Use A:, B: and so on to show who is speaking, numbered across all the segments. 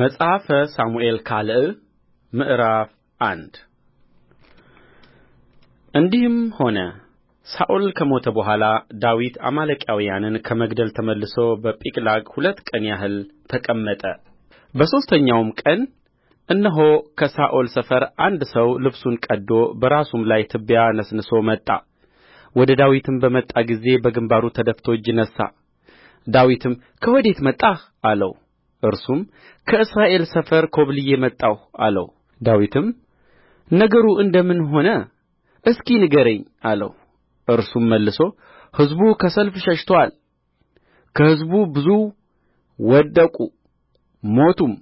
A: መጽሐፈ ሳሙኤል ካል ምዕራፍ አንድ እንዲህም ሆነ ሳኦል ከሞተ በኋላ ዳዊት አማሌቃውያንን ከመግደል ተመልሶ በጺቅላግ ሁለት ቀን ያህል ተቀመጠ። በሦስተኛውም ቀን እነሆ ከሳኦል ሰፈር አንድ ሰው ልብሱን ቀድዶ በራሱም ላይ ትቢያ ነስንሶ መጣ። ወደ ዳዊትም በመጣ ጊዜ በግንባሩ ተደፍቶ እጅ ነሣ። ዳዊትም ከወዴት መጣህ? አለው። እርሱም ከእስራኤል ሰፈር ኰብልዬ መጣሁ አለው ዳዊትም ነገሩ እንደ ምን ሆነ እስኪ ንገረኝ አለው እርሱም መልሶ ሕዝቡ ከሰልፍ ሸሽቶአል ከሕዝቡ ብዙ ወደቁ ሞቱም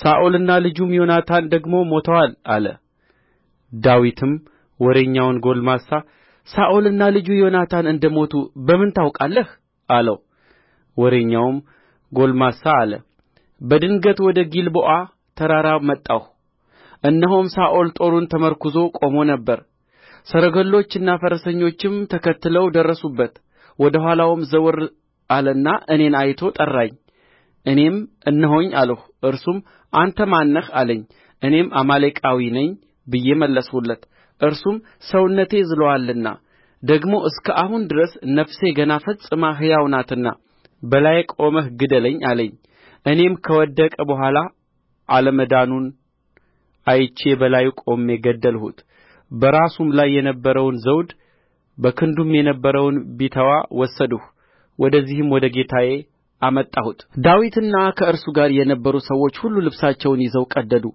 A: ሳኦልና ልጁም ዮናታን ደግሞ ሞተዋል አለ ዳዊትም ወሬኛውን ጎልማሳ ሳኦልና ልጁ ዮናታን እንደ ሞቱ በምን ታውቃለህ አለው ወሬኛውም ጎልማሳ አለ በድንገት ወደ ጊልቦዓ ተራራ መጣሁ እነሆም ሳኦል ጦሩን ተመርኵዞ ቆሞ ነበር ሰረገሎችና ፈረሰኞችም ተከትለው ደረሱበት ወደ ኋላውም ዘወር አለና እኔን አይቶ ጠራኝ እኔም እነሆኝ አልሁ እርሱም አንተ ማን ነህ አለኝ እኔም አማሌቃዊ ነኝ ብዬ መለስሁለት እርሱም ሰውነቴ ዝሎአልና ደግሞ እስከ አሁን ድረስ ነፍሴ ገና ፈጽማ ሕያው ናትና በላዬ ቆመህ ግደለኝ አለኝ እኔም ከወደቀ በኋላ አለመዳኑን አይቼ በላዩ ቆሜ ገደልሁት በራሱም ላይ የነበረውን ዘውድ በክንዱም የነበረውን ቢተዋ ወሰድሁ ወደዚህም ወደ ጌታዬ አመጣሁት ዳዊትና ከእርሱ ጋር የነበሩ ሰዎች ሁሉ ልብሳቸውን ይዘው ቀደዱ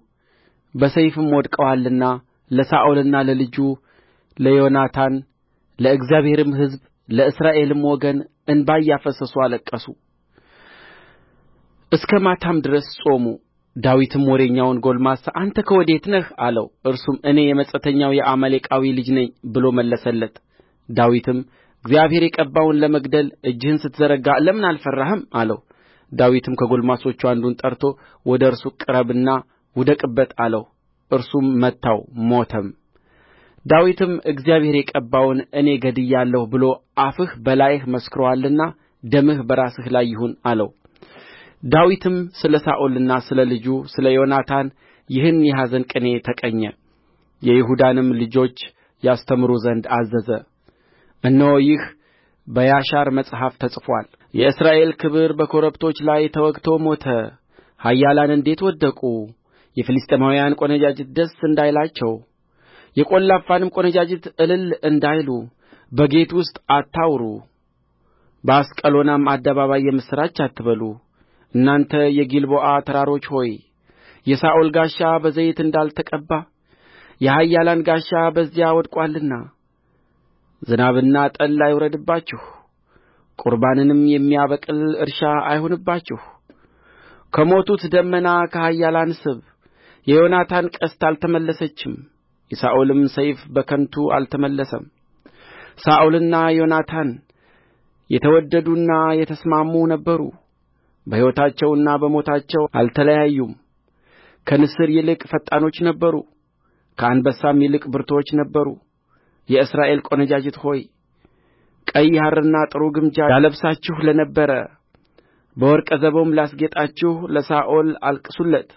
A: በሰይፍም ወድቀዋልና ለሳኦልና ለልጁ ለዮናታን ለእግዚአብሔርም ሕዝብ ለእስራኤልም ወገን እንባ እያፈሰሱ አለቀሱ እስከ ማታም ድረስ ጾሙ ዳዊትም ወሬኛውን ጕልማሳ አንተ ከወዴት ነህ አለው እርሱም እኔ የመጻተኛው የአማሌቃዊ ልጅ ነኝ ብሎ መለሰለት ዳዊትም እግዚአብሔር የቀባውን ለመግደል እጅህን ስትዘረጋ ለምን አልፈራህም አለው ዳዊትም ከጕልማሶቹ አንዱን ጠርቶ ወደ እርሱ ቅረብና ውደቅበት አለው እርሱም መታው ሞተም ዳዊትም እግዚአብሔር የቀባውን እኔ ገድያለሁ ብሎ አፍህ በላይህ መስክሮአልና ደምህ በራስህ ላይ ይሁን አለው ዳዊትም ስለ ሳኦልና ስለ ልጁ ስለ ዮናታን ይህን የኀዘን ቅኔ ተቀኘ የይሁዳንም ልጆች ያስተምሩ ዘንድ አዘዘ እነሆ ይህ በያሻር መጽሐፍ ተጽፎአል የእስራኤል ክብር በኮረብቶች ላይ ተወግቶ ሞተ ኃያላን እንዴት ወደቁ የፍልስጥኤማውያን ቈነጃጅት ደስ እንዳይላቸው የቈላፋንም ቈነጃጅት እልል እንዳይሉ በጌት ውስጥ አታውሩ በአስቀሎናም አደባባይ የምስራች አትበሉ እናንተ የጊልቦዓ ተራሮች ሆይ የሳኦል ጋሻ በዘይት እንዳልተቀባ የኃያላን ጋሻ በዚያ ወድቆአልና ዝናብና ጠል አይውረድባችሁ ቍርባንንም የሚያበቅል እርሻ አይሁንባችሁ ከሞቱት ደመና ከኃያላን ስብ የዮናታን ቀስት አልተመለሰችም የሳኦልም ሰይፍ በከንቱ አልተመለሰም ሳኦልና ዮናታን የተዋደዱና የተስማሙ ነበሩ በሕይወታቸውና በሞታቸው አልተለያዩም ከንስር ይልቅ ፈጣኖች ነበሩ ከአንበሳም ይልቅ ብርቱዎች ነበሩ የእስራኤል ቈነጃጅት ሆይ ቀይ ሐርና ጥሩ ግምጃ ያለብሳችሁ ለነበረ በወርቀ ዘቦም ላስጌጣችሁ ለሳኦል አልቅሱለት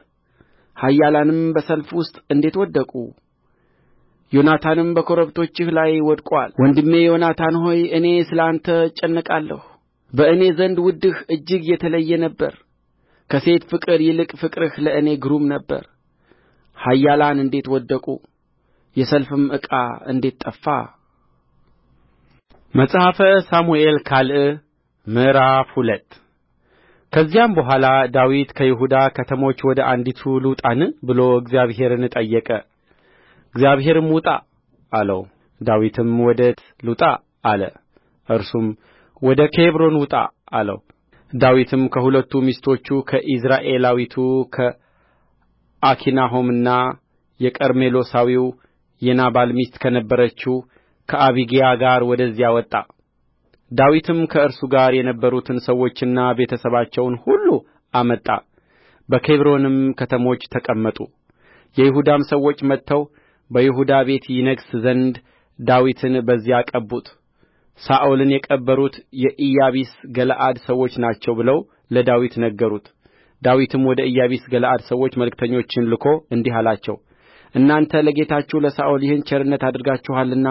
A: ኃያላንም በሰልፍ ውስጥ እንዴት ወደቁ ዮናታንም በኮረብቶችህ ላይ ወድቆአል ወንድሜ ዮናታን ሆይ እኔ ስለ አንተ እጨነቃለሁ በእኔ ዘንድ ውድህ እጅግ የተለየ ነበረ ከሴት ፍቅር ይልቅ ፍቅርህ ለእኔ ግሩም ነበረ ኃያላን እንዴት ወደቁ የሰልፍም ዕቃ እንዴት ጠፋ መጽሐፈ ሳሙኤል ካልዕ ምዕራፍ ሁለት ከዚያም በኋላ ዳዊት ከይሁዳ ከተሞች ወደ አንዲቱ ልውጣን ብሎ እግዚአብሔርን ጠየቀ። እግዚአብሔርም ውጣ አለው። ዳዊትም ወዴት ልውጣ አለ። እርሱም ወደ ኬብሮን ውጣ አለው ዳዊትም ከሁለቱ ሚስቶቹ ከኢይዝራኤላዊቱ ከአኪናሆምና የቀርሜሎሳዊው የናባል ሚስት ከነበረችው ከአቢግያ ጋር ወደዚያ ወጣ ዳዊትም ከእርሱ ጋር የነበሩትን ሰዎችና ቤተሰባቸውን ሁሉ አመጣ በኬብሮንም ከተሞች ተቀመጡ የይሁዳም ሰዎች መጥተው በይሁዳ ቤት ይነግሥ ዘንድ ዳዊትን በዚያ ቀቡት ሳኦልን የቀበሩት የኢያቢስ ገለዓድ ሰዎች ናቸው ብለው ለዳዊት ነገሩት ዳዊትም ወደ ኢያቢስ ገለዓድ ሰዎች መልእክተኞችን ልኮ እንዲህ አላቸው እናንተ ለጌታችሁ ለሳኦል ይህን ቸርነት አድርጋችኋልና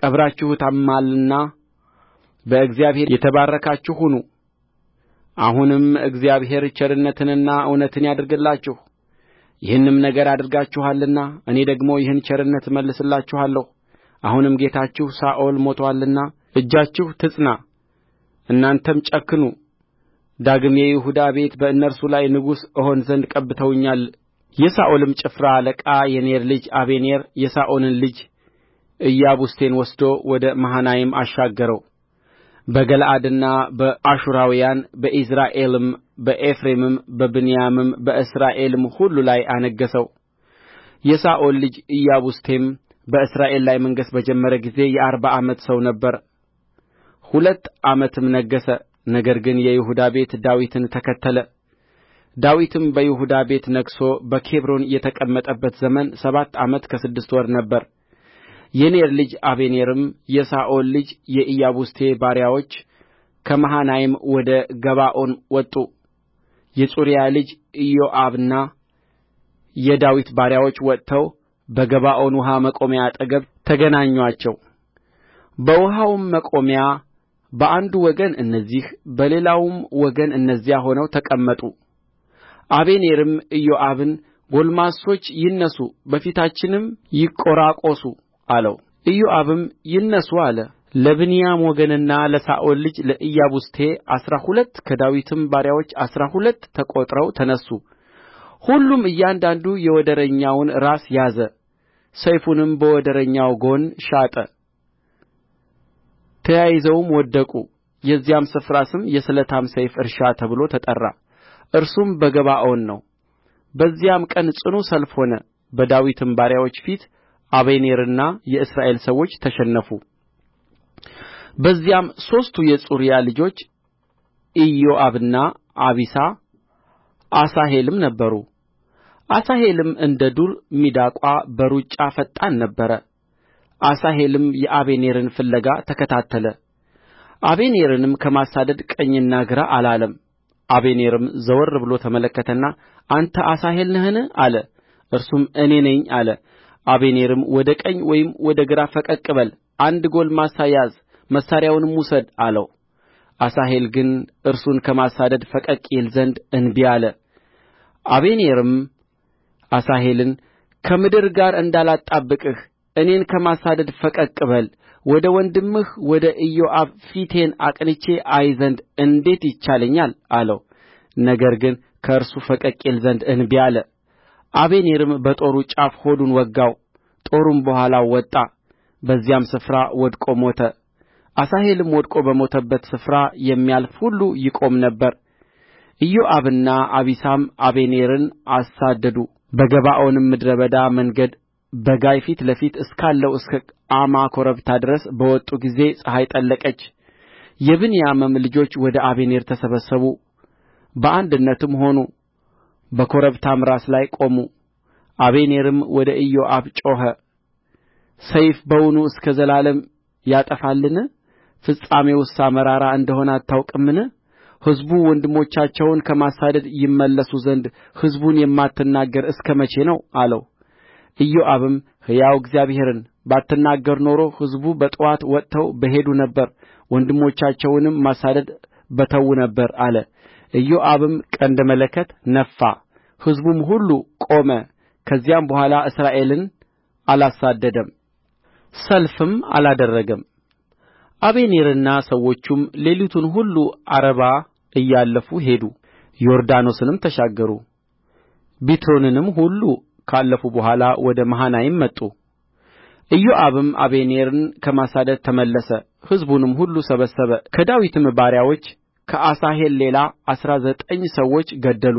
A: ቀብራችሁትማልና በእግዚአብሔር የተባረካችሁ ሁኑ አሁንም እግዚአብሔር ቸርነትንና እውነትን ያድርግላችሁ ይህንም ነገር አድርጋችኋልና እኔ ደግሞ ይህን ቸርነት እመልስላችኋለሁ አሁንም ጌታችሁ ሳኦል ሞቶአልና እጃችሁ ትጽና እናንተም ጨክኑ ዳግም የይሁዳ ቤት በእነርሱ ላይ ንጉሥ እሆን ዘንድ ቀብተውኛል የሳኦልም ጭፍራ አለቃ የኔር ልጅ አበኔር የሳኦልን ልጅ ኢያቡስቴን ወስዶ ወደ መሃናይም አሻገረው በገለዓድና በአሹራውያን በኢይዝራኤልም በኤፍሬምም በብንያምም በእስራኤልም ሁሉ ላይ አነገሠው። የሳኦል ልጅ ኢያቡስቴም በእስራኤል ላይ መንገሥ በጀመረ ጊዜ የአርባ ዓመት ሰው ነበር። ሁለት ዓመትም ነገሠ ነገር ግን የይሁዳ ቤት ዳዊትን ተከተለ ዳዊትም በይሁዳ ቤት ነግሦ በኬብሮን የተቀመጠበት ዘመን ሰባት ዓመት ከስድስት ወር ነበረ የኔር ልጅ አበኔርም የሳኦል ልጅ የኢያቡስቴ ባሪያዎች ከመሃናይም ወደ ገባዖን ወጡ የጽሩያ ልጅ ኢዮአብና የዳዊት ባሪያዎች ወጥተው በገባዖን ውኃ መቆሚያ አጠገብ ተገናኙአቸው በውኃውም መቆሚያ በአንዱ ወገን እነዚህ በሌላውም ወገን እነዚያ ሆነው ተቀመጡ አበኔርም ኢዮአብን ጕልማሶች ይነሡ በፊታችንም ይቈራቈሱ አለው ኢዮአብም ይነሡ አለ ለብንያም ወገንና ለሳኦል ልጅ ለኢያቡስቴ አሥራ ሁለት ከዳዊትም ባሪያዎች አሥራ ሁለት ተቈጥረው ተነሡ ሁሉም እያንዳንዱ የወደረኛውን ራስ ያዘ ሰይፉንም በወደረኛው ጎን ሻጠ ተያይዘውም ወደቁ የዚያም ስፍራ ስም የስለታም ሰይፍ እርሻ ተብሎ ተጠራ እርሱም በገባዖን ነው በዚያም ቀን ጽኑ ሰልፍ ሆነ በዳዊትም ባሪያዎች ፊት አበኔርና የእስራኤል ሰዎች ተሸነፉ በዚያም ሦስቱ የጽሩያ ልጆች ኢዮአብና አቢሳ አሣሄልም ነበሩ አሣሄልም እንደ ዱር ሚዳቋ በሩጫ ፈጣን ነበረ አሣሄልም የአበኔርን ፍለጋ ተከታተለ አበኔርንም ከማሳደድ ቀኝና ግራ አላለም አበኔርም ዘወር ብሎ ተመለከተና አንተ አሣሄል ነህን አለ እርሱም እኔ ነኝ አለ አበኔርም ወደ ቀኝ ወይም ወደ ግራ ፈቀቅ በል አንድ ጎልማሳ ያዝ መሣሪያውንም ውሰድ አለው አሣሄል ግን እርሱን ከማሳደድ ፈቀቅ ይል ዘንድ እንቢ አለ አበኔርም አሣሄልን ከምድር ጋር እንዳላጣብቅህ እኔን ከማሳደድ ፈቀቅ በል ወደ ወንድምህ ወደ ኢዮአብ ፊቴን አቅንቼ አይ ዘንድ እንዴት ይቻለኛል አለው ነገር ግን ከእርሱ ፈቀቅ ይል ዘንድ እንቢ አለ አበኔርም በጦሩ ጫፍ ሆዱን ወጋው ጦሩም በኋላው ወጣ በዚያም ስፍራ ወድቆ ሞተ አሣሄልም ወድቆ በሞተበት ስፍራ የሚያልፍ ሁሉ ይቆም ነበር ኢዮአብና አቢሳም አበኔርን አሳደዱ በገባዖንም ምድረ በዳ መንገድ በጋይ ፊት ለፊት እስካለው እስከ አማ ኮረብታ ድረስ በወጡ ጊዜ ፀሐይ ጠለቀች የብንያምም ልጆች ወደ አበኔር ተሰበሰቡ በአንድነትም ሆኑ በኮረብታም ራስ ላይ ቆሙ አበኔርም ወደ ኢዮአብ ጮኸ ሰይፍ በውኑ እስከ ዘላለም ያጠፋልን ፍጻሜውስ መራራ እንደ ሆነ አታውቅምን ሕዝቡ ወንድሞቻቸውን ከማሳደድ ይመለሱ ዘንድ ሕዝቡን የማትናገር እስከ መቼ ነው አለው ኢዮአብም ሕያው እግዚአብሔርን ባትናገር ኖሮ ሕዝቡ በጥዋት ወጥተው በሄዱ ነበር ወንድሞቻቸውንም ማሳደድ በተዉ ነበር አለ ኢዮአብም ቀንደ መለከት ነፋ ሕዝቡም ሁሉ ቆመ ከዚያም በኋላ እስራኤልን አላሳደደም ሰልፍም አላደረገም አበኔርና ሰዎቹም ሌሊቱን ሁሉ ዓረባ እያለፉ ሄዱ ዮርዳኖስንም ተሻገሩ ቢትሮንንም ሁሉ ካለፉ በኋላ ወደ መሃናይም መጡ ኢዮአብም አበኔርን ከማሳደድ ተመለሰ ሕዝቡንም ሁሉ ሰበሰበ ከዳዊትም ባሪያዎች ከአሣሄል ሌላ አሥራ ዘጠኝ ሰዎች ገደሉ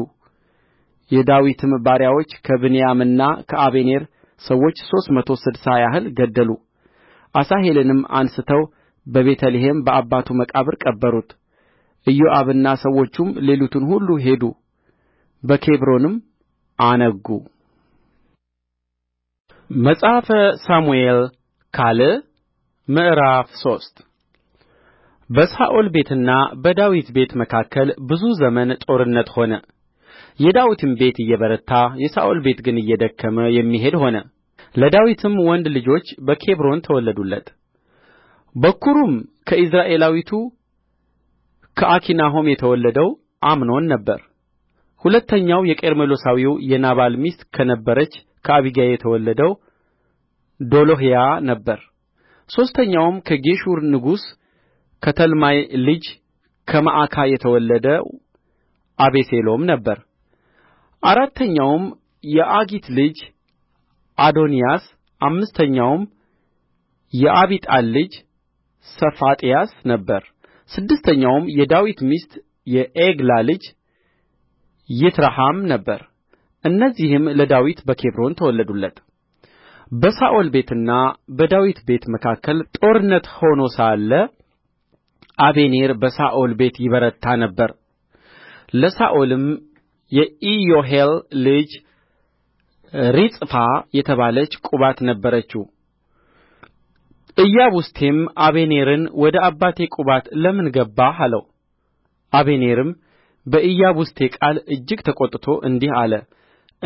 A: የዳዊትም ባሪያዎች ከብንያምና ከአበኔር ሰዎች ሦስት መቶ ስድሳ ያህል ገደሉ አሣሄልንም አንሥተው በቤተ ልሔም በአባቱ መቃብር ቀበሩት ኢዮአብና ሰዎቹም ሌሊቱን ሁሉ ሄዱ በኬብሮንም አነጉ መጽሐፈ ሳሙኤል ካል ምዕራፍ ሶስት በሳኦል ቤትና በዳዊት ቤት መካከል ብዙ ዘመን ጦርነት ሆነ። የዳዊትም ቤት እየበረታ የሳኦል ቤት ግን እየደከመ የሚሄድ ሆነ። ለዳዊትም ወንድ ልጆች በኬብሮን ተወለዱለት። በኵሩም ከኢይዝራኤላዊቱ ከአኪናሆም የተወለደው አምኖን ነበር። ሁለተኛው የቀርሜሎሳዊው የናባል ሚስት ከነበረች ከአቢግያ የተወለደው ዶሎሕያ ነበረ። ሦስተኛውም ከጌሹር ንጉሥ ከተልማይ ልጅ ከመዓካ የተወለደው አቤሴሎም ነበር። አራተኛውም የአጊት ልጅ አዶንያስ፣ አምስተኛውም የአቢጣል ልጅ ሰፋጥያስ ነበር። ስድስተኛውም የዳዊት ሚስት የዔግላ ልጅ ይትረኃም ነበር። እነዚህም ለዳዊት በኬብሮን ተወለዱለት በሳኦል ቤትና በዳዊት ቤት መካከል ጦርነት ሆኖ ሳለ አበኔር በሳኦል ቤት ይበረታ ነበር ለሳኦልም የኢዮሄል ልጅ ሪጽፋ የተባለች ቁባት ነበረችው ኢያቡስቴም አበኔርን ወደ አባቴ ቁባት ለምን ገባህ አለው አበኔርም በኢያቡስቴ ቃል እጅግ ተቈጥቶ እንዲህ አለ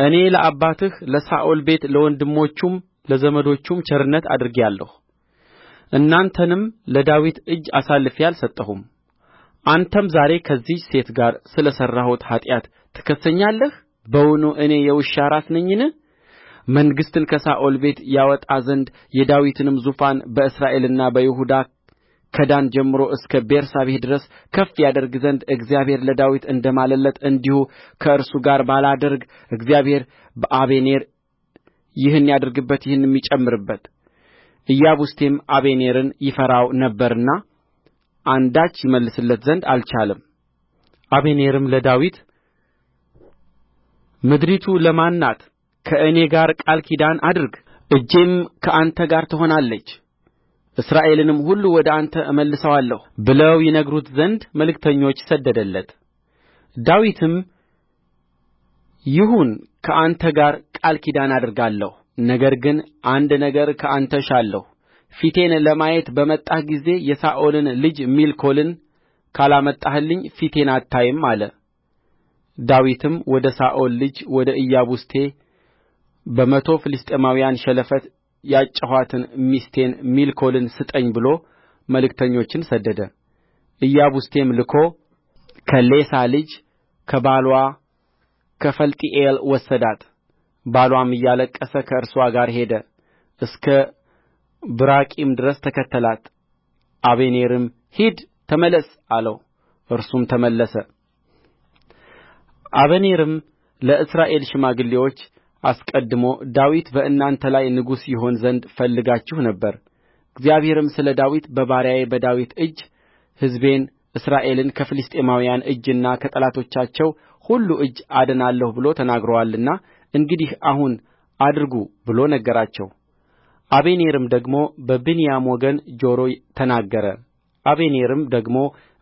A: እኔ ለአባትህ ለሳኦል ቤት ለወንድሞቹም ለዘመዶቹም ቸርነት አድርጌአለሁ እናንተንም ለዳዊት እጅ አሳልፌ አልሰጠሁም አንተም ዛሬ ከዚህች ሴት ጋር ስለ ሠራሁት ኃጢአት ትከስሰኛለህ በውኑ እኔ የውሻ ራስ ነኝን መንግሥትን ከሳኦል ቤት ያወጣ ዘንድ የዳዊትንም ዙፋን በእስራኤልና በይሁዳ ከዳን ጀምሮ እስከ ቤርሳቤህ ድረስ ከፍ ያደርግ ዘንድ እግዚአብሔር ለዳዊት እንደ ማለለት እንዲሁ ከእርሱ ጋር ባላደርግ እግዚአብሔር በአበኔር ይህን ያድርግበት ይህንም ይጨምርበት ኢያቡስቴም አበኔርን ይፈራው ነበርና አንዳች ይመልስለት ዘንድ አልቻለም። አበኔርም ለዳዊት ምድሪቱ ለማን ናት? ከእኔ ጋር ቃል ኪዳን አድርግ፣ እጄም ከአንተ ጋር ትሆናለች እስራኤልንም ሁሉ ወደ አንተ እመልሰዋለሁ ብለው ይነግሩት ዘንድ መልእክተኞች ሰደደለት ዳዊትም ይሁን ከአንተ ጋር ቃል ኪዳን አደርጋለሁ ነገር ግን አንድ ነገር ከአንተ እሻለሁ ፊቴን ለማየት በመጣህ ጊዜ የሳኦልን ልጅ ሜልኮልን ካላመጣህልኝ ፊቴን አታይም አለ ዳዊትም ወደ ሳኦል ልጅ ወደ ኢያቡስቴ በመቶ ፍልስጥኤማውያን ሸለፈት ያጨኋትን ሚስቴን ሜልኮልን ስጠኝ ብሎ መልእክተኞችን ሰደደ። ኢያቡስቴም ልኮ ከሌሳ ልጅ ከባልዋ ከፈልጢኤል ወሰዳት። ባልዋም እያለቀሰ ከእርስዋ ጋር ሄደ፣ እስከ ብራቂም ድረስ ተከተላት። አበኔርም ሂድ ተመለስ አለው፣ እርሱም ተመለሰ። አበኔርም ለእስራኤል ሽማግሌዎች አስቀድሞ ዳዊት በእናንተ ላይ ንጉሥ ይሆን ዘንድ ፈልጋችሁ ነበር እግዚአብሔርም ስለ ዳዊት በባሪያዬ በዳዊት እጅ ሕዝቤን እስራኤልን ከፍልስጥኤማውያን እጅና ከጠላቶቻቸው ሁሉ እጅ አድናለሁ ብሎ ተናግሮአልና እንግዲህ አሁን አድርጉ ብሎ ነገራቸው አበኔርም ደግሞ በብንያም ወገን ጆሮ ተናገረ አበኔርም ደግሞ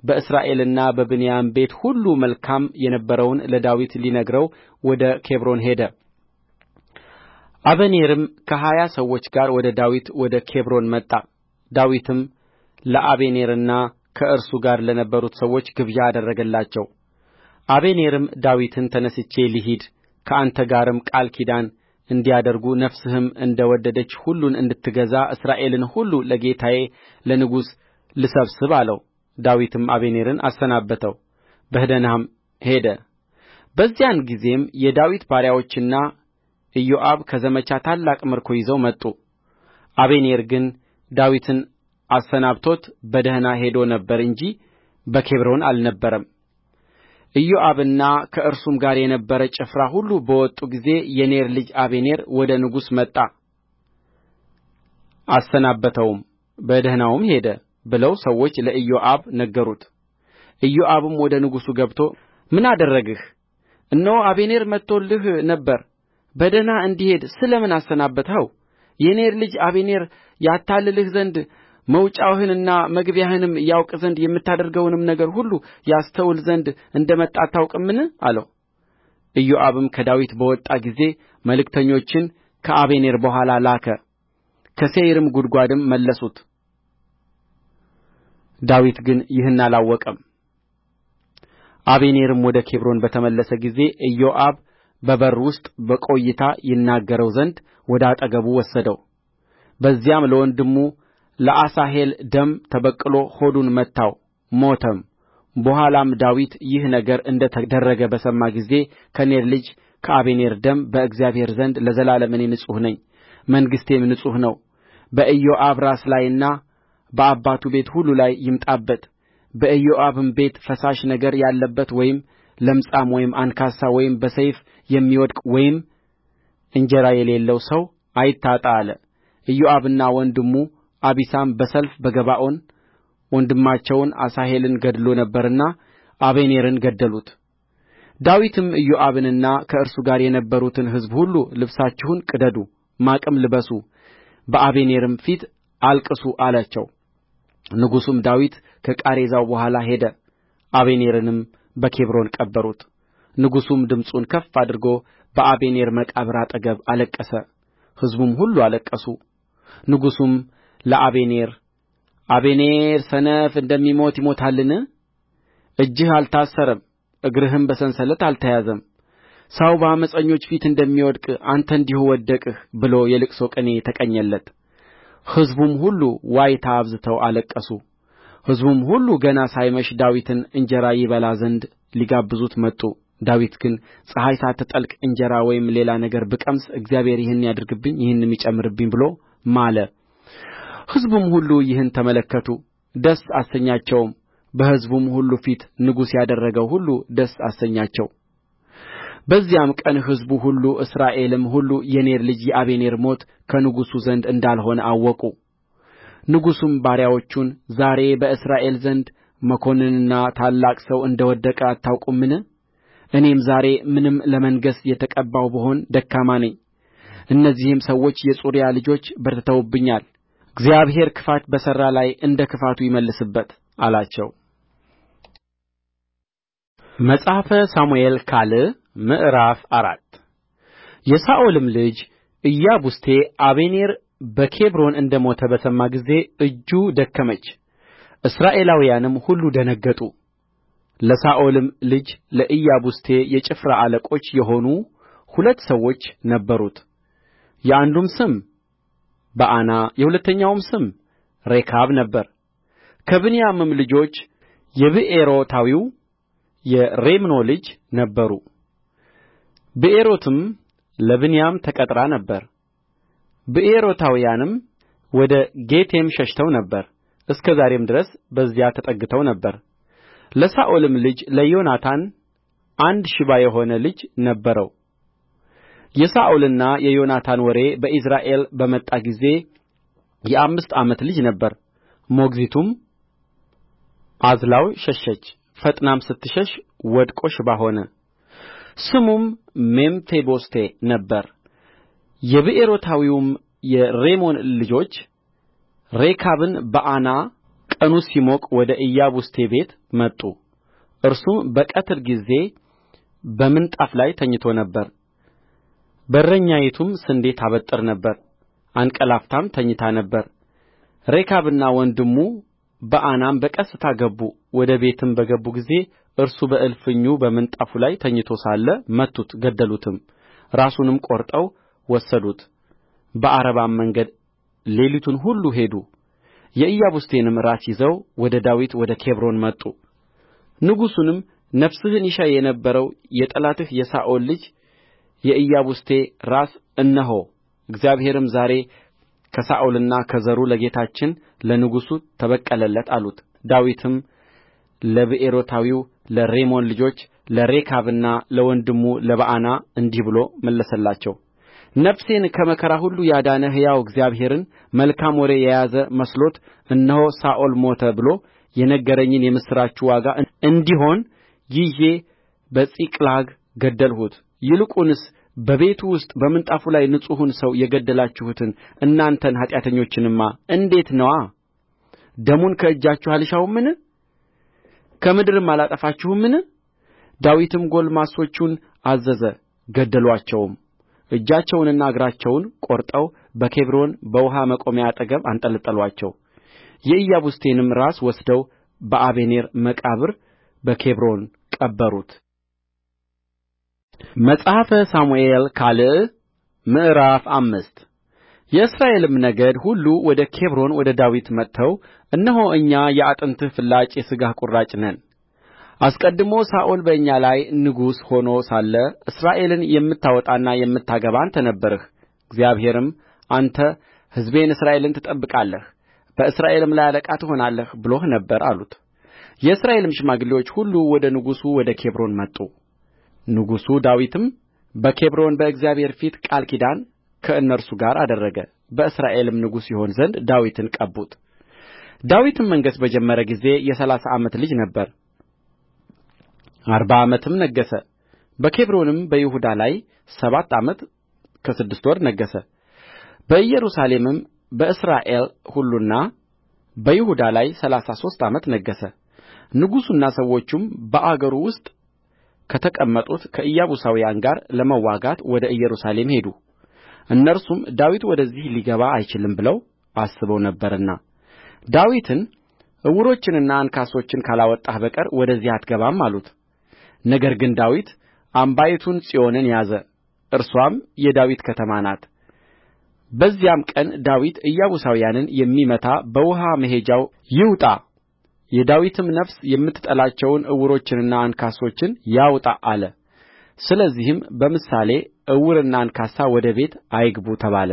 A: በእስራኤልና በብንያም ቤት ሁሉ መልካም የነበረውን ለዳዊት ሊነግረው ወደ ኬብሮን ሄደ አበኔርም ከሀያ ሰዎች ጋር ወደ ዳዊት ወደ ኬብሮን መጣ ዳዊትም ለአበኔርና ከእርሱ ጋር ለነበሩት ሰዎች ግብዣ አደረገላቸው አበኔርም ዳዊትን ተነሥቼ ልሂድ ከአንተ ጋርም ቃል ኪዳን እንዲያደርጉ ነፍስህም እንደ ወደደች ሁሉን እንድትገዛ እስራኤልን ሁሉ ለጌታዬ ለንጉሥ ልሰብስብ አለው። ዳዊትም አበኔርን አሰናበተው፣ በደኅናም ሄደ። በዚያን ጊዜም የዳዊት ባሪያዎችና ኢዮአብ ከዘመቻ ታላቅ ምርኮ ይዘው መጡ አበኔር ግን ዳዊትን አሰናብቶት በደኅና ሄዶ ነበር እንጂ በኬብሮን አልነበረም ኢዮአብና ከእርሱም ጋር የነበረ ጭፍራ ሁሉ በወጡ ጊዜ የኔር ልጅ አበኔር ወደ ንጉሡ መጣ አሰናበተውም በደኅናውም ሄደ ብለው ሰዎች ለኢዮአብ ነገሩት ኢዮአብም ወደ ንጉሡ ገብቶ ምን አደረግህ እነሆ አበኔር መጥቶልህ ነበር በደኅና እንዲሄድ ስለ ምን አሰናበትኸው የኔር ልጅ አበኔር ያታልልህ ዘንድ መውጫህንና መግቢያህንም ያውቅ ዘንድ የምታደርገውንም ነገር ሁሉ ያስተውል ዘንድ እንደ መጣ አታውቅምን አለው ኢዮአብም ከዳዊት በወጣ ጊዜ መልእክተኞችን ከአበኔር በኋላ ላከ ከሴይርም ጕድጓድም መለሱት ዳዊት ግን ይህን አላወቀም አበኔርም ወደ ኬብሮን በተመለሰ ጊዜ ኢዮአብ በበር ውስጥ በቆይታ ይናገረው ዘንድ ወደ አጠገቡ ወሰደው በዚያም ለወንድሙ ለአሣሄል ደም ተበቅሎ ሆዱን መታው ሞተም በኋላም ዳዊት ይህ ነገር እንደ ተደረገ በሰማ ጊዜ ከኔር ልጅ ከአበኔር ደም በእግዚአብሔር ዘንድ ለዘላለም እኔ ንጹሕ ነኝ መንግሥቴም ንጹሕ ነው በኢዮአብ ራስ ላይና በአባቱ ቤት ሁሉ ላይ ይምጣበት በኢዮአብም ቤት ፈሳሽ ነገር ያለበት ወይም ለምጻም ወይም አንካሳ ወይም በሰይፍ የሚወድቅ ወይም እንጀራ የሌለው ሰው አይታጣ አለ። ኢዮአብና ወንድሙ አቢሳም በሰልፍ በገባዖን ወንድማቸውን አሣሄልን ገድሎ ነበርና አበኔርን ገደሉት። ዳዊትም ኢዮአብንና ከእርሱ ጋር የነበሩትን ሕዝብ ሁሉ ልብሳችሁን ቅደዱ፣ ማቅም ልበሱ፣ በአበኔርም ፊት አልቅሱ አላቸው። ንጉሡም ዳዊት ከቃሬዛው በኋላ ሄደ። አበኔርንም በኬብሮን ቀበሩት። ንጉሡም ድምፁን ከፍ አድርጎ በአበኔር መቃብር አጠገብ አለቀሰ ሕዝቡም ሁሉ አለቀሱ ንጉሡም ለአበኔር አበኔር ሰነፍ እንደሚሞት ይሞታልን እጅህ አልታሰረም እግርህም በሰንሰለት አልተያዘም ሰው በዓመፀኞች ፊት እንደሚወድቅ አንተ እንዲሁ ወደቅህ ብሎ የልቅሶ ቅኔ ተቀኘለት ሕዝቡም ሁሉ ዋይታ አብዝተው አለቀሱ ሕዝቡም ሁሉ ገና ሳይመሽ ዳዊትን እንጀራ ይበላ ዘንድ ሊጋብዙት መጡ ዳዊት ግን ፀሐይ ሳትጠልቅ እንጀራ ወይም ሌላ ነገር ብቀምስ እግዚአብሔር ይህን ያድርግብኝ ይህንም ይጨምርብኝ ብሎ ማለ ሕዝቡም ሁሉ ይህን ተመለከቱ ደስ አሰኛቸውም በሕዝቡም ሁሉ ፊት ንጉሥ ያደረገው ሁሉ ደስ አሰኛቸው በዚያም ቀን ሕዝቡ ሁሉ እስራኤልም ሁሉ የኔር ልጅ የአበኔር ሞት ከንጉሡ ዘንድ እንዳልሆነ አወቁ ንጉሡም ባሪያዎቹን ዛሬ በእስራኤል ዘንድ መኰንንና ታላቅ ሰው እንደ ወደቀ አታውቁምን እኔም ዛሬ ምንም ለመንገሥ የተቀባሁ ብሆን ደካማ ነኝ እነዚህም ሰዎች የጽሩያ ልጆች በርትተውብኛል እግዚአብሔር ክፋት በሠራ ላይ እንደ ክፋቱ ይመልስበት አላቸው መጽሐፈ ሳሙኤል ካል ምዕራፍ አራት የሳኦልም ልጅ ኢያቡስቴ አቤኔር በኬብሮን እንደ ሞተ በሰማ ጊዜ እጁ ደከመች እስራኤላውያንም ሁሉ ደነገጡ ለሳኦልም ልጅ ለኢያቡስቴ የጭፍራ አለቆች የሆኑ ሁለት ሰዎች ነበሩት የአንዱም ስም በዓና የሁለተኛውም ስም ሬካብ ነበረ ከብንያምም ልጆች የብኤሮታዊው የሬሞን ልጆች ነበሩ ብኤሮትም ለብንያም ተቈጥራ ነበር ብኤሮታውያንም ወደ ጌቴም ሸሽተው ነበር እስከ ዛሬም ድረስ በዚያ ተጠግተው ነበር ለሳኦልም ልጅ ለዮናታን አንድ ሽባ የሆነ ልጅ ነበረው የሳኦልና የዮናታን ወሬ በኢይዝራኤል በመጣ ጊዜ የአምስት ዓመት ልጅ ነበረ ሞግዚቱም አዝላው ሸሸች ፈጥናም ስትሸሽ ወድቆ ሽባ ሆነ ስሙም ሜምፊቦስቴ ነበረ የብኤሮታዊውም የሬሞን ልጆች ሬካብና በዓና ቀኑ ሲሞቅ ወደ ኢያቡስቴ ቤት መጡ እርሱም በቀትር ጊዜ በምንጣፍ ላይ ተኝቶ ነበር በረኛይቱም ስንዴ ታበጥር ነበር አንቀላፍታም ተኝታ ነበር ሬካብና ወንድሙ በዓናም በቀስታ ገቡ ወደ ቤትም በገቡ ጊዜ እርሱ በእልፍኙ በምንጣፉ ላይ ተኝቶ ሳለ መቱት ገደሉትም ራሱንም ቈርጠው ወሰዱት በዓረባም መንገድ ሌሊቱን ሁሉ ሄዱ የኢያቡስቴንም ራስ ይዘው ወደ ዳዊት ወደ ኬብሮን መጡ ንጉሡንም ነፍስህን ይሻ የነበረው የጠላትህ የሳኦል ልጅ የኢያቡስቴ ራስ እነሆ እግዚአብሔርም ዛሬ ከሳኦልና ከዘሩ ለጌታችን ለንጉሡ ተበቀለለት አሉት። ዳዊትም ለብኤሮታዊው ለሬሞን ልጆች ለሬካብና ለወንድሙ ለበዓና እንዲህ ብሎ መለሰላቸው ነፍሴን ከመከራ ሁሉ ያዳነ ሕያው እግዚአብሔርን መልካም ወሬ የያዘ መስሎት እነሆ ሳኦል ሞተ ብሎ የነገረኝን የምሥራች ዋጋ እንዲሆን ይዤ በጺቅላግ ገደልሁት። ይልቁንስ በቤቱ ውስጥ በምንጣፉ ላይ ንጹሑን ሰው የገደላችሁትን እናንተን ኃጢአተኞችንማ እንዴት ነዋ! ደሙን ከእጃችሁ አልሻውምን? ከምድርም አላጠፋችሁምን? ዳዊትም ጕልማሶቹን አዘዘ ገደሉአቸውም። እጃቸውንና እግራቸውን ቈርጠው በኬብሮን በውኃ መቆሚያ አጠገብ አንጠለጠሉአቸው የኢያቡስቴንም ራስ ወስደው በአበኔር መቃብር በኬብሮን ቀበሩት መጽሐፈ ሳሙኤል ካል ምዕራፍ አምስት የእስራኤልም ነገድ ሁሉ ወደ ኬብሮን ወደ ዳዊት መጥተው እነሆ እኛ የአጥንትህ ፍላጭ የሥጋህ ቍራጭ ነን አስቀድሞ ሳኦል በእኛ ላይ ንጉሥ ሆኖ ሳለ እስራኤልን የምታወጣና የምታገባ አንተ ነበርህ እግዚአብሔርም አንተ ሕዝቤን እስራኤልን ትጠብቃለህ በእስራኤልም ላይ አለቃ ትሆናለህ ብሎህ ነበር አሉት የእስራኤልም ሽማግሌዎች ሁሉ ወደ ንጉሡ ወደ ኬብሮን መጡ ንጉሡ ዳዊትም በኬብሮን በእግዚአብሔር ፊት ቃል ኪዳን ከእነርሱ ጋር አደረገ በእስራኤልም ንጉሥ ይሆን ዘንድ ዳዊትን ቀቡት ዳዊትም መንገሥ በጀመረ ጊዜ የሠላሳ ዓመት ልጅ ነበረ አርባ ዓመትም ነገሠ በኬብሮንም በይሁዳ ላይ ሰባት ዓመት ከስድስት ወር ነገሠ በኢየሩሳሌምም በእስራኤል ሁሉና በይሁዳ ላይ ሠላሳ ሦስት ዓመት ነገሠ ንጉሡና ሰዎቹም በአገሩ ውስጥ ከተቀመጡት ከኢያቡሳውያን ጋር ለመዋጋት ወደ ኢየሩሳሌም ሄዱ እነርሱም ዳዊት ወደዚህ ሊገባ አይችልም ብለው አስበው ነበርና ዳዊትን ዕውሮችንና አንካሶችን ካላወጣህ በቀር ወደዚህ አትገባም አሉት ነገር ግን ዳዊት አምባይቱን ጽዮንን ያዘ እርስዋም የዳዊት ከተማ ናት በዚያም ቀን ዳዊት ኢያቡሳውያንን የሚመታ በውኃ መሄጃው ይውጣ የዳዊትም ነፍስ የምትጠላቸውን ዕውሮችንና አንካሶችን ያውጣ አለ ስለዚህም በምሳሌ ዕውርና አንካሳ ወደ ቤት አይግቡ ተባለ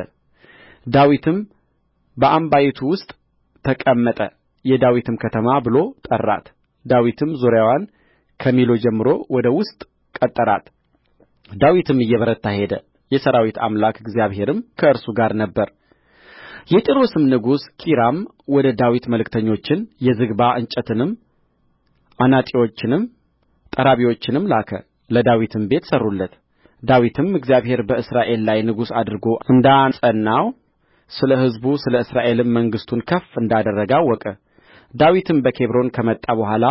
A: ዳዊትም በአምባይቱ ውስጥ ተቀመጠ የዳዊትም ከተማ ብሎ ጠራት ዳዊትም ዙሪያዋን ከሚሎ ጀምሮ ወደ ውስጥ ቀጠራት ዳዊትም እየበረታ ሄደ የሠራዊት አምላክ እግዚአብሔርም ከእርሱ ጋር ነበረ የጢሮስም ንጉሥ ኪራም ወደ ዳዊት መልእክተኞችን የዝግባ እንጨትንም አናጢዎችንም ጠራቢዎችንም ላከ ለዳዊትም ቤት ሠሩለት ዳዊትም እግዚአብሔር በእስራኤል ላይ ንጉሥ አድርጎ እንዳጸናው ስለ ሕዝቡ ስለ እስራኤልም መንግሥቱን ከፍ እንዳደረገ አወቀ ዳዊትም በኬብሮን ከመጣ በኋላ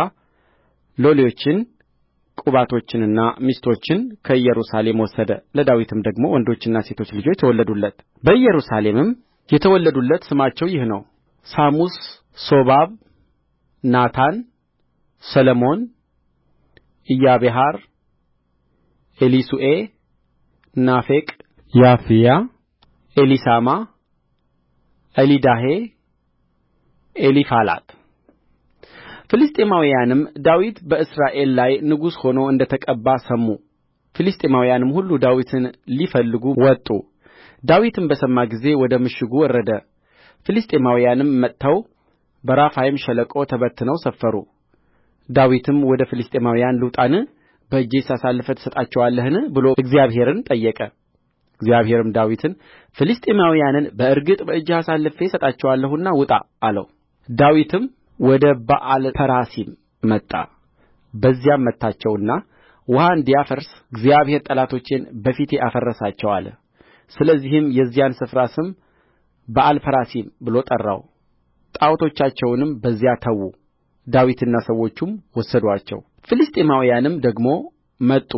A: ሎሌዎችን ቁባቶችንና ሚስቶችን ከኢየሩሳሌም ወሰደ ለዳዊትም ደግሞ ወንዶችና ሴቶች ልጆች ተወለዱለት በኢየሩሳሌምም የተወለዱለት ስማቸው ይህ ነው ሳሙስ ሶባብ ናታን ሰሎሞን ኢያቤሐር ኤሊሱዔ ናፌቅ ያፍያ ኤሊሳማ ኤሊዳሄ ኤሊፋላት ፍልስጥኤማውያንም ዳዊት በእስራኤል ላይ ንጉሥ ሆኖ እንደ ተቀባ ሰሙ ፍልስጥኤማውያንም ሁሉ ዳዊትን ሊፈልጉ ወጡ ዳዊትም በሰማ ጊዜ ወደ ምሽጉ ወረደ ፍልስጥኤማውያንም መጥተው በራፋይም ሸለቆ ተበትነው ሰፈሩ ዳዊትም ወደ ፍልስጥኤማውያን ልውጣን በእጄስ አሳልፈህ ትሰጣቸዋለህን ብሎ እግዚአብሔርን ጠየቀ እግዚአብሔርም ዳዊትን ፍልስጥኤማውያንን በእርግጥ በእጅህ አሳልፌ እሰጣቸዋለሁና ውጣ አለው ዳዊትም ወደ በኣልፐራሲም መጣ በዚያም መታቸውና ውኃ እንዲያፈርስ እግዚአብሔር ጠላቶቼን በፊቴ አፈረሳቸው አለ። ስለዚህም የዚያን ስፍራ ስም በአልፐራሲም ብሎ ጠራው። ጣዖቶቻቸውንም በዚያ ተዉ፣ ዳዊትና ሰዎቹም ወሰዱአቸው። ፍልስጥኤማውያንም ደግሞ መጡ፣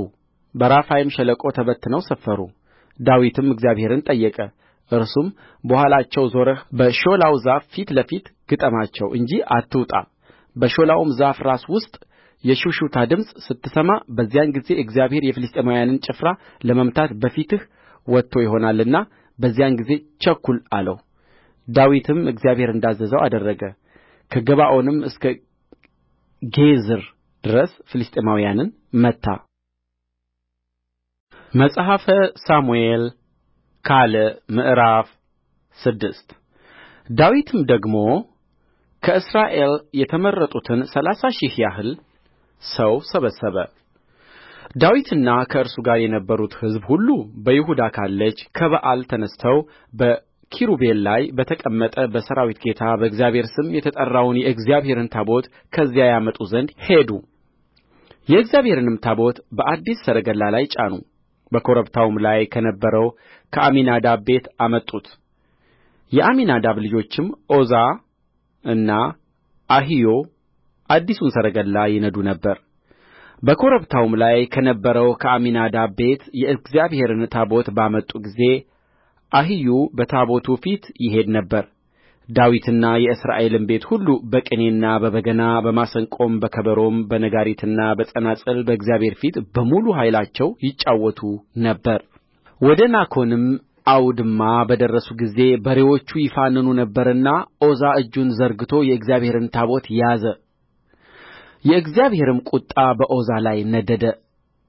A: በራፋይም ሸለቆ ተበትነው ሰፈሩ። ዳዊትም እግዚአብሔርን ጠየቀ። እርሱም በኋላቸው ዞረህ በሾላው ዛፍ ፊት ለፊት ግጠማቸው እንጂ አትውጣ በሾላውም ዛፍ ራስ ውስጥ የሽውሽውታ ድምፅ ስትሰማ በዚያን ጊዜ እግዚአብሔር የፍልስጥኤማውያንን ጭፍራ ለመምታት በፊትህ ወጥቶ ይሆናልና በዚያን ጊዜ ቸኵል አለው ዳዊትም እግዚአብሔር እንዳዘዘው አደረገ ከገባዖንም እስከ ጌዝር ድረስ ፍልስጥኤማውያንን መታ መጽሐፈ ሳሙኤል ካል ምዕራፍ ስድስት ዳዊትም ደግሞ ከእስራኤል የተመረጡትን ሠላሳ ሺህ ያህል ሰው ሰበሰበ ዳዊትና ከእርሱ ጋር የነበሩት ሕዝብ ሁሉ በይሁዳ ካለች ከበኣል ተነሥተው በኪሩቤል ላይ በተቀመጠ በሠራዊት ጌታ በእግዚአብሔር ስም የተጠራውን የእግዚአብሔርን ታቦት ከዚያ ያመጡ ዘንድ ሄዱ የእግዚአብሔርንም ታቦት በአዲስ ሰረገላ ላይ ጫኑ በኮረብታውም ላይ ከነበረው ከአሚናዳብ ቤት አመጡት የአሚናዳብ ልጆችም ዖዛ እና አሒዮ አዲሱን ሰረገላ ይነዱ ነበር በኮረብታውም ላይ ከነበረው ከአሚናዳብ ቤት የእግዚአብሔርን ታቦት ባመጡ ጊዜ አሒዮ በታቦቱ ፊት ይሄድ ነበር ዳዊትና የእስራኤልም ቤት ሁሉ በቅኔና በበገና በመሰንቆም በከበሮም በነጋሪትና በጸናጽል በእግዚአብሔር ፊት በሙሉ ኃይላቸው ይጫወቱ ነበር ወደ ናኮንም አውድማ በደረሱ ጊዜ በሬዎቹ ይፋንኑ ነበርና ዖዛ እጁን ዘርግቶ የእግዚአብሔርን ታቦት ያዘ የእግዚአብሔርም ቍጣ በዖዛ ላይ ነደደ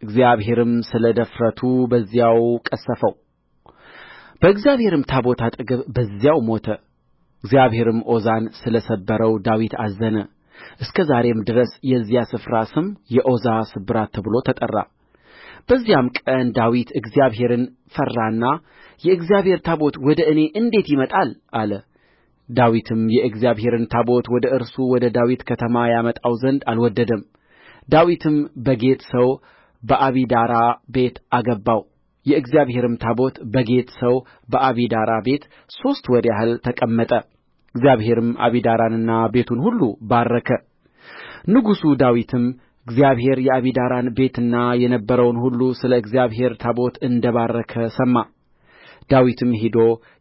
A: እግዚአብሔርም ስለ ድፍረቱ በዚያው ቀሠፈው በእግዚአብሔርም ታቦት አጠገብ በዚያው ሞተ እግዚአብሔርም ዖዛን ስለ ሰበረው ዳዊት አዘነ እስከ ዛሬም ድረስ የዚያ ስፍራ ስም የዖዛ ስብራት ተብሎ ተጠራ በዚያም ቀን ዳዊት እግዚአብሔርን ፈራና የእግዚአብሔር ታቦት ወደ እኔ እንዴት ይመጣል አለ ዳዊትም የእግዚአብሔርን ታቦት ወደ እርሱ ወደ ዳዊት ከተማ ያመጣው ዘንድ አልወደደም ዳዊትም በጌት ሰው በአቢዳራ ቤት አገባው የእግዚአብሔርም ታቦት በጌት ሰው በአቢዳራ ቤት ሦስት ወር ያህል ተቀመጠ እግዚአብሔርም አቢዳራንና ቤቱን ሁሉ ባረከ ንጉሡ ዳዊትም እግዚአብሔር የአቢዳራን ቤትና የነበረውን ሁሉ ስለ እግዚአብሔር ታቦት እንደ ባረከ ሰማ ዳዊትም ሄዶ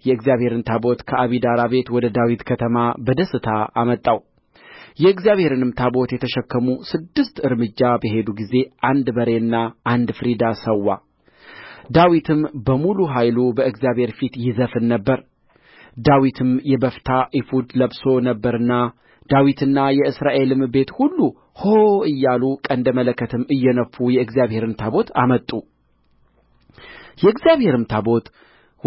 A: የእግዚአብሔርን ታቦት ከአቢዳራ ቤት ወደ ዳዊት ከተማ በደስታ አመጣው የእግዚአብሔርንም ታቦት የተሸከሙ ስድስት እርምጃ በሄዱ ጊዜ አንድ በሬና አንድ ፍሪዳ ሠዋ ዳዊትም በሙሉ ኃይሉ በእግዚአብሔር ፊት ይዘፍን ነበር ዳዊትም የበፍታ ኤፉድ ለብሶ ነበርና ዳዊትና የእስራኤልም ቤት ሁሉ ሆ እያሉ ቀንደ መለከትም እየነፉ የእግዚአብሔርን ታቦት አመጡ የእግዚአብሔርም ታቦት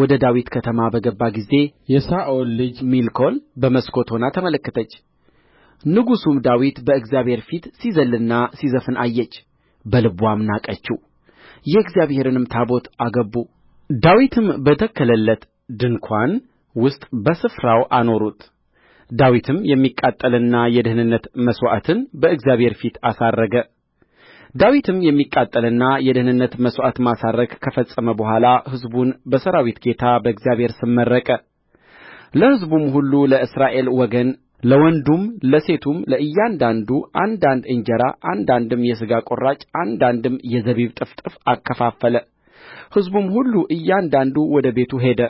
A: ወደ ዳዊት ከተማ በገባ ጊዜ የሳኦል ልጅ ሜልኮል በመስኮት ሆና ተመለከተች ንጉሡም ዳዊት በእግዚአብሔር ፊት ሲዘልልና ሲዘፍን አየች በልቧም ናቀችው የእግዚአብሔርንም ታቦት አገቡ ዳዊትም በተከለለት ድንኳን ውስጥ በስፍራው አኖሩት ዳዊትም የሚቃጠልና የደኅንነት መሥዋዕትን በእግዚአብሔር ፊት አሳረገ ዳዊትም የሚቃጠልና የደኅንነት መሥዋዕት ማሳረግ ከፈጸመ በኋላ ሕዝቡን በሠራዊት ጌታ በእግዚአብሔር ስም መረቀ ለሕዝቡም ሁሉ ለእስራኤል ወገን ለወንዱም ለሴቱም ለእያንዳንዱ አንዳንድ እንጀራ አንዳንድም የሥጋ ቍራጭ አንዳንድም የዘቢብ ጥፍጥፍ አከፋፈለ ሕዝቡም ሁሉ እያንዳንዱ ወደ ቤቱ ሄደ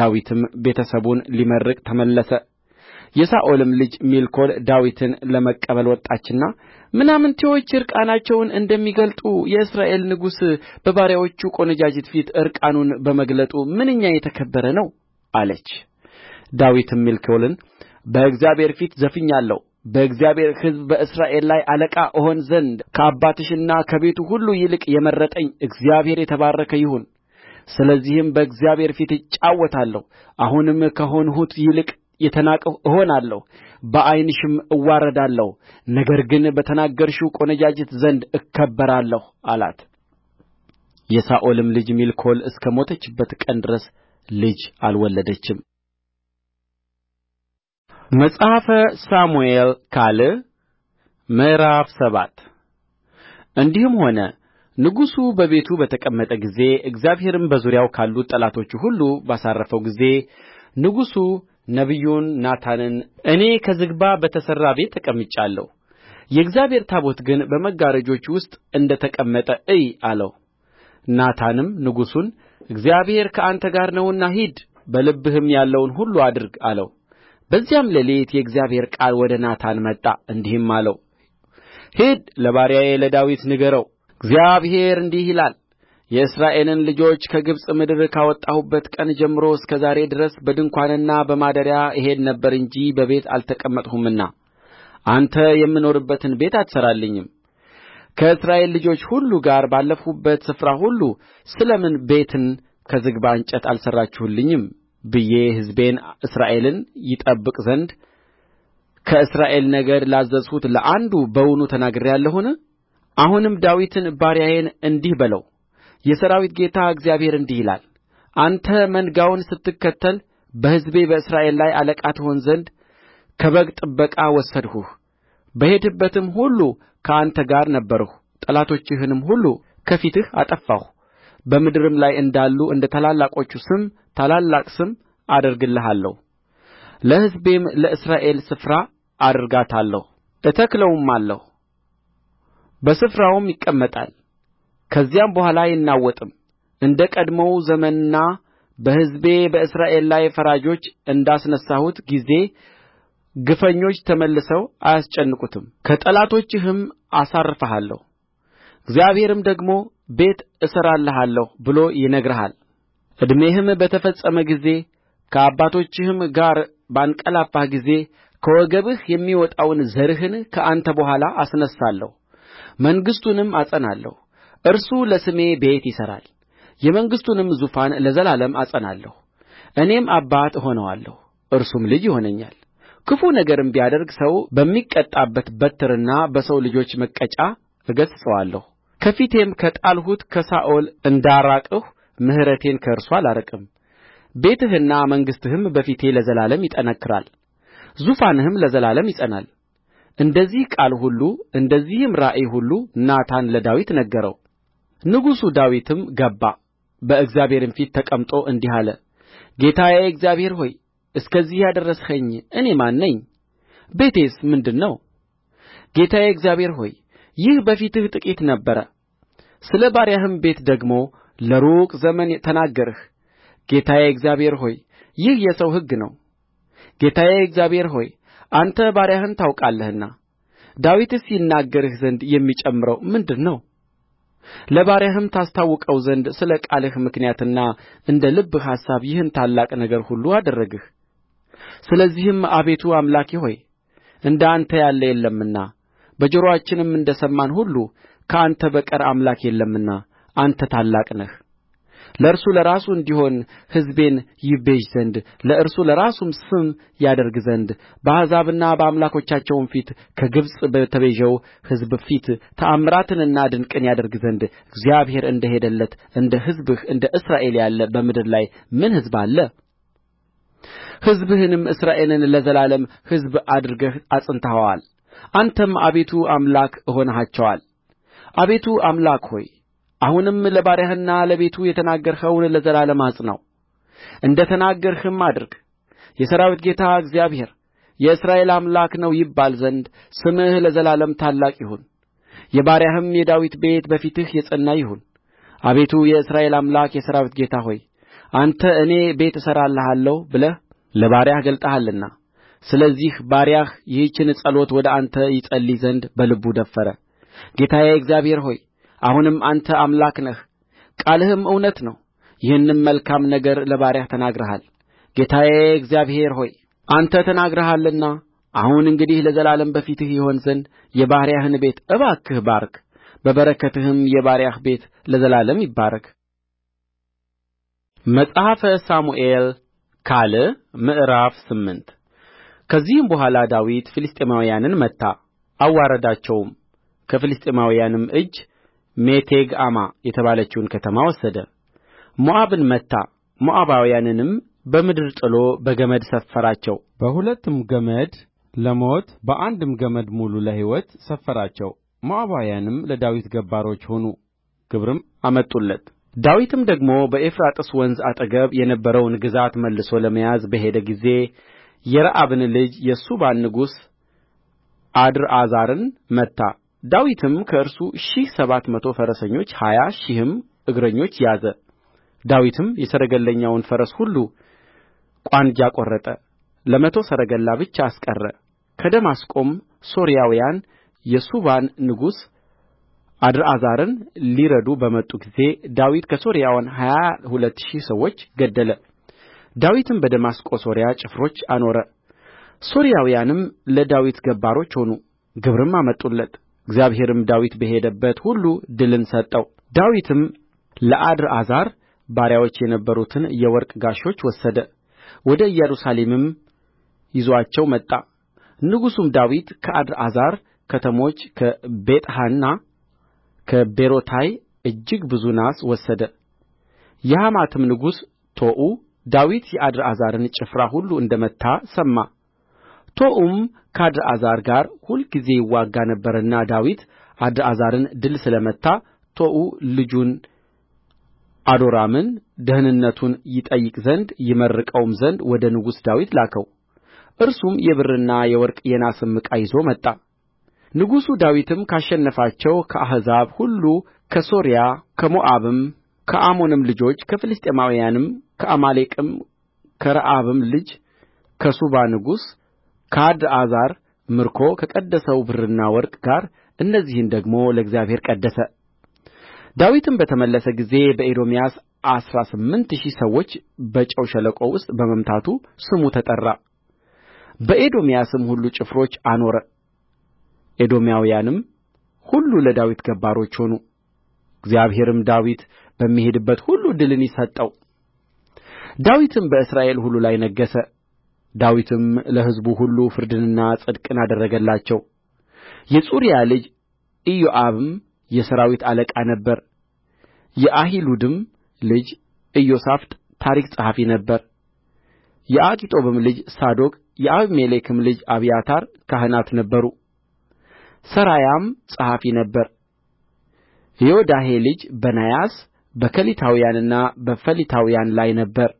A: ዳዊትም ቤተ ሰቡን ሊመርቅ ተመለሰ የሳኦልም ልጅ ሜልኮል ዳዊትን ለመቀበል ወጣችና ምናምንቴዎች ዕርቃናቸውን እንደሚገልጡ የእስራኤል ንጉሥ በባሪያዎቹ ቈነጃጅት ፊት ዕርቃኑን በመግለጡ ምንኛ የተከበረ ነው አለች ዳዊትም ሜልኮልን በእግዚአብሔር ፊት ዘፍኛለሁ በእግዚአብሔር ሕዝብ በእስራኤል ላይ አለቃ እሆን ዘንድ ከአባትሽና ከቤቱ ሁሉ ይልቅ የመረጠኝ እግዚአብሔር የተባረከ ይሁን ስለዚህም በእግዚአብሔር ፊት እጫወታለሁ አሁንም ከሆንሁት ይልቅ የተናቅሁ እሆናለሁ በዓይንሽም እዋረዳለሁ ነገር ግን በተናገርሽው ቈነጃጅት ዘንድ እከበራለሁ አላት የሳኦልም ልጅ ሜልኮል እስከ ሞተችበት ቀን ድረስ ልጅ አልወለደችም መጽሐፈ ሳሙኤል ካል ምዕራፍ ሰባት እንዲህም ሆነ ንጉሡ በቤቱ በተቀመጠ ጊዜ እግዚአብሔርም በዙሪያው ካሉት ጠላቶቹ ሁሉ ባሳረፈው ጊዜ ንጉሡ ነቢዩን ናታንን እኔ ከዝግባ በተሠራ ቤት ተቀምጫለሁ የእግዚአብሔር ታቦት ግን በመጋረጆች ውስጥ እንደ ተቀመጠ እይ አለው ናታንም ንጉሡን እግዚአብሔር ከአንተ ጋር ነውና ሂድ በልብህም ያለውን ሁሉ አድርግ አለው በዚያም ሌሊት የእግዚአብሔር ቃል ወደ ናታን መጣ እንዲህም አለው ሂድ ለባሪያዬ ለዳዊት ንገረው እግዚአብሔር እንዲህ ይላል የእስራኤልን ልጆች ከግብጽ ምድር ካወጣሁበት ቀን ጀምሮ እስከ ዛሬ ድረስ በድንኳንና በማደሪያ እሄድ ነበር እንጂ በቤት አልተቀመጥሁምና አንተ የምኖርበትን ቤት አትሠራልኝም ከእስራኤል ልጆች ሁሉ ጋር ባለፍሁበት ስፍራ ሁሉ ስለ ምን ቤትን ከዝግባ እንጨት አልሠራችሁልኝም ብዬ ሕዝቤን እስራኤልን ይጠብቅ ዘንድ ከእስራኤል ነገድ ላዘዝሁት ለአንዱ በውኑ ተናግሬአለሁን አሁንም ዳዊትን ባሪያዬን እንዲህ በለው የሠራዊት ጌታ እግዚአብሔር እንዲህ ይላል አንተ መንጋውን ስትከተል በሕዝቤ በእስራኤል ላይ አለቃ ትሆን ዘንድ ከበግ ጥበቃ ወሰድሁህ በሄድህበትም ሁሉ ከአንተ ጋር ነበርሁ ጠላቶችህንም ሁሉ ከፊትህ አጠፋሁ በምድርም ላይ እንዳሉ እንደ ታላላቆቹ ስም ታላላቅ ስም አደርግልሃለሁ ለሕዝቤም ለእስራኤል ስፍራ አደርጋታለሁ እተክለውማለሁ በስፍራውም ይቀመጣል ከዚያም በኋላ አይናወጥም እንደ ቀድሞው ዘመንና በሕዝቤ በእስራኤል ላይ ፈራጆች እንዳስነሣሁት ጊዜ ግፈኞች ተመልሰው አያስጨንቁትም ከጠላቶችህም አሳርፍሃለሁ እግዚአብሔርም ደግሞ ቤት እሠራልሃለሁ ብሎ ይነግርሃል ዕድሜህም በተፈጸመ ጊዜ ከአባቶችህም ጋር ባንቀላፋህ ጊዜ ከወገብህ የሚወጣውን ዘርህን ከአንተ በኋላ አስነሣለሁ መንግሥቱንም አጸናለሁ እርሱ ለስሜ ቤት ይሠራል የመንግሥቱንም ዙፋን ለዘላለም አጸናለሁ እኔም አባት እሆነዋለሁ እርሱም ልጅ ይሆነኛል ክፉ ነገርም ቢያደርግ ሰው በሚቀጣበት በትርና በሰው ልጆች መቀጫ እገሥጸዋለሁ ከፊቴም ከጣልሁት ከሳኦል እንዳራቅሁ ምሕረቴን ከእርሱ አላርቅም ቤትህና መንግሥትህም በፊቴ ለዘላለም ይጠነክራል ዙፋንህም ለዘላለም ይጸናል እንደዚህ ቃል ሁሉ እንደዚህም ራእይ ሁሉ ናታን ለዳዊት ነገረው ንጉሡ ዳዊትም ገባ በእግዚአብሔርም ፊት ተቀምጦ እንዲህ አለ ጌታዬ እግዚአብሔር ሆይ እስከዚህ ያደረስኸኝ እኔ ማን ነኝ ቤቴስ ምንድር ነው ጌታዬ እግዚአብሔር ሆይ ይህ በፊትህ ጥቂት ነበረ ስለ ባሪያህም ቤት ደግሞ ለሩቅ ዘመን ተናገርህ ጌታዬ እግዚአብሔር ሆይ ይህ የሰው ሕግ ነው ጌታዬ እግዚአብሔር ሆይ አንተ ባሪያህን ታውቃለህና ዳዊትስ ይናገርህ ዘንድ የሚጨምረው ምንድር ነው ለባሪያህም ታስታውቀው ዘንድ ስለ ቃልህ ምክንያትና እንደ ልብህ አሳብ ይህን ታላቅ ነገር ሁሉ አደረግህ ስለዚህም አቤቱ አምላኬ ሆይ እንደ አንተ ያለ የለምና በጆሮአችንም እንደ ሰማን ሁሉ ከአንተ በቀር አምላክ የለምና አንተ ታላቅ ነህ ለእርሱ ለራሱ እንዲሆን ሕዝቤን ይቤዥ ዘንድ ለእርሱ ለራሱም ስም ያደርግ ዘንድ በአሕዛብና በአምላኮቻቸውም ፊት ከግብጽ በተቤዠው ሕዝብ ፊት ተአምራትንና ድንቅን ያደርግ ዘንድ እግዚአብሔር እንደ ሄደለት እንደ ሕዝብህ እንደ እስራኤል ያለ በምድር ላይ ምን ሕዝብ አለ ሕዝብህንም እስራኤልን ለዘላለም ሕዝብ አድርገህ አጽንተኸዋል አንተም አቤቱ አምላክ ሆነሃቸዋል አቤቱ አምላክ ሆይ አሁንም ለባሪያህና ለቤቱ የተናገርኸውን ለዘላለም አጽናው እንደ ተናገርህም አድርግ የሠራዊት ጌታ እግዚአብሔር የእስራኤል አምላክ ነው ይባል ዘንድ ስምህ ለዘላለም ታላቅ ይሁን የባሪያህም የዳዊት ቤት በፊትህ የጸና ይሁን አቤቱ የእስራኤል አምላክ የሠራዊት ጌታ ሆይ አንተ እኔ ቤት እሠራልሃለሁ ብለህ ለባሪያህ ገልጠሃልና ስለዚህ ባሪያህ ይህችን ጸሎት ወደ አንተ ይጸልይ ዘንድ በልቡ ደፈረ ጌታዬ እግዚአብሔር ሆይ አሁንም አንተ አምላክ ነህ ቃልህም እውነት ነው ይህንም መልካም ነገር ለባሪያህ ተናግረሃል ጌታዬ እግዚአብሔር ሆይ አንተ ተናግረሃልና አሁን እንግዲህ ለዘላለም በፊትህ ይሆን ዘንድ የባሪያህን ቤት እባክህ ባርክ በበረከትህም የባሪያህ ቤት ለዘላለም ይባረክ መጽሐፈ ሳሙኤል ካል ምዕራፍ ስምንት ከዚህም በኋላ ዳዊት ፍልስጥኤማውያንን መታ አዋረዳቸውም ከፍልስጥኤማውያንም እጅ ሜቴግአማ የተባለችውን ከተማ ወሰደ ሞዓብን መታ ሞዓባውያንንም በምድር ጥሎ በገመድ ሰፈራቸው በሁለትም ገመድ ለሞት በአንድም ገመድ ሙሉ ለሕይወት ሰፈራቸው ሞዓባውያንም ለዳዊት ገባሮች ሆኑ ግብርም አመጡለት ዳዊትም ደግሞ በኤፍራጥስ ወንዝ አጠገብ የነበረውን ግዛት መልሶ ለመያዝ በሄደ ጊዜ የረአብን ልጅ የሱባን ንጉሥ አድርአዛርን መታ ዳዊትም ከእርሱ ሺህ ሰባት መቶ ፈረሰኞች ሀያ ሺህም እግረኞች ያዘ ዳዊትም የሰረገለኛውን ፈረስ ሁሉ ቋንጃ ቈረጠ ለመቶ ሰረገላ ብቻ አስቀረ ከደማስቆም ሶርያውያን የሱባን ንጉሥ አድርአዛርን ሊረዱ በመጡ ጊዜ ዳዊት ከሶርያውያን ሀያ ሁለት ሺህ ሰዎች ገደለ ዳዊትም በደማስቆ ሶርያ ጭፍሮች አኖረ ሶርያውያንም ለዳዊት ገባሮች ሆኑ ግብርም አመጡለት እግዚአብሔርም ዳዊት በሄደበት ሁሉ ድልን ሰጠው ዳዊትም ለአድርአዛር ባሪያዎች የነበሩትን የወርቅ ጋሾች ወሰደ ወደ ኢየሩሳሌምም ይዞአቸው መጣ ንጉሡም ዳዊት ከአድርአዛር ከተሞች ከቤጥሐና ከቤሮታይ እጅግ ብዙ ናስ ወሰደ የሐማትም ንጉሥ ቶዑ ዳዊት የአድርአዛርን ጭፍራ ሁሉ እንደ መታ ሰማ ቶዑም ከአድርአዛር ጋር ሁልጊዜ ይዋጋ ነበርና ዳዊት አድርአዛርን ድል ስለ መታ ቶዑ ልጁን አዶራምን ደኅንነቱን ይጠይቅ ዘንድ ይመርቀውም ዘንድ ወደ ንጉሥ ዳዊት ላከው እርሱም የብርና የወርቅ የናስም ዕቃ ይዞ መጣ ንጉሡ ዳዊትም ካሸነፋቸው ከአሕዛብ ሁሉ ከሶርያ ከሞዓብም ከአሞንም ልጆች ከፍልስጥኤማውያንም ከአማሌቅም ከረአብም ልጅ ከሱባ ንጉሥ ከአድርአዛር ምርኮ ከቀደሰው ብርና ወርቅ ጋር እነዚህን ደግሞ ለእግዚአብሔር ቀደሰ ዳዊትም በተመለሰ ጊዜ በኤዶምያስ አሥራ ስምንት ሺህ ሰዎች በጨው ሸለቆ ውስጥ በመምታቱ ስሙ ተጠራ በኤዶምያስም ሁሉ ጭፍሮች አኖረ ኤዶማውያንም ሁሉ ለዳዊት ገባሮች ሆኑ እግዚአብሔርም ዳዊት በሚሄድበት ሁሉ ድልን ሰጠው ዳዊትም በእስራኤል ሁሉ ላይ ነገሠ ዳዊትም ለሕዝቡ ሁሉ ፍርድንና ጽድቅን አደረገላቸው የጽሩያ ልጅ ኢዮአብም የሠራዊት አለቃ ነበረ የአሒሉድም ልጅ ኢዮሣፍጥ ታሪክ ጸሐፊ ነበረ የአኪጦብም ልጅ ሳዶቅ የአቢሜሌክም ልጅ አብያታር ካህናት ነበሩ ሠራያም ጸሐፊ ነበረ የዮዳሄ ልጅ በናያስ በከሊታውያንና በፈሊታውያን ላይ ነበረ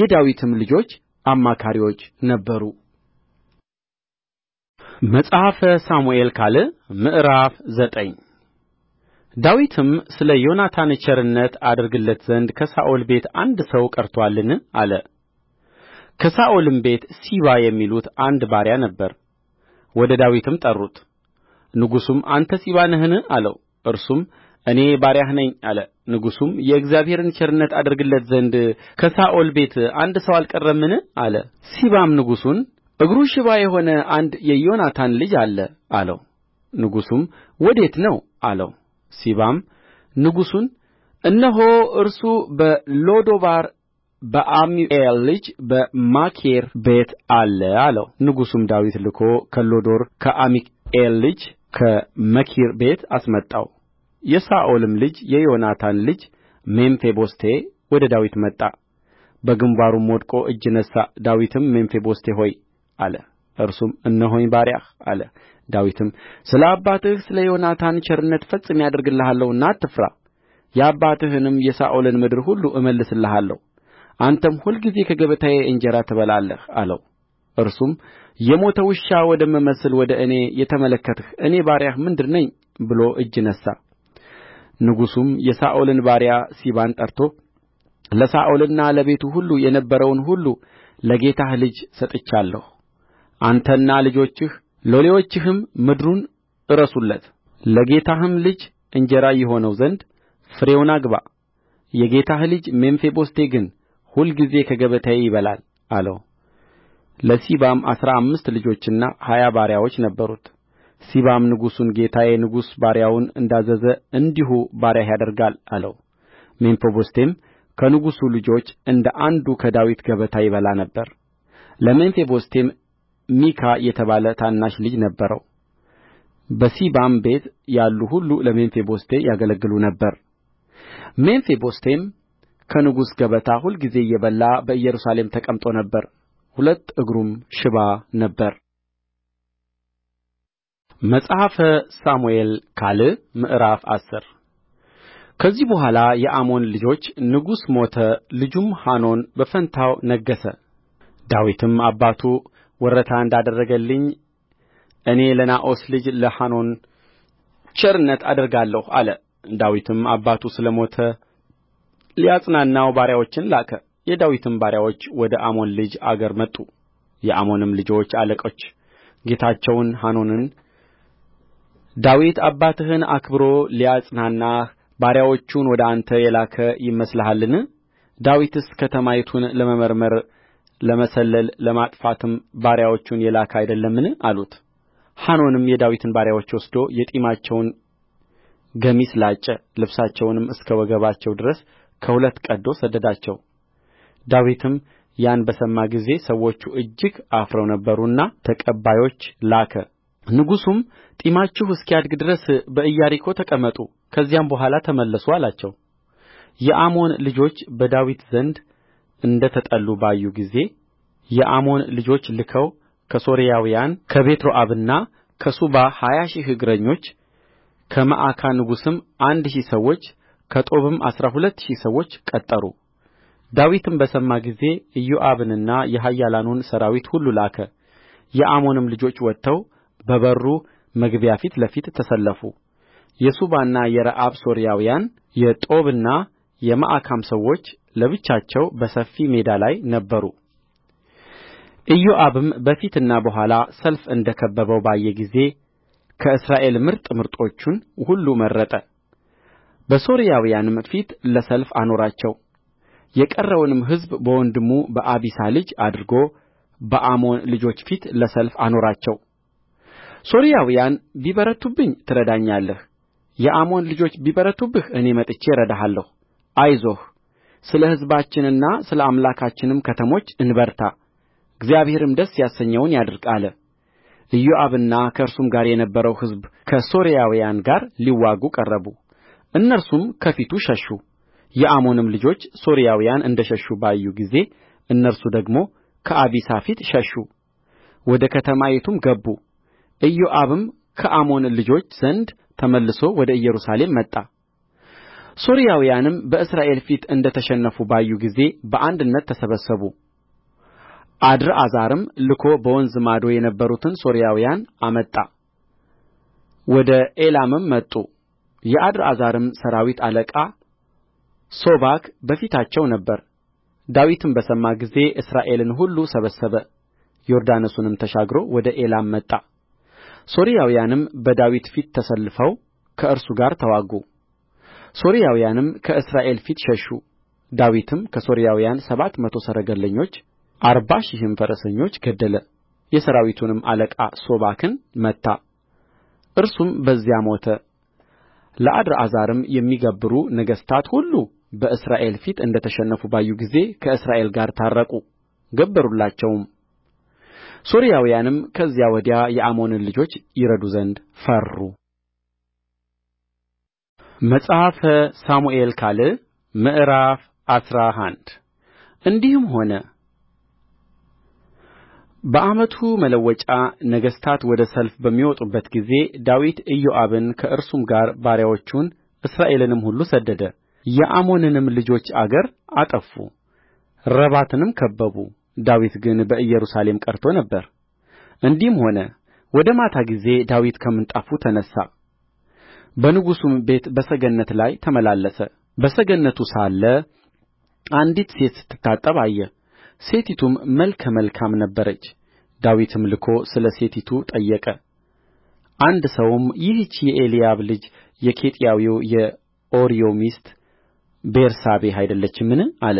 A: የዳዊትም ልጆች አማካሪዎች ነበሩ መጽሐፈ ሳሙኤል ካል ምዕራፍ ዘጠኝ ዳዊትም ስለ ዮናታን ቸርነት አደርግለት ዘንድ ከሳኦል ቤት አንድ ሰው ቀርቶአልን አለ። ከሳኦልም ቤት ሲባ የሚሉት አንድ ባሪያ ነበር። ወደ ዳዊትም ጠሩት። ንጉሡም አንተ ሲባ ነህን? አለው። እርሱም እኔ ባሪያህ ነኝ አለ። ንጉሡም የእግዚአብሔርን ቸርነት አደርግለት ዘንድ ከሳኦል ቤት አንድ ሰው አልቀረምን አለ ሲባም ንጉሡን እግሩ ሽባ የሆነ አንድ የዮናታን ልጅ አለ አለው ንጉሡም ወዴት ነው አለው ሲባም ንጉሡን እነሆ እርሱ በሎዶባር በአሚኤል ልጅ በማኪር ቤት አለ አለው ንጉሡም ዳዊት ልኮ ከሎዶባር ከአሚኤል ልጅ ከመኪር ቤት አስመጣው የሳኦልም ልጅ የዮናታን ልጅ ሜምፊቦስቴ ወደ ዳዊት መጣ በግምባሩም ወድቆ እጅ ነሣ ዳዊትም ሜምፊቦስቴ ሆይ አለ እርሱም እነሆኝ ባሪያህ አለ ዳዊትም ስለ አባትህ ስለ ዮናታን ቸርነት ፈጽሜ አደርግልሃለሁና አትፍራ የአባትህንም የሳኦልን ምድር ሁሉ እመልስልሃለሁ አንተም ሁልጊዜ ከገበታዬ እንጀራ ትበላለህ አለው እርሱም የሞተ ውሻ ወደምመስል ወደ እኔ የተመለከትህ እኔ ባሪያህ ምንድር ነኝ ብሎ እጅ ነሣ ንጉሡም የሳኦልን ባሪያ ሲባን ጠርቶ ለሳኦልና ለቤቱ ሁሉ የነበረውን ሁሉ ለጌታህ ልጅ ሰጥቻለሁ አንተና ልጆችህ ሎሌዎችህም ምድሩን እረሱለት ለጌታህም ልጅ እንጀራ ይሆነው ዘንድ ፍሬውን አግባ የጌታህ ልጅ ሜምፊቦስቴ ግን ሁልጊዜ ከገበታዬ ይበላል አለው ለሲባም አሥራ አምስት ልጆችና ሀያ ባሪያዎች ነበሩት ሲባም ንጉሡን ጌታዬ ንጉሡ ባሪያውን እንዳዘዘ እንዲሁ ባሪያህ ያደርጋል አለው ሜምፊቦስቴም ከንጉሡ ልጆች እንደ አንዱ ከዳዊት ገበታ ይበላ ነበር ለሜምፊቦስቴም ሚካ የተባለ ታናሽ ልጅ ነበረው በሲባም ቤት ያሉ ሁሉ ለሜምፊቦስቴ ያገለግሉ ነበር ሜምፊቦስቴም ከንጉሥ ገበታ ሁልጊዜ እየበላ በኢየሩሳሌም ተቀምጦ ነበር ሁለት እግሩም ሽባ ነበረ መጽሐፈ ሳሙኤል ካል ምዕራፍ አስር ከዚህ በኋላ የአሞን ልጆች ንጉሥ ሞተ፣ ልጁም ሐኖን በፈንታው ነገሠ። ዳዊትም አባቱ ወረታ እንዳደረገልኝ እኔ ለናዖስ ልጅ ለሐኖን ቸርነት አደርጋለሁ አለ። ዳዊትም አባቱ ስለ ሞተ ሊያጽናናው ባሪያዎችን ላከ። የዳዊትም ባሪያዎች ወደ አሞን ልጅ አገር መጡ። የአሞንም ልጆች አለቆች ጌታቸውን ሐኖንን ዳዊት አባትህን አክብሮ ሊያጽናናህ ባሪያዎቹን ወደ አንተ የላከ ይመስልሃልን ዳዊትስ ከተማይቱን ለመመርመር ለመሰለል ለማጥፋትም ባሪያዎቹን የላከ አይደለምን አሉት ሐኖንም የዳዊትን ባሪያዎች ወስዶ የጢማቸውን ገሚስ ላጨ ልብሳቸውንም እስከ ወገባቸው ድረስ ከሁለት ቀድዶ ሰደዳቸው ዳዊትም ያን በሰማ ጊዜ ሰዎቹ እጅግ አፍረው ነበሩና ተቀባዮች ላከ ንጉሡም ጢማችሁ እስኪያድግ ድረስ በኢያሪኮ ተቀመጡ ከዚያም በኋላ ተመለሱ አላቸው የአሞን ልጆች በዳዊት ዘንድ እንደ ተጠሉ ባዩ ጊዜ የአሞን ልጆች ልከው ከሶርያውያን ከቤትሮዖብና ከሱባ ሀያ ሺህ እግረኞች ከመዓካ ንጉሥም አንድ ሺህ ሰዎች ከጦብም አሥራ ሁለት ሺህ ሰዎች ቀጠሩ። ዳዊትም በሰማ ጊዜ ኢዮአብንና የኃያላኑን ሠራዊት ሁሉ ላከ። የአሞንም ልጆች ወጥተው በበሩ መግቢያ ፊት ለፊት ተሰለፉ የሱባና የረአብ ሶርያውያን የጦብና የመዓካም ሰዎች ለብቻቸው በሰፊ ሜዳ ላይ ነበሩ ኢዮአብም በፊትና በኋላ ሰልፍ እንደ ከበበው ባየ ጊዜ ከእስራኤል ምርጥ ምርጦቹን ሁሉ መረጠ በሶርያውያንም ፊት ለሰልፍ አኖራቸው የቀረውንም ሕዝብ በወንድሙ በአቢሳ ልጅ አድርጎ በአሞን ልጆች ፊት ለሰልፍ አኖራቸው ሶርያውያን ቢበረቱብኝ ትረዳኛለህ የአሞን ልጆች ቢበረቱብህ እኔ መጥቼ እረዳሃለሁ አይዞህ ስለ ሕዝባችንና ስለ አምላካችንም ከተሞች እንበርታ እግዚአብሔርም ደስ ያሰኘውን ያድርግ አለ ኢዮአብና ከእርሱም ጋር የነበረው ሕዝብ ከሶርያውያን ጋር ሊዋጉ ቀረቡ እነርሱም ከፊቱ ሸሹ የአሞንም ልጆች ሶርያውያን እንደ ሸሹ ባዩ ጊዜ እነርሱ ደግሞ ከአቢሳ ፊት ሸሹ ወደ ከተማይቱም ገቡ ኢዮአብም ከአሞን ልጆች ዘንድ ተመልሶ ወደ ኢየሩሳሌም መጣ ሶርያውያንም በእስራኤል ፊት እንደ ተሸነፉ ባዩ ጊዜ በአንድነት ተሰበሰቡ አድርአዛርም ልኮ በወንዝ ማዶ የነበሩትን ሶርያውያን አመጣ ወደ ኤላምም መጡ የአድርአዛርም ሠራዊት አለቃ ሶባክ በፊታቸው ነበር ዳዊትም በሰማ ጊዜ እስራኤልን ሁሉ ሰበሰበ ዮርዳኖስንም ተሻግሮ ወደ ኤላም መጣ ሶርያውያንም በዳዊት ፊት ተሰልፈው ከእርሱ ጋር ተዋጉ ሶርያውያንም ከእስራኤል ፊት ሸሹ ዳዊትም ከሶርያውያን ሰባት መቶ ሰረገለኞች አርባ ሺህም ፈረሰኞች ገደለ የሠራዊቱንም አለቃ ሶባክን መታ እርሱም በዚያ ሞተ ለአድርአዛርም የሚገብሩ ነገሥታት ሁሉ በእስራኤል ፊት እንደ ተሸነፉ ባዩ ጊዜ ከእስራኤል ጋር ታረቁ ገበሩላቸውም ሶርያውያንም ከዚያ ወዲያ የአሞንን ልጆች ይረዱ ዘንድ ፈሩ መጽሐፈ ሳሙኤል ካል ምዕራፍ አስራ አንድ እንዲህም ሆነ በዓመቱ መለወጫ ነገሥታት ወደ ሰልፍ በሚወጡበት ጊዜ ዳዊት ኢዮአብን ከእርሱም ጋር ባሪያዎቹን እስራኤልንም ሁሉ ሰደደ። የአሞንንም ልጆች አገር አጠፉ፣ ረባትንም ከበቡ፣ ዳዊት ግን በኢየሩሳሌም ቀርቶ ነበር እንዲህም ሆነ ወደ ማታ ጊዜ ዳዊት ከምንጣፉ ተነሣ በንጉሡም ቤት በሰገነት ላይ ተመላለሰ በሰገነቱ ሳለ አንዲት ሴት ስትታጠብ አየ ሴቲቱም መልከ መልካም ነበረች ዳዊትም ልኮ ስለ ሴቲቱ ጠየቀ አንድ ሰውም ይህች የኤልያብ ልጅ የኬጢያዊው የኦርዮ ሚስት ቤርሳቤህ አይደለችምን አለ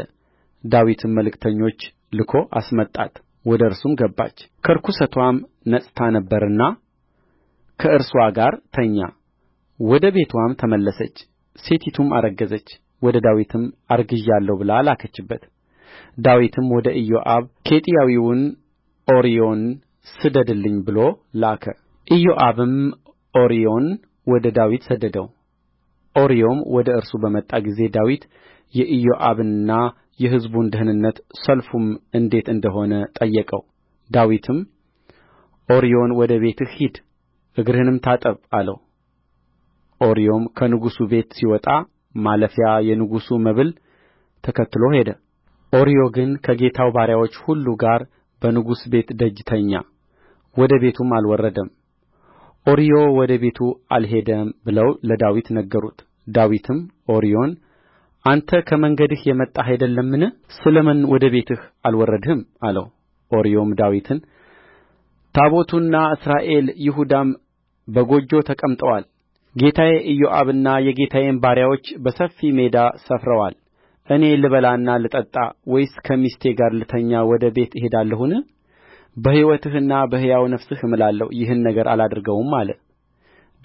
A: ዳዊትም መልእክተኞች ልኮ አስመጣት ወደ እርሱም ገባች ከርኵሰትዋም ነጽታ ነበርና ከእርስዋ ጋር ተኛ ወደ ቤትዋም ተመለሰች ሴቲቱም አረገዘች ወደ ዳዊትም አርግዤአለሁ ብላ ላከችበት ዳዊትም ወደ ኢዮአብ ኬጢያዊውን ኦርዮን ስደድልኝ ብሎ ላከ ኢዮአብም ኦርዮን ወደ ዳዊት ሰደደው ኦርዮም ወደ እርሱ በመጣ ጊዜ ዳዊት የኢዮአብንና የሕዝቡን ደኅንነት ሰልፉም እንዴት እንደ ሆነ ጠየቀው ዳዊትም ኦርዮን ወደ ቤትህ ሂድ እግርህንም ታጠብ አለው ኦርዮም ከንጉሡ ቤት ሲወጣ ማለፊያ የንጉሡ መብል ተከትሎ ሄደ ኦርዮ ግን ከጌታው ባሪያዎች ሁሉ ጋር በንጉሥ ቤት ደጅ ተኛ ወደ ቤቱም አልወረደም ኦርዮ ወደ ቤቱ አልሄደም ብለው ለዳዊት ነገሩት ዳዊትም ኦርዮን አንተ ከመንገድህ የመጣህ አይደለምን ስለ ምን ወደ ቤትህ አልወረድህም አለው ኦርዮም ዳዊትን ታቦቱና እስራኤል ይሁዳም በጎጆ ተቀምጠዋል ጌታዬ ኢዮአብና የጌታዬም ባሪያዎች በሰፊ ሜዳ ሰፍረዋል እኔ ልበላና ልጠጣ ወይስ ከሚስቴ ጋር ልተኛ ወደ ቤት እሄዳለሁን በሕይወትህና በሕያው ነፍስህ እምላለሁ ይህን ነገር አላድርገውም አለ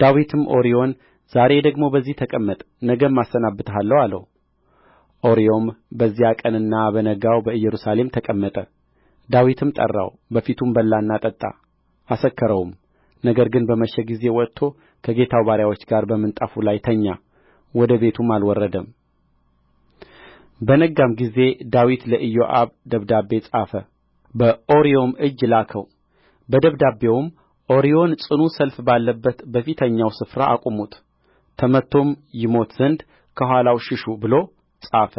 A: ዳዊትም ኦርዮን ዛሬ ደግሞ በዚህ ተቀመጥ ነገም አሰናብትሃለሁ አለው ኦርዮም በዚያ ቀንና በነጋው በኢየሩሳሌም ተቀመጠ ዳዊትም ጠራው በፊቱም በላና ጠጣ አሰከረውም ነገር ግን በመሸ ጊዜ ወጥቶ ከጌታው ባሪያዎች ጋር በምንጣፉ ላይ ተኛ ወደ ቤቱም አልወረደም በነጋም ጊዜ ዳዊት ለኢዮአብ ደብዳቤ ጻፈ በኦርዮም እጅ ላከው በደብዳቤውም ኦርዮን ጽኑ ሰልፍ ባለበት በፊተኛው ስፍራ አቁሙት ተመትቶም ይሞት ዘንድ ከኋላው ሽሹ ብሎ ጻፈ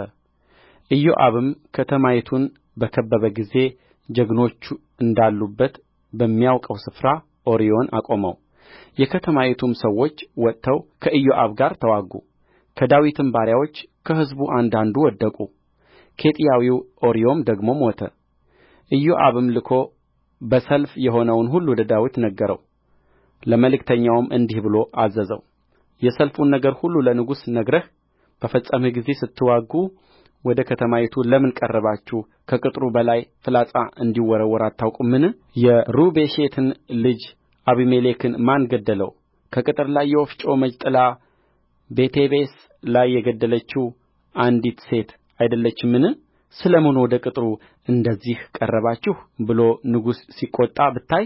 A: ኢዮአብም ከተማይቱን በከበበ ጊዜ ጀግኖቹ እንዳሉበት በሚያውቀው ስፍራ ኦርዮን አቆመው የከተማይቱም ሰዎች ወጥተው ከኢዮአብ ጋር ተዋጉ ከዳዊትም ባሪያዎች ከሕዝቡ አንዳንዱ ወደቁ ኬጢያዊው ኦርዮም ደግሞ ሞተ ኢዮአብም ልኮ በሰልፍ የሆነውን ሁሉ ለዳዊት ነገረው ለመልእክተኛውም እንዲህ ብሎ አዘዘው የሰልፉን ነገር ሁሉ ለንጉሡ ነግረህ በፈጸምህ ጊዜ ስትዋጉ ወደ ከተማይቱ ለምን ቀረባችሁ ከቅጥሩ በላይ ፍላጻ እንዲወረወር አታውቁምን የሩቤሼትን ልጅ አቤሜሌክን ማን ገደለው ከቅጥር ላይ የወፍጮ መጅ ጥላ በቴቤስ ላይ የገደለችው አንዲት ሴት አይደለችምን ስለ ምን ወደ ቅጥሩ እንደዚህ ቀረባችሁ ብሎ ንጉሡ ሲቈጣ ብታይ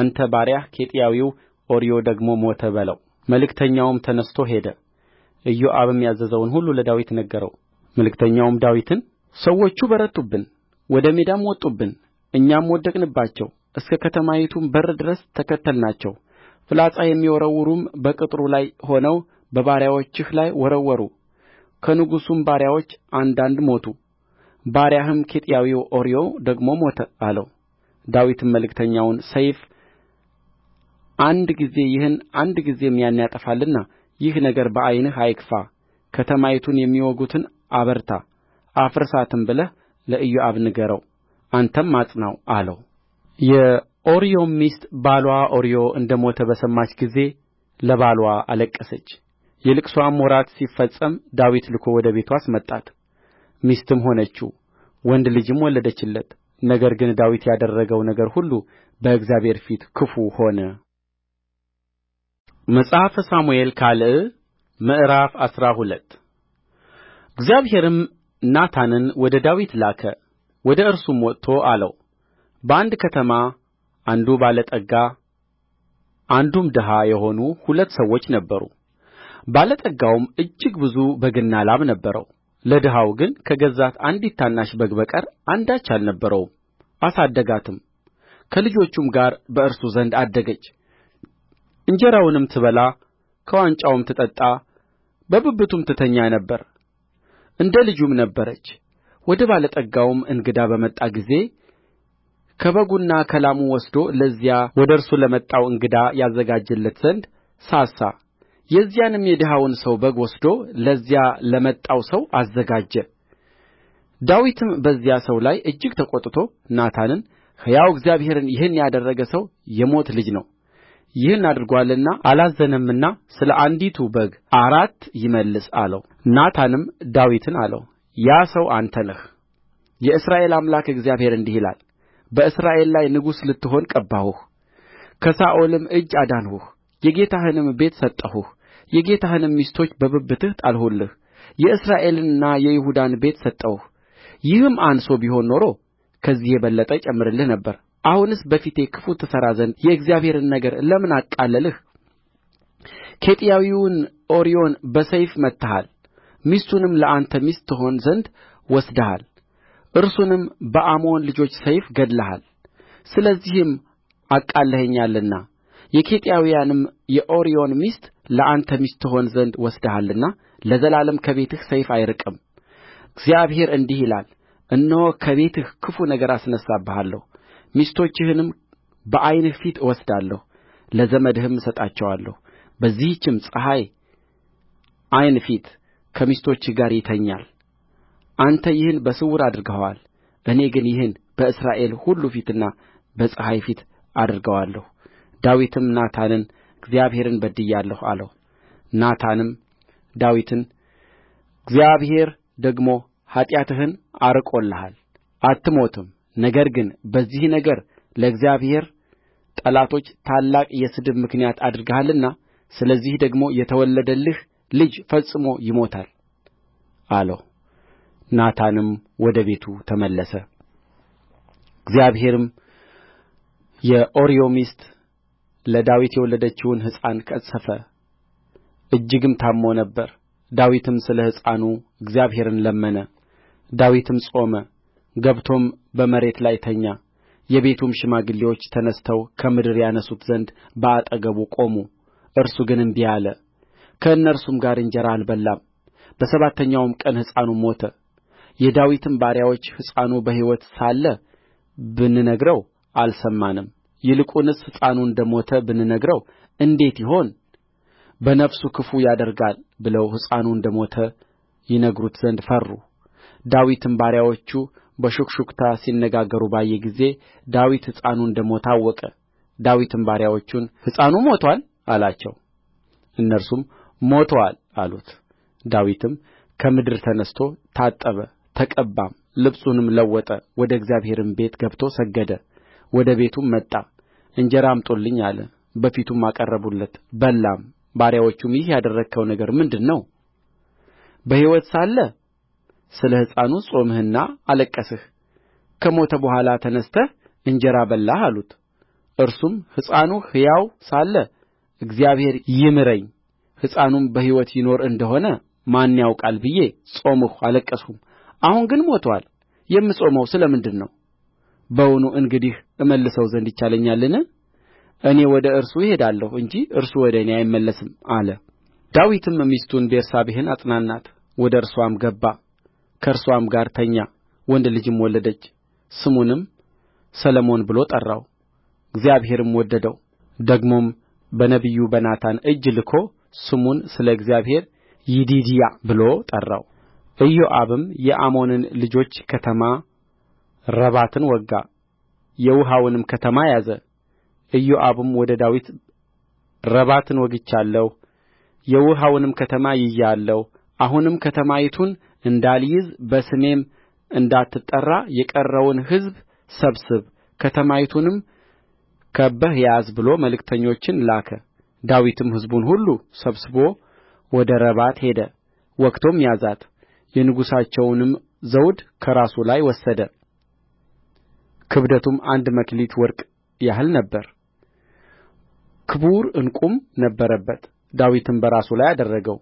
A: አንተ ባሪያህ ኬጢያዊው ኦርዮ ደግሞ ሞተ በለው መልእክተኛውም ተነሥቶ ሄደ ኢዮአብም ያዘዘውን ሁሉ ለዳዊት ነገረው መልእክተኛውም ዳዊትን ሰዎቹ በረቱብን ወደ ሜዳም ወጡብን እኛም ወደቅንባቸው እስከ ከተማይቱም በር ድረስ ተከተልናቸው ፍላጻ የሚወረውሩም በቅጥሩ ላይ ሆነው በባሪያዎችህ ላይ ወረወሩ ከንጉሡም ባሪያዎች አንዳንድ ሞቱ ባሪያህም ኬጢያዊው ኦርዮ ደግሞ ሞተ አለው ዳዊትም መልእክተኛውን ሰይፍ አንድ ጊዜ ይህን አንድ ጊዜም ያን ያጠፋልና ይህ ነገር በዓይንህ አይክፋ ከተማይቱን የሚወጉትን አበርታ አፍርሳትም ብለህ ለኢዮአብ ንገረው አንተም አጽናው አለው የኦርዮም ሚስት ባልዋ ኦርዮ እንደ ሞተ በሰማች ጊዜ ለባልዋ አለቀሰች የልቅሶዋም ወራት ሲፈጸም ዳዊት ልኮ ወደ ቤቱ አስመጣት ሚስትም ሆነችው ወንድ ልጅም ወለደችለት ነገር ግን ዳዊት ያደረገው ነገር ሁሉ በእግዚአብሔር ፊት ክፉ ሆነ መጽሐፈ ሳሙኤል ካል ምዕራፍ አስራ ሁለት እግዚአብሔርም ናታንን ወደ ዳዊት ላከ። ወደ እርሱም ወጥቶ አለው፣ በአንድ ከተማ አንዱ ባለጠጋ አንዱም ድሃ የሆኑ ሁለት ሰዎች ነበሩ። ባለጠጋውም እጅግ ብዙ በግና ላም ነበረው። ለድሃው ግን ከገዛት አንዲት ታናሽ በግ በቀር አንዳች አልነበረውም። አሳደጋትም፣ ከልጆቹም ጋር በእርሱ ዘንድ አደገች። እንጀራውንም ትበላ ከዋንጫውም ትጠጣ በብብቱም ትተኛ ነበር እንደ ልጁም ነበረች ወደ ባለጠጋውም እንግዳ በመጣ ጊዜ ከበጉና ከላሙ ወስዶ ለዚያ ወደ እርሱ ለመጣው እንግዳ ያዘጋጅለት ዘንድ ሳሳ የዚያንም የድሀውን ሰው በግ ወስዶ ለዚያ ለመጣው ሰው አዘጋጀ ዳዊትም በዚያ ሰው ላይ እጅግ ተቈጥቶ ናታንን ሕያው እግዚአብሔርን ይህን ያደረገ ሰው የሞት ልጅ ነው ይህን አድርጎአልና አላዘነምና ስለ አንዲቱ በግ አራት ይመልስ አለው ናታንም ዳዊትን አለው ያ ሰው አንተ ነህ የእስራኤል አምላክ እግዚአብሔር እንዲህ ይላል በእስራኤል ላይ ንጉሥ ልትሆን ቀባሁህ ከሳኦልም እጅ አዳንሁህ የጌታህንም ቤት ሰጠሁህ የጌታህንም ሚስቶች በብብትህ ጣልሁልህ የእስራኤልንና የይሁዳን ቤት ሰጠሁህ ይህም አንሶ ቢሆን ኖሮ ከዚህ የበለጠ እጨምርልህ ነበር አሁንስ በፊቴ ክፉ ትሠራ ዘንድ የእግዚአብሔርን ነገር ለምን አቃለልህ ኬጢያዊውን ኦርዮን በሰይፍ መትተሃል ሚስቱንም ለአንተ ሚስት ትሆን ዘንድ ወስደሃል እርሱንም በአሞን ልጆች ሰይፍ ገድለሃል ስለዚህም አቃልለኸኛልና የኬጢያውያንም የኦርዮን ሚስት ለአንተ ሚስት ትሆን ዘንድ ወስደሃልና ለዘላለም ከቤትህ ሰይፍ አይርቅም እግዚአብሔር እንዲህ ይላል እነሆ ከቤትህ ክፉ ነገር አስነሣብሃለሁ ሚስቶችህንም በዓይንህ ፊት እወስዳለሁ ለዘመድህም እሰጣቸዋለሁ በዚህችም ፀሐይ ዓይን ፊት ከሚስቶችህ ጋር ይተኛል አንተ ይህን በስውር አድርገኸዋል እኔ ግን ይህን በእስራኤል ሁሉ ፊትና በፀሐይ ፊት አደርገዋለሁ ዳዊትም ናታንን እግዚአብሔርን በድያለሁ አለው ናታንም ዳዊትን እግዚአብሔር ደግሞ ኃጢአትህን አርቆልሃል አትሞትም ነገር ግን በዚህ ነገር ለእግዚአብሔር ጠላቶች ታላቅ የስድብ ምክንያት አድርገሃልና ስለዚህ ደግሞ የተወለደልህ ልጅ ፈጽሞ ይሞታል አለው ናታንም ወደ ቤቱ ተመለሰ እግዚአብሔርም የኦርዮ ሚስት ለዳዊት የወለደችውን ሕፃን ቀሠፈ እጅግም ታምሞ ነበር ዳዊትም ስለ ሕፃኑ እግዚአብሔርን ለመነ ዳዊትም ጾመ ገብቶም በመሬት ላይ ተኛ የቤቱም ሽማግሌዎች ተነሥተው ከምድር ያነሡት ዘንድ በአጠገቡ ቆሙ እርሱ ግን እንቢ አለ ከእነርሱም ጋር እንጀራ አልበላም በሰባተኛውም ቀን ሕፃኑ ሞተ የዳዊትም ባሪያዎች ሕፃኑ በሕይወት ሳለ ብንነግረው አልሰማንም ይልቁንስ ሕፃኑ እንደ ሞተ ብንነግረው እንዴት ይሆን በነፍሱ ክፉ ያደርጋል ብለው ሕፃኑ እንደ ሞተ ይነግሩት ዘንድ ፈሩ ዳዊትም ባሪያዎቹ በሹክሹክታ ሲነጋገሩ ባየ ጊዜ ዳዊት ሕፃኑ እንደ ሞተ አወቀ ዳዊትም ባሪያዎቹን ሕፃኑ ሞቶአል አላቸው እነርሱም ሞቶአል አሉት ዳዊትም ከምድር ተነሥቶ ታጠበ ተቀባም ልብሱንም ለወጠ ወደ እግዚአብሔርም ቤት ገብቶ ሰገደ ወደ ቤቱም መጣ እንጀራ አምጡልኝ አለ በፊቱም አቀረቡለት በላም ባሪያዎቹም ይህ ያደረግኸው ነገር ምንድር ነው በሕይወት ሳለ ስለ ሕፃኑ ጾምህና አለቀስህ ከሞተ በኋላ ተነሥተህ እንጀራ በላህ አሉት እርሱም ሕፃኑ ሕያው ሳለ እግዚአብሔር ይምረኝ ሕፃኑም በሕይወት ይኖር እንደ ሆነ ማን ያውቃል ብዬ ጾምሁ አለቀስሁም አሁን ግን ሞቶአል የምጾመው ስለ ምንድር ነው በውኑ እንግዲህ እመልሰው ዘንድ ይቻለኛልን እኔ ወደ እርሱ እሄዳለሁ እንጂ እርሱ ወደ እኔ አይመለስም አለ ዳዊትም ሚስቱን ቤርሳቤህን አጽናናት ወደ እርስዋም ገባ ከእርስዋም ጋር ተኛ ወንድ ልጅም ወለደች ስሙንም ሰሎሞን ብሎ ጠራው እግዚአብሔርም ወደደው ደግሞም በነቢዩ በናታን እጅ ልኮ ስሙን ስለ እግዚአብሔር ይዲድያ ብሎ ጠራው ኢዮአብም የአሞንን ልጆች ከተማ ረባትን ወጋ፣ የውኃውንም ከተማ ያዘ። ኢዮአብም ወደ ዳዊት ረባትን ወግቻለሁ፣ የውኃውንም ከተማ ይዤአለሁ፣ አሁንም ከተማይቱን እንዳልይዝ በስሜም እንዳትጠራ የቀረውን ሕዝብ ሰብስብ ከተማይቱንም ከብበህ ያዝ ብሎ መልእክተኞችን ላከ ዳዊትም ሕዝቡን ሁሉ ሰብስቦ ወደ ረባት ሄደ ወግቶም ያዛት የንጉሣቸውንም ዘውድ ከራሱ ላይ ወሰደ ክብደቱም አንድ መክሊት ወርቅ ያህል ነበር ክቡር ዕንቍም ነበረበት ዳዊትም በራሱ ላይ አደረገው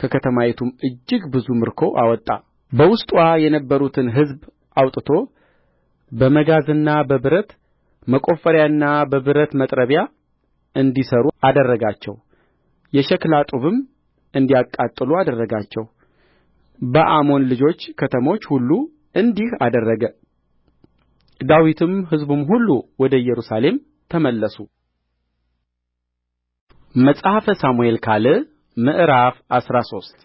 A: ከከተማይቱም እጅግ ብዙ ምርኮ አወጣ በውስጥዋ የነበሩትን ሕዝብ አውጥቶ በመጋዝና በብረት መቈፈሪያና በብረት መጥረቢያ እንዲሠሩ አደረጋቸው የሸክላ ጡብም እንዲያቃጥሉ አደረጋቸው በአሞን ልጆች ከተሞች ሁሉ እንዲህ አደረገ ዳዊትም ሕዝቡም ሁሉ ወደ ኢየሩሳሌም ተመለሱ መጽሐፈ ሳሙኤል ካል ምዕራፍ አስራ ሶስት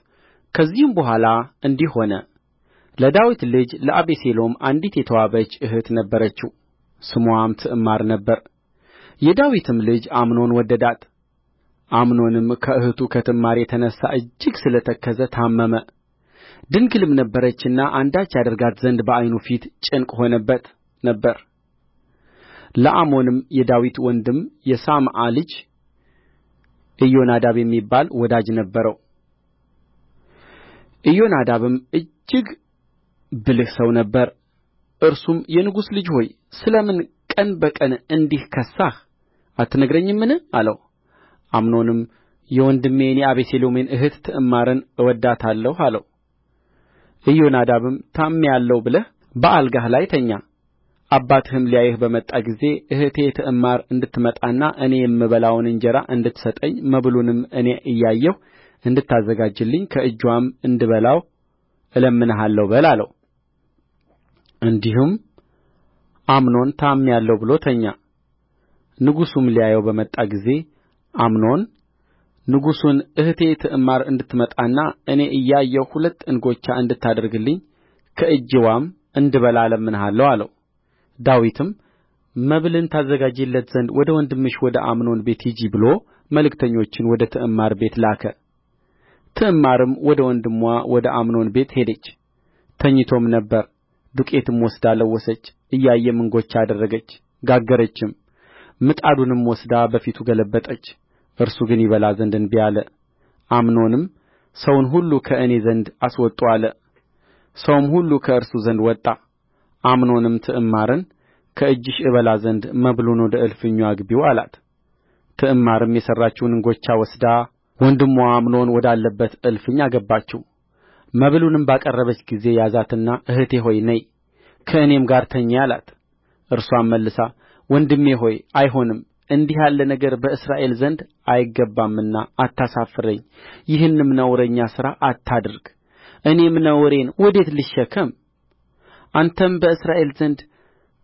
A: ከዚህም በኋላ እንዲህ ሆነ ለዳዊት ልጅ ለአቤሴሎም አንዲት የተዋበች እኅት ነበረችው ስምዋም ትዕማር ነበር የዳዊትም ልጅ አምኖን ወደዳት አምኖንም ከእኅቱ ከትዕማር የተነሣ እጅግ ስለ ተከዘ ታመመ ድንግልም ነበረችና አንዳች ያደርጋት ዘንድ በዓይኑ ፊት ጭንቅ ሆነበት ነበር ለአሞንም የዳዊት ወንድም የሳምዓ ልጅ ኢዮናዳብ የሚባል ወዳጅ ነበረው ኢዮናዳብም እጅግ ብልህ ሰው ነበረ እርሱም የንጉሥ ልጅ ሆይ ስለ ምን ቀን በቀን እንዲህ ከሳህ አትነግረኝምን አለው አምኖንም የወንድሜን የአቤሴሎምን እህት ትዕማርን እወዳታለሁ አለው ኢዮናዳብም ታምሜአለሁ ብለህ በአልጋህ ላይ ተኛ አባትህም ሊያይህ በመጣ ጊዜ እኅቴ ትዕማር እንድትመጣና እኔ የምበላውን እንጀራ እንድትሰጠኝ መብሉንም እኔ እያየሁ እንድታዘጋጅልኝ ከእጅዋም እንድበላው እለምንሃለሁ በል አለው እንዲሁም አምኖን ታምሜአለሁ ብሎ ተኛ ንጉሡም ሊያየው በመጣ ጊዜ አምኖን ንጉሡን እኅቴ ትዕማር እንድትመጣና እኔ እያየሁ ሁለት እንጎቻ እንድታደርግልኝ ከእጅዋም እንድበላ እለምንሃለሁ አለው ዳዊትም መብልን ታዘጋጂለት ዘንድ ወደ ወንድምሽ ወደ አምኖን ቤት ሂጂ ብሎ መልእክተኞችን ወደ ትዕማር ቤት ላከ ትዕማርም ወደ ወንድምዋ ወደ አምኖን ቤት ሄደች ተኝቶም ነበር ዱቄትም ወስዳ ለወሰች እያየም እንጎቻ አደረገች ጋገረችም ምጣዱንም ወስዳ በፊቱ ገለበጠች እርሱ ግን ይበላ ዘንድ እንቢ አለ አምኖንም ሰውን ሁሉ ከእኔ ዘንድ አስወጡ አለ ሰውም ሁሉ ከእርሱ ዘንድ ወጣ አምኖንም ትዕማርን ከእጅሽ እበላ ዘንድ መብሉን ወደ እልፍኙ አግቢው አላት ትዕማርም የሠራችውን እንጎቻ ወስዳ ወንድምዋ አምኖን ወዳለበት እልፍኝ አገባችው መብሉንም ባቀረበች ጊዜ ያዛትና እኅቴ ሆይ ነዪ ከእኔም ጋር ተኚ አላት እርስዋም መልሳ ወንድሜ ሆይ አይሆንም እንዲህ ያለ ነገር በእስራኤል ዘንድ አይገባምና አታሳፍረኝ ይህንም ነውረኛ ሥራ አታድርግ እኔም ነውሬን ወዴት ልሸከም አንተም በእስራኤል ዘንድ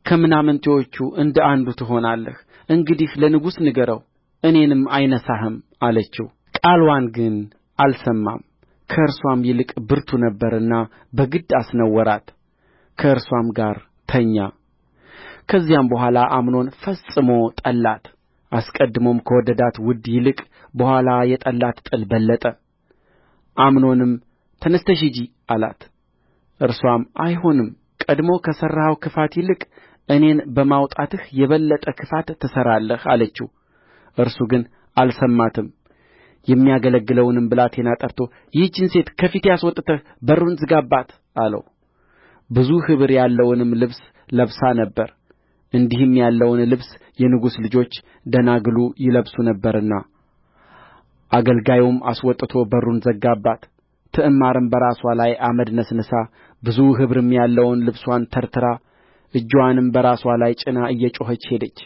A: ከምናምንቴዎቹ እንደ አንዱ ትሆናለህ እንግዲህ ለንጉሡ ንገረው እኔንም አይነሣህም አለችው ቃልዋን ግን አልሰማም ከእርስዋም ይልቅ ብርቱ ነበረና በግድ አስነወራት ከእርስዋም ጋር ተኛ ከዚያም በኋላ አምኖን ፈጽሞ ጠላት አስቀድሞም ከወደዳት ውድ ይልቅ በኋላ የጠላት ጥል በለጠ አምኖንም ተነሥተሽ ሂጂ አላት እርስዋም አይሆንም ቀድሞ ከሠራኸው ክፋት ይልቅ እኔን በማውጣትህ የበለጠ ክፋት ትሠራለህ አለችው እርሱ ግን አልሰማትም የሚያገለግለውንም ብላቴና ጠርቶ ይህችን ሴት ከፊቴ አስወጥተህ በሩን ዝጋባት አለው ብዙ ኅብር ያለውንም ልብስ ለብሳ ነበር እንዲህም ያለውን ልብስ የንጉሥ ልጆች ደናግሉ ይለብሱ ነበርና አገልጋዩም አስወጥቶ በሩን ዘጋባት ትዕማርም በራስዋ ላይ አመድ ነስንሳ ብዙ ኅብርም ያለውን ልብስዋን ተርትራ እጅዋንም በራስዋ ላይ ጭና እየጮኸች ሄደች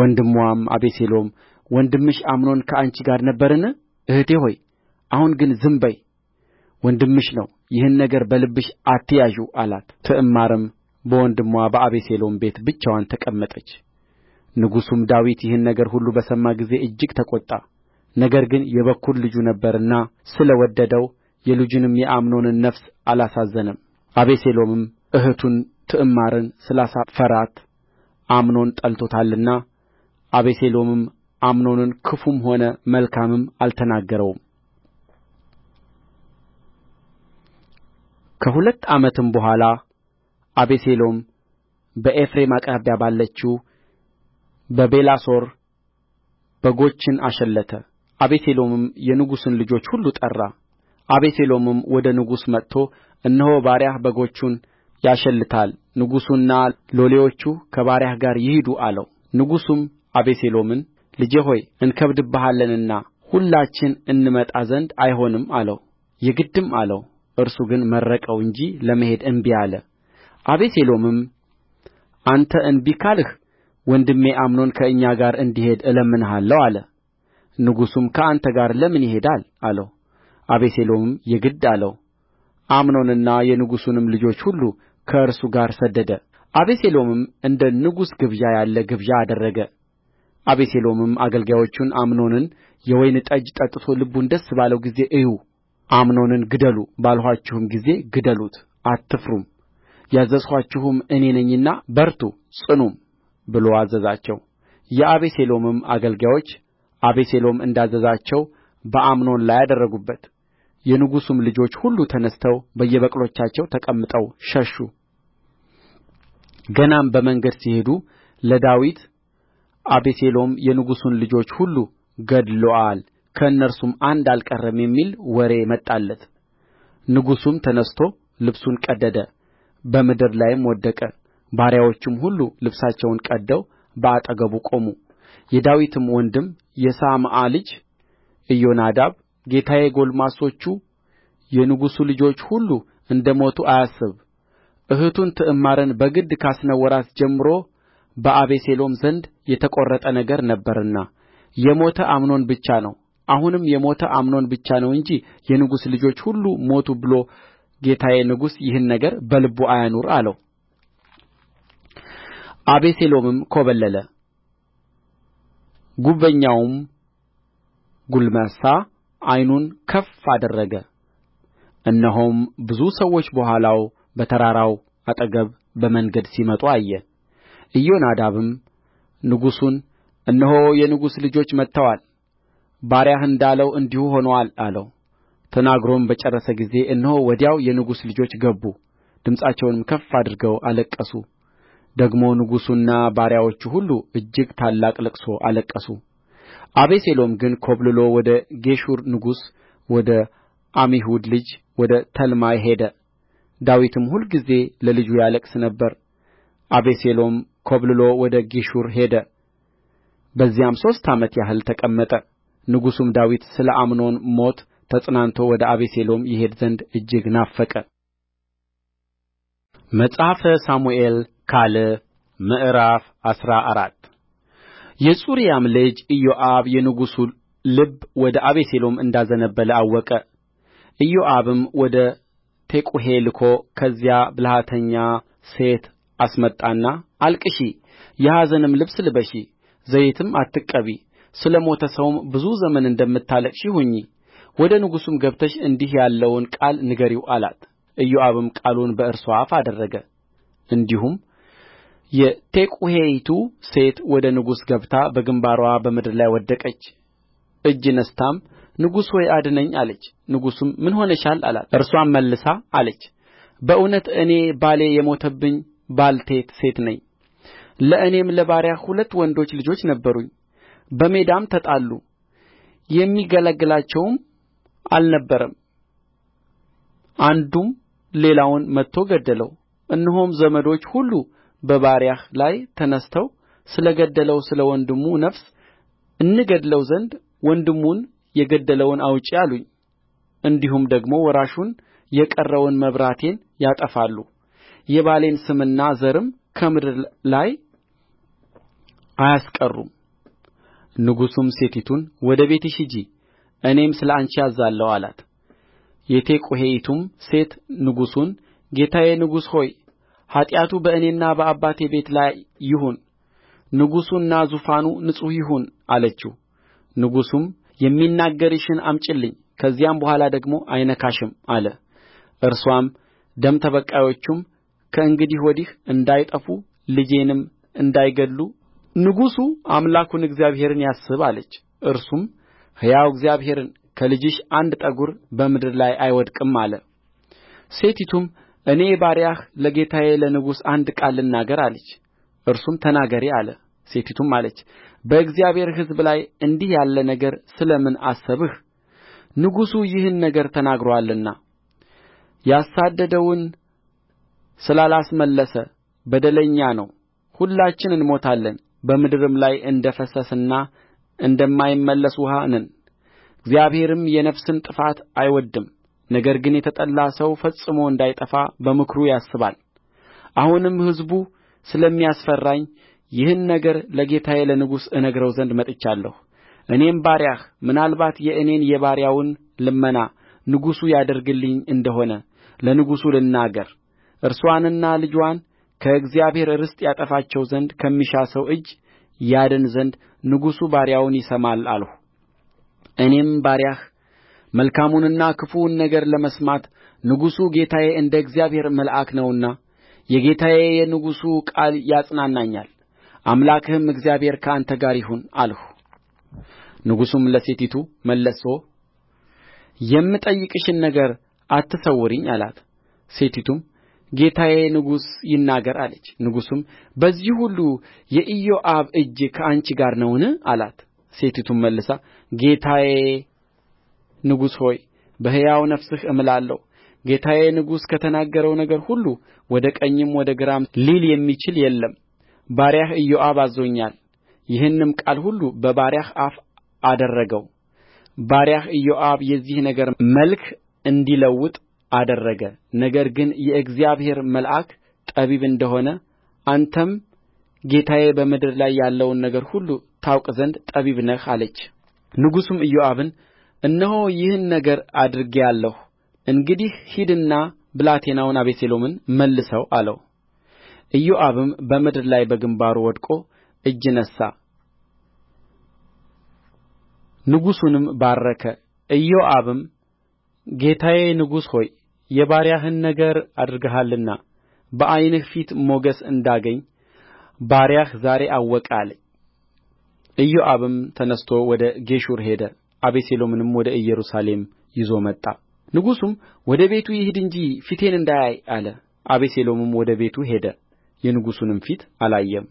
A: ወንድምዋም አቤሴሎም ወንድምሽ አምኖን ከአንቺ ጋር ነበርን እኅቴ ሆይ አሁን ግን ዝም በይ ወንድምሽ ነው ይህን ነገር በልብሽ አትያዢው አላት ትዕማርም በወንድምዋ በአቤሴሎም ቤት ብቻዋን ተቀመጠች ንጉሡም ዳዊት ይህን ነገር ሁሉ በሰማ ጊዜ እጅግ ተቈጣ ነገር ግን የበኵር ልጁ ነበርና ስለ ወደደው የልጁንም የአምኖንን ነፍስ አላሳዘነም አቤሴሎምም እኅቱን ትዕማርን ስላሳፈራት አምኖን ጠልቶታልና አቤሴሎምም አምኖንን ክፉም ሆነ መልካምም አልተናገረውም ከሁለት ዓመትም በኋላ አቤሴሎም በኤፍሬም አቅራቢያ ባለችው በቤላሶር በጎችን አሸለተ አቤሴሎምም የንጉሡን ልጆች ሁሉ ጠራ አቤሴሎምም ወደ ንጉሡ መጥቶ እነሆ ባሪያህ በጎቹን ያሸልታል ንጉሡና ሎሌዎቹ ከባሪያህ ጋር ይሂዱ አለው ንጉሡም አቤሴሎምን ልጄ ሆይ እንከብድብሃለንና ሁላችን እንመጣ ዘንድ አይሆንም አለው የግድም አለው እርሱ ግን መረቀው እንጂ ለመሄድ እንቢ አለ አቤሴሎምም አንተ እንቢ ካልህ ወንድሜ አምኖን ከእኛ ጋር እንዲሄድ እለምንሃለሁ አለ ንጉሡም ከአንተ ጋር ለምን ይሄዳል አለው አቤሴሎምም የግድ አለው አምኖንንና የንጉሡንም ልጆች ሁሉ ከእርሱ ጋር ሰደደ አቤሴሎምም እንደ ንጉሥ ግብዣ ያለ ግብዣ አደረገ አቤሴሎምም አገልጋዮቹን አምኖንን የወይን ጠጅ ጠጥቶ ልቡን ደስ ባለው ጊዜ እዩ አምኖንን ግደሉ ባልኋችሁም ጊዜ ግደሉት አትፍሩም ያዘዝኋችሁም እኔ ነኝና በርቱ ጽኑም ብሎ አዘዛቸው የአቤሴሎምም አገልጋዮች አቤሴሎም እንዳዘዛቸው በአምኖን ላይ አደረጉበት የንጉሡም ልጆች ሁሉ ተነሥተው በየበቅሎቻቸው ተቀምጠው ሸሹ ገናም በመንገድ ሲሄዱ ለዳዊት አቤሴሎም የንጉሡን ልጆች ሁሉ ገድሎአል ከእነርሱም አንድ አልቀረም የሚል ወሬ መጣለት ንጉሡም ተነሥቶ ልብሱን ቀደደ በምድር ላይም ወደቀ ባሪያዎቹም ሁሉ ልብሳቸውን ቀድደው በአጠገቡ ቆሙ የዳዊትም ወንድም የሳምዓ ልጅ ኢዮናዳብ ጌታዬ ጕልማሶቹ የንጉሡ ልጆች ሁሉ እንደ ሞቱ አያስብ እኅቱን ትዕማርን በግድ ካስነወራት ጀምሮ በአቤሴሎም ዘንድ የተቈረጠ ነገር ነበርና የሞተ አምኖን ብቻ ነው አሁንም የሞተ አምኖን ብቻ ነው እንጂ የንጉሡ ልጆች ሁሉ ሞቱ ብሎ ጌታዬ ንጉሡ ይህን ነገር በልቡ አያኑር አለው አቤሴሎምም ኰበለለ ጕበኛውም ጕልማሳ ዓይኑን ከፍ አደረገ እነሆም ብዙ ሰዎች በኋላው በተራራው አጠገብ በመንገድ ሲመጡ አየ ኢዮናዳብም ንጉሡን እነሆ የንጉሥ ልጆች መጥተዋል ባሪያህ እንዳለው እንዲሁ ሆኖአል አለው ተናግሮም በጨረሰ ጊዜ እነሆ ወዲያው የንጉሥ ልጆች ገቡ ድምፃቸውንም ከፍ አድርገው አለቀሱ ደግሞ ንጉሡና ባሪያዎቹ ሁሉ እጅግ ታላቅ ልቅሶ አለቀሱ አቤሴሎም ግን ኰብልሎ ወደ ጌሹር ንጉሥ ወደ ዓሚሁድ ልጅ ወደ ተልማይ ሄደ ዳዊትም ሁልጊዜ ለልጁ ያለቅስ ነበር አቤሴሎም ኰብልሎ ወደ ጌሹር ሄደ በዚያም ሦስት ዓመት ያህል ተቀመጠ ንጉሡም ዳዊት ስለ አምኖን ሞት ተጽናንቶ ወደ አቤሴሎም ይሄድ ዘንድ እጅግ ናፈቀ መጽሐፈ ሳሙኤል ካል ምዕራፍ አስራ አራት የጽሩያም ልጅ ኢዮአብ የንጉሡ ልብ ወደ አቤሴሎም እንዳዘነበለ አወቀ ኢዮአብም ወደ ቴቁሔ ልኮ ከዚያ ብልሃተኛ ሴት አስመጣና አልቅሺ የኀዘንም ልብስ ልበሺ ዘይትም አትቀቢ ስለ ሞተ ሰውም ብዙ ዘመን እንደምታለቅሺ ሁኚ ወደ ንጉሡም ገብተሽ እንዲህ ያለውን ቃል ንገሪው አላት ኢዮአብም ቃሉን በእርስዋ አፍ አደረገ እንዲሁም የቴቁሔይቱ ሴት ወደ ንጉሡ ገብታ በግምባርዋ በምድር ላይ ወደቀች እጅ ነስታም። ንጉሥ ሆይ አድነኝ አለች ንጉሡም ምን ሆነሻል አላት እርስዋም መልሳ አለች በእውነት እኔ ባሌ የሞተብኝ ባልቴት ሴት ነኝ ለእኔም ለባሪያህ ሁለት ወንዶች ልጆች ነበሩኝ በሜዳም ተጣሉ የሚገላግላቸውም አልነበረም አንዱም ሌላውን መትቶ ገደለው እነሆም ዘመዶች ሁሉ በባሪያህ ላይ ተነሥተው ስለ ገደለው ስለ ወንድሙ ነፍስ እንገድለው ዘንድ ወንድሙን የገደለውን አውጪ አሉኝ እንዲሁም ደግሞ ወራሹን የቀረውን መብራቴን ያጠፋሉ የባሌን ስምና ዘርም ከምድር ላይ አያስቀሩም ንጉሡም ሴቲቱን ወደ ቤትሽ ሂጂ እኔም ስለ አንቺ አዝዛለሁ አላት የቴቁሔይቱም ሴት ንጉሡን ጌታዬ ንጉሥ ሆይ ኃጢአቱ በእኔና በአባቴ ቤት ላይ ይሁን ንጉሡና ዙፋኑ ንጹሕ ይሁን አለችው ንጉሡም የሚናገርሽን አምጪልኝ ከዚያም በኋላ ደግሞ አይነካሽም አለ እርስዋም ደም ተበቃዮቹም ከእንግዲህ ወዲህ እንዳይጠፉ ልጄንም እንዳይገድሉ ንጉሡ አምላኩን እግዚአብሔርን ያስብ አለች እርሱም ሕያው እግዚአብሔርን ከልጅሽ አንድ ጠጕር በምድር ላይ አይወድቅም አለ ሴቲቱም እኔ ባሪያህ ለጌታዬ ለንጉሡ አንድ ቃል ልናገር አለች እርሱም ተናገሪ አለ ሴቲቱም አለች በእግዚአብሔር ሕዝብ ላይ እንዲህ ያለ ነገር ስለ ምን አሰብህ ንጉሡ ይህን ነገር ተናግሮአልና ያሳደደውን ስላላስመለሰ በደለኛ ነው ሁላችን እንሞታለን በምድርም ላይ እንደ ፈሰሰና እንደማይመለስ ውኃ ነን እግዚአብሔርም የነፍስን ጥፋት አይወድድም ነገር ግን የተጠላ ሰው ፈጽሞ እንዳይጠፋ በምክሩ ያስባል አሁንም ሕዝቡ ስለሚያስፈራኝ ይህን ነገር ለጌታዬ ለንጉሡ እነግረው ዘንድ መጥቻለሁ እኔም ባሪያህ ምናልባት የእኔን የባሪያውን ልመና ንጉሡ ያደርግልኝ እንደሆነ ለንጉሡ ልናገር እርስዋንና ልጅዋን ከእግዚአብሔር ርስት ያጠፋቸው ዘንድ ከሚሻ ሰው እጅ ያድን ዘንድ ንጉሡ ባሪያውን ይሰማል አልሁ እኔም ባሪያህ መልካሙንና ክፉውን ነገር ለመስማት ንጉሡ ጌታዬ እንደ እግዚአብሔር መልአክ ነውና የጌታዬ የንጉሡ ቃል ያጽናናኛል አምላክህም እግዚአብሔር ከአንተ ጋር ይሁን አልሁ። ንጉሡም ለሴቲቱ መልሶ የምጠይቅሽን ነገር አትሰውሪኝ አላት። ሴቲቱም ጌታዬ ንጉሥ ይናገር አለች። ንጉሡም በዚህ ሁሉ የኢዮአብ እጅ ከአንቺ ጋር ነውን? አላት። ሴቲቱም መልሳ ጌታዬ ንጉሥ ሆይ በሕያው ነፍስህ እምላለሁ ጌታዬ ንጉሡ ከተናገረው ነገር ሁሉ ወደ ቀኝም ወደ ግራም ሊል የሚችል የለም ባሪያህ ኢዮአብ አዝዞኛል ይህንም ቃል ሁሉ በባሪያህ አፍ አደረገው ባሪያህ ኢዮአብ የዚህ ነገር መልክ እንዲለውጥ አደረገ ነገር ግን የእግዚአብሔር መልአክ ጠቢብ እንደሆነ አንተም ጌታዬ በምድር ላይ ያለውን ነገር ሁሉ ታውቅ ዘንድ ጠቢብ ነህ አለች ንጉሡም ኢዮአብን እነሆ ይህን ነገር አድርጌአለሁ እንግዲህ ሂድና ብላቴናውን አቤሴሎምን መልሰው አለው ኢዮአብም በምድር ላይ በግምባሩ ወድቆ እጅ ነሣ ንጉሡንም ባረከ ኢዮአብም ጌታዬ ንጉሥ ሆይ የባሪያህን ነገር አድርገሃልና በዓይንህ ፊት ሞገስ እንዳገኝ ባሪያህ ዛሬ አወቀ አለ ኢዮአብም ተነሥቶ ወደ ጌሹር ሄደ አቤሴሎምንም ወደ ኢየሩሳሌም ይዞ መጣ ንጉሡም ወደ ቤቱ ይሂድ እንጂ ፊቴን እንዳያይ አለ አቤሴሎምም ወደ ቤቱ ሄደ የንጉሡንም ፊት አላየም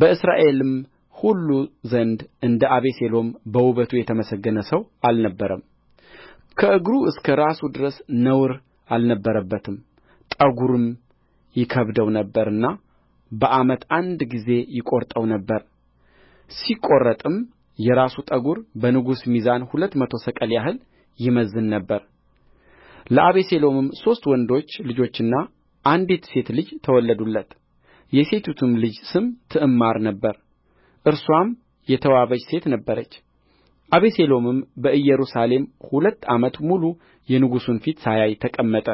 A: በእስራኤልም ሁሉ ዘንድ እንደ አቤሴሎም በውበቱ የተመሰገነ ሰው አልነበረም ከእግሩ እስከ ራሱ ድረስ ነውር አልነበረበትም ጠጕሩም ይከብደው ነበርና በዓመት አንድ ጊዜ ይቈርጠው ነበር ሲቈረጥም የራሱ ጠጕር በንጉሥ ሚዛን ሁለት መቶ ሰቅል ያህል ይመዝን ነበር ለአቤሴሎምም ሦስት ወንዶች ልጆችና አንዲት ሴት ልጅ ተወለዱለት የሴቲቱም ልጅ ስም ትዕማር ነበረ እርስዋም የተዋበች ሴት ነበረች አቤሴሎምም በኢየሩሳሌም ሁለት ዓመት ሙሉ የንጉሡን ፊት ሳያይ ተቀመጠ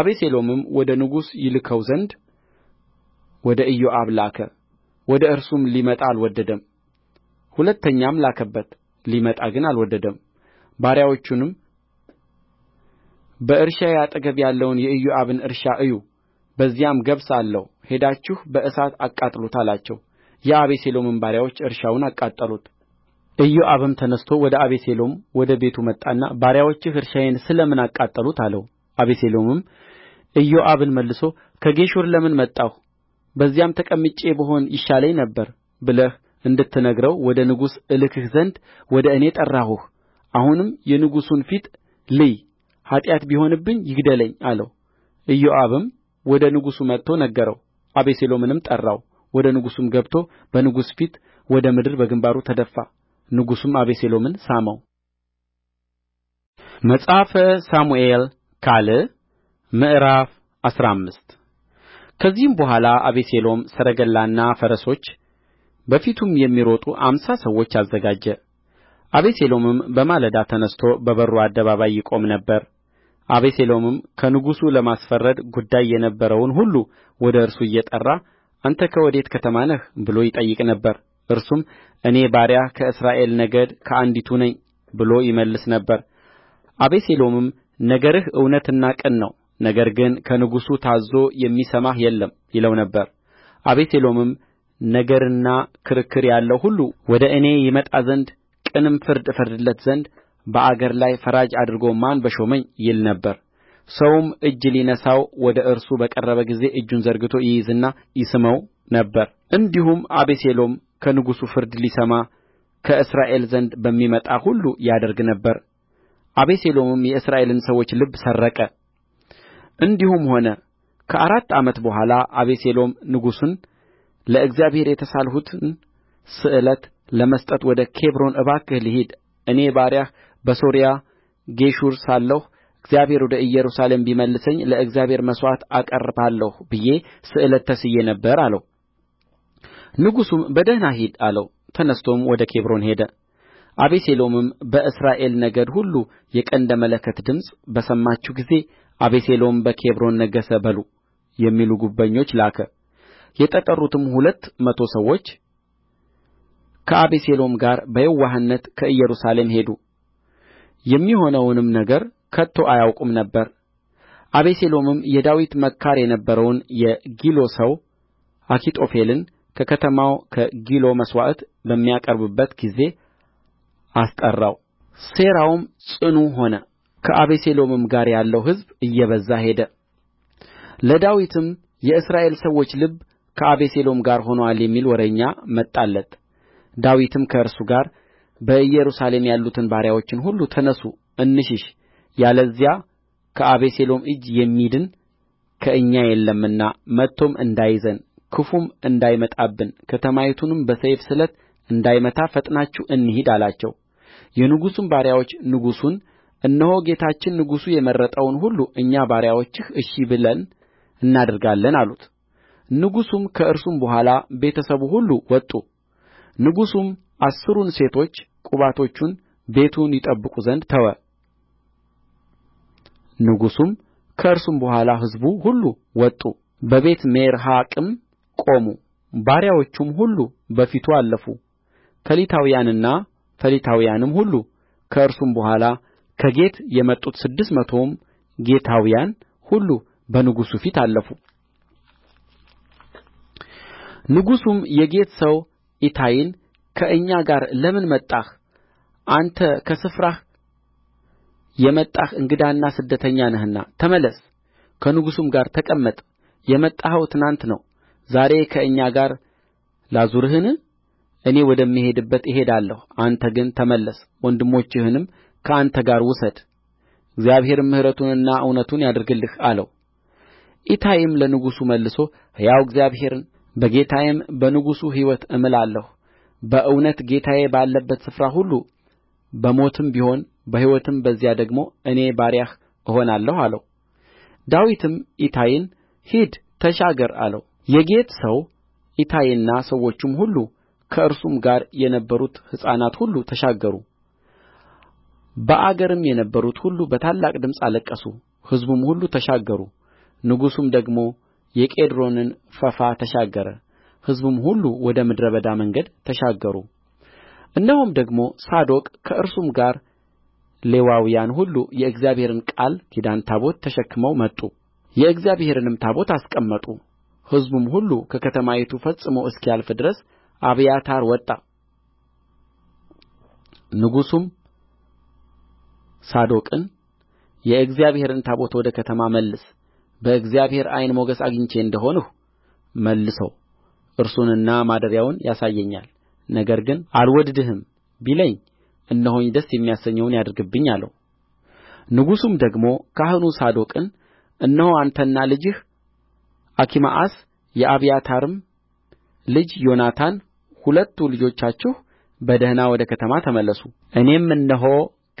A: አቤሴሎምም ወደ ንጉሥ ይልከው ዘንድ ወደ ኢዮአብ ላከ ወደ እርሱም ሊመጣ አልወደደም ሁለተኛም ላከበት ሊመጣ ግን አልወደደም ባሪያዎቹንም በእርሻዬ አጠገብ ያለውን የኢዮአብን እርሻ እዩ በዚያም ገብስ አለው ሄዳችሁ በእሳት አቃጥሉት አላቸው የአቤሴሎምም ባሪያዎች እርሻውን አቃጠሉት ኢዮአብም ተነሥቶ ወደ አቤሴሎም ወደ ቤቱ መጣና ባሪያዎችህ እርሻዬን ስለ ምን አቃጠሉት አለው አቤሴሎምም ኢዮአብን መልሶ ከጌሹር ለምን መጣሁ በዚያም ተቀምጬ ብሆን ይሻለኝ ነበር ብለህ እንድትነግረው ወደ ንጉሡ እልክህ ዘንድ ወደ እኔ ጠራሁህ አሁንም የንጉሡን ፊት ልይ ኃጢአት ቢሆንብኝ ይግደለኝ አለው ኢዮአብም ወደ ንጉሡ መጥቶ ነገረው አቤሴሎምንም ጠራው ወደ ንጉሡም ገብቶ በንጉሡ ፊት ወደ ምድር በግምባሩ ተደፋ ንጉሡም አቤሴሎምን ሳመው መጽሐፈ ሳሙኤል ካል ምዕራፍ አስራ አምስት ከዚህም በኋላ አቤሴሎም ሰረገላና ፈረሶች በፊቱም የሚሮጡ አምሳ ሰዎች አዘጋጀ አቤሴሎምም በማለዳ ተነሥቶ በበሩ አደባባይ ይቆም ነበር አቤሴሎምም ከንጉሡ ለማስፈረድ ጉዳይ የነበረውን ሁሉ ወደ እርሱ እየጠራ አንተ ከወዴት ከተማ ነህ ብሎ ይጠይቅ ነበር እርሱም እኔ ባሪያህ ከእስራኤል ነገድ ከአንዲቱ ነኝ ብሎ ይመልስ ነበር አቤሴሎምም ነገርህ እውነትና ቅን ነው ነገር ግን ከንጉሡ ታዝዞ የሚሰማህ የለም ይለው ነበር አቤሴሎምም ነገርና ክርክር ያለው ሁሉ ወደ እኔ ይመጣ ዘንድ ቅንም ፍርድ እፈርድለት ዘንድ በአገር ላይ ፈራጅ አድርጎ ማን በሾመኝ ይል ነበር ሰውም እጅ ሊነሣው ወደ እርሱ በቀረበ ጊዜ እጁን ዘርግቶ ይይዝና ይስመው ነበር እንዲሁም አቤሴሎም ከንጉሡ ፍርድ ሊሰማ ከእስራኤል ዘንድ በሚመጣ ሁሉ ያደርግ ነበር አቤሴሎምም የእስራኤልን ሰዎች ልብ ሰረቀ እንዲሁም ሆነ ከአራት ዓመት በኋላ አቤሴሎም ንጉሡን ለእግዚአብሔር የተሳልሁትን ስእለት ለመስጠት ወደ ኬብሮን እባክህ ልሂድ እኔ ባሪያህ በሶርያ ጌሹር ሳለሁ እግዚአብሔር ወደ ኢየሩሳሌም ቢመልሰኝ ለእግዚአብሔር መሥዋዕት አቀርባለሁ ብዬ ስእለት ተስዬ ነበር አለው። ንጉሡም በደህና ሂድ አለው። ተነሥቶም ወደ ኬብሮን ሄደ። አቤሴሎምም በእስራኤል ነገድ ሁሉ የቀንደ መለከት ድምፅ በሰማችሁ ጊዜ አቤሴሎም በኬብሮን ነገሠ በሉ የሚሉ ጕበኞች ላከ። የተጠሩትም ሁለት መቶ ሰዎች ከአቤሴሎም ጋር በየዋህነት ከኢየሩሳሌም ሄዱ የሚሆነውንም ነገር ከቶ አያውቁም ነበር አቤሴሎምም የዳዊት መካር የነበረውን የጊሎ ሰው አኪጦፌልን ከከተማው ከጊሎ መሥዋዕት በሚያቀርብበት ጊዜ አስጠራው። ሴራውም ጽኑ ሆነ። ከአቤሴሎምም ጋር ያለው ሕዝብ እየበዛ ሄደ። ለዳዊትም የእስራኤል ሰዎች ልብ ከአቤሴሎም ጋር ሆኖአል የሚል ወሬኛ መጣለት ዳዊትም ከእርሱ ጋር በኢየሩሳሌም ያሉትን ባሪያዎቹን ሁሉ ተነሡ እንሽሽ ያለዚያ ከአቤሴሎም እጅ የሚድን ከእኛ የለምና መጥቶም እንዳይዘን ክፉም እንዳይመጣብን ከተማይቱንም በሰይፍ ስለት እንዳይመታ ፈጥናችሁ እንሂድ አላቸው የንጉሡም ባሪያዎች ንጉሡን እነሆ ጌታችን ንጉሡ የመረጠውን ሁሉ እኛ ባሪያዎችህ እሺ ብለን እናደርጋለን አሉት ንጉሡም ከእርሱም በኋላ ቤተ ሰቡ ሁሉ ወጡ ንጉሡም አሥሩን ሴቶች ቁባቶቹን ቤቱን ይጠብቁ ዘንድ ተወ ንጉሡም ከእርሱም በኋላ ሕዝቡ ሁሉ ወጡ በቤትሜርሐቅም ቆሙ ባሪያዎቹም ሁሉ በፊቱ አለፉ ከሊታውያንና ፈሊታውያንም ሁሉ ከእርሱም በኋላ ከጌት የመጡት ስድስት መቶውም ጌታውያን ሁሉ በንጉሡ ፊት አለፉ ንጉሡም የጌት ሰው ኢታይን ከእኛ ጋር ለምን መጣህ አንተ ከስፍራህ የመጣህ እንግዳና ስደተኛ ነህና ተመለስ ከንጉሡም ጋር ተቀመጥ የመጣኸው ትናንት ነው ዛሬ ከእኛ ጋር ላዙርህን እኔ ወደምሄድበት እሄዳለሁ አንተ ግን ተመለስ ወንድሞችህንም ከአንተ ጋር ውሰድ እግዚአብሔርም ምሕረቱንና እውነቱን ያድርግልህ አለው ኢታይም ለንጉሡ መልሶ ሕያው እግዚአብሔርን በጌታዬም በንጉሡ ሕይወት እምላለሁ በእውነት ጌታዬ ባለበት ስፍራ ሁሉ በሞትም ቢሆን በሕይወትም በዚያ ደግሞ እኔ ባሪያህ እሆናለሁ አለው። ዳዊትም ኢታይን ሂድ ተሻገር አለው። የጌት ሰው ኢታይና ሰዎቹም ሁሉ ከእርሱም ጋር የነበሩት ሕፃናት ሁሉ ተሻገሩ። በአገርም የነበሩት ሁሉ በታላቅ ድምፅ አለቀሱ፣ ሕዝቡም ሁሉ ተሻገሩ። ንጉሡም ደግሞ የቄድሮንን ፈፋ ተሻገረ ሕዝቡም ሁሉ ወደ ምድረ በዳ መንገድ ተሻገሩ እነሆም ደግሞ ሳዶቅ ከእርሱም ጋር ሌዋውያን ሁሉ የእግዚአብሔርን ቃል ኪዳን ታቦት ተሸክመው መጡ የእግዚአብሔርንም ታቦት አስቀመጡ ሕዝቡም ሁሉ ከከተማይቱ ፈጽሞ እስኪያልፍ ድረስ አብያታር ወጣ ንጉሡም ሳዶቅን የእግዚአብሔርን ታቦት ወደ ከተማ መልስ በእግዚአብሔር ዓይን ሞገስ አግኝቼ እንደ ሆንሁ መልሰው እርሱንና ማደሪያውን ያሳየኛል ነገር ግን አልወድድህም ቢለኝ እነሆኝ ደስ የሚያሰኘውን ያድርግብኝ አለው ንጉሡም ደግሞ ካህኑ ሳዶቅን እነሆ አንተና ልጅህ አኪማአስ የአብያታርም ልጅ ዮናታን ሁለቱ ልጆቻችሁ በደህና ወደ ከተማ ተመለሱ እኔም እነሆ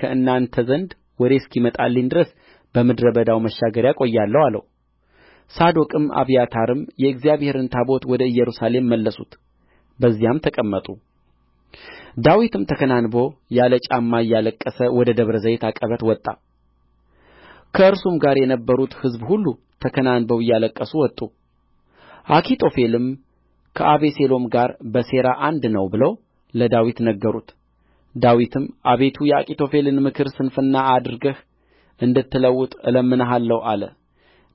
A: ከእናንተ ዘንድ ወሬ እስኪመጣልኝ ድረስ በምድረ በዳው መሻገሪያ እቆያለሁ አለው ሳዶቅም አብያታርም የእግዚአብሔርን ታቦት ወደ ኢየሩሳሌም መለሱት በዚያም ተቀመጡ ዳዊትም ተከናንቦ ያለ ጫማ እያለቀሰ ወደ ደብረ ዘይት ዐቀበት ወጣ ከእርሱም ጋር የነበሩት ሕዝብ ሁሉ ተከናንበው እያለቀሱ ወጡ አኪጦፌልም ከአቤሴሎም ጋር በሴራ አንድ ነው ብለው ለዳዊት ነገሩት ዳዊትም አቤቱ የአኪጦፌልን ምክር ስንፍና አድርገህ እንድትለውጥ እለምንሃለሁ አለ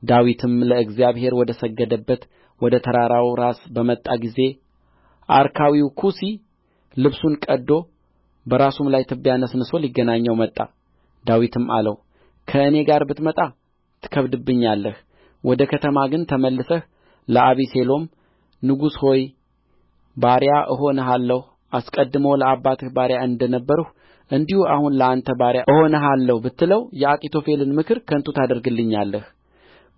A: ዳዊትም ለእግዚአብሔር ወደ ሰገደበት ወደ ተራራው ራስ በመጣ ጊዜ አርካዊው ኩሲ ልብሱን ቀድዶ በራሱም ላይ ትቢያ ነስንሶ ሊገናኘው መጣ ዳዊትም አለው ከእኔ ጋር ብትመጣ ትከብድብኛለህ ወደ ከተማ ግን ተመልሰህ ለአቤሴሎም ንጉሥ ሆይ ባሪያ እሆንሃለሁ አስቀድሞ ለአባትህ ባሪያ እንደ ነበርሁ እንዲሁ አሁን ለአንተ ባሪያ እሆንሃለሁ ብትለው የአኪጦፌልን ምክር ከንቱ ታደርግልኛለህ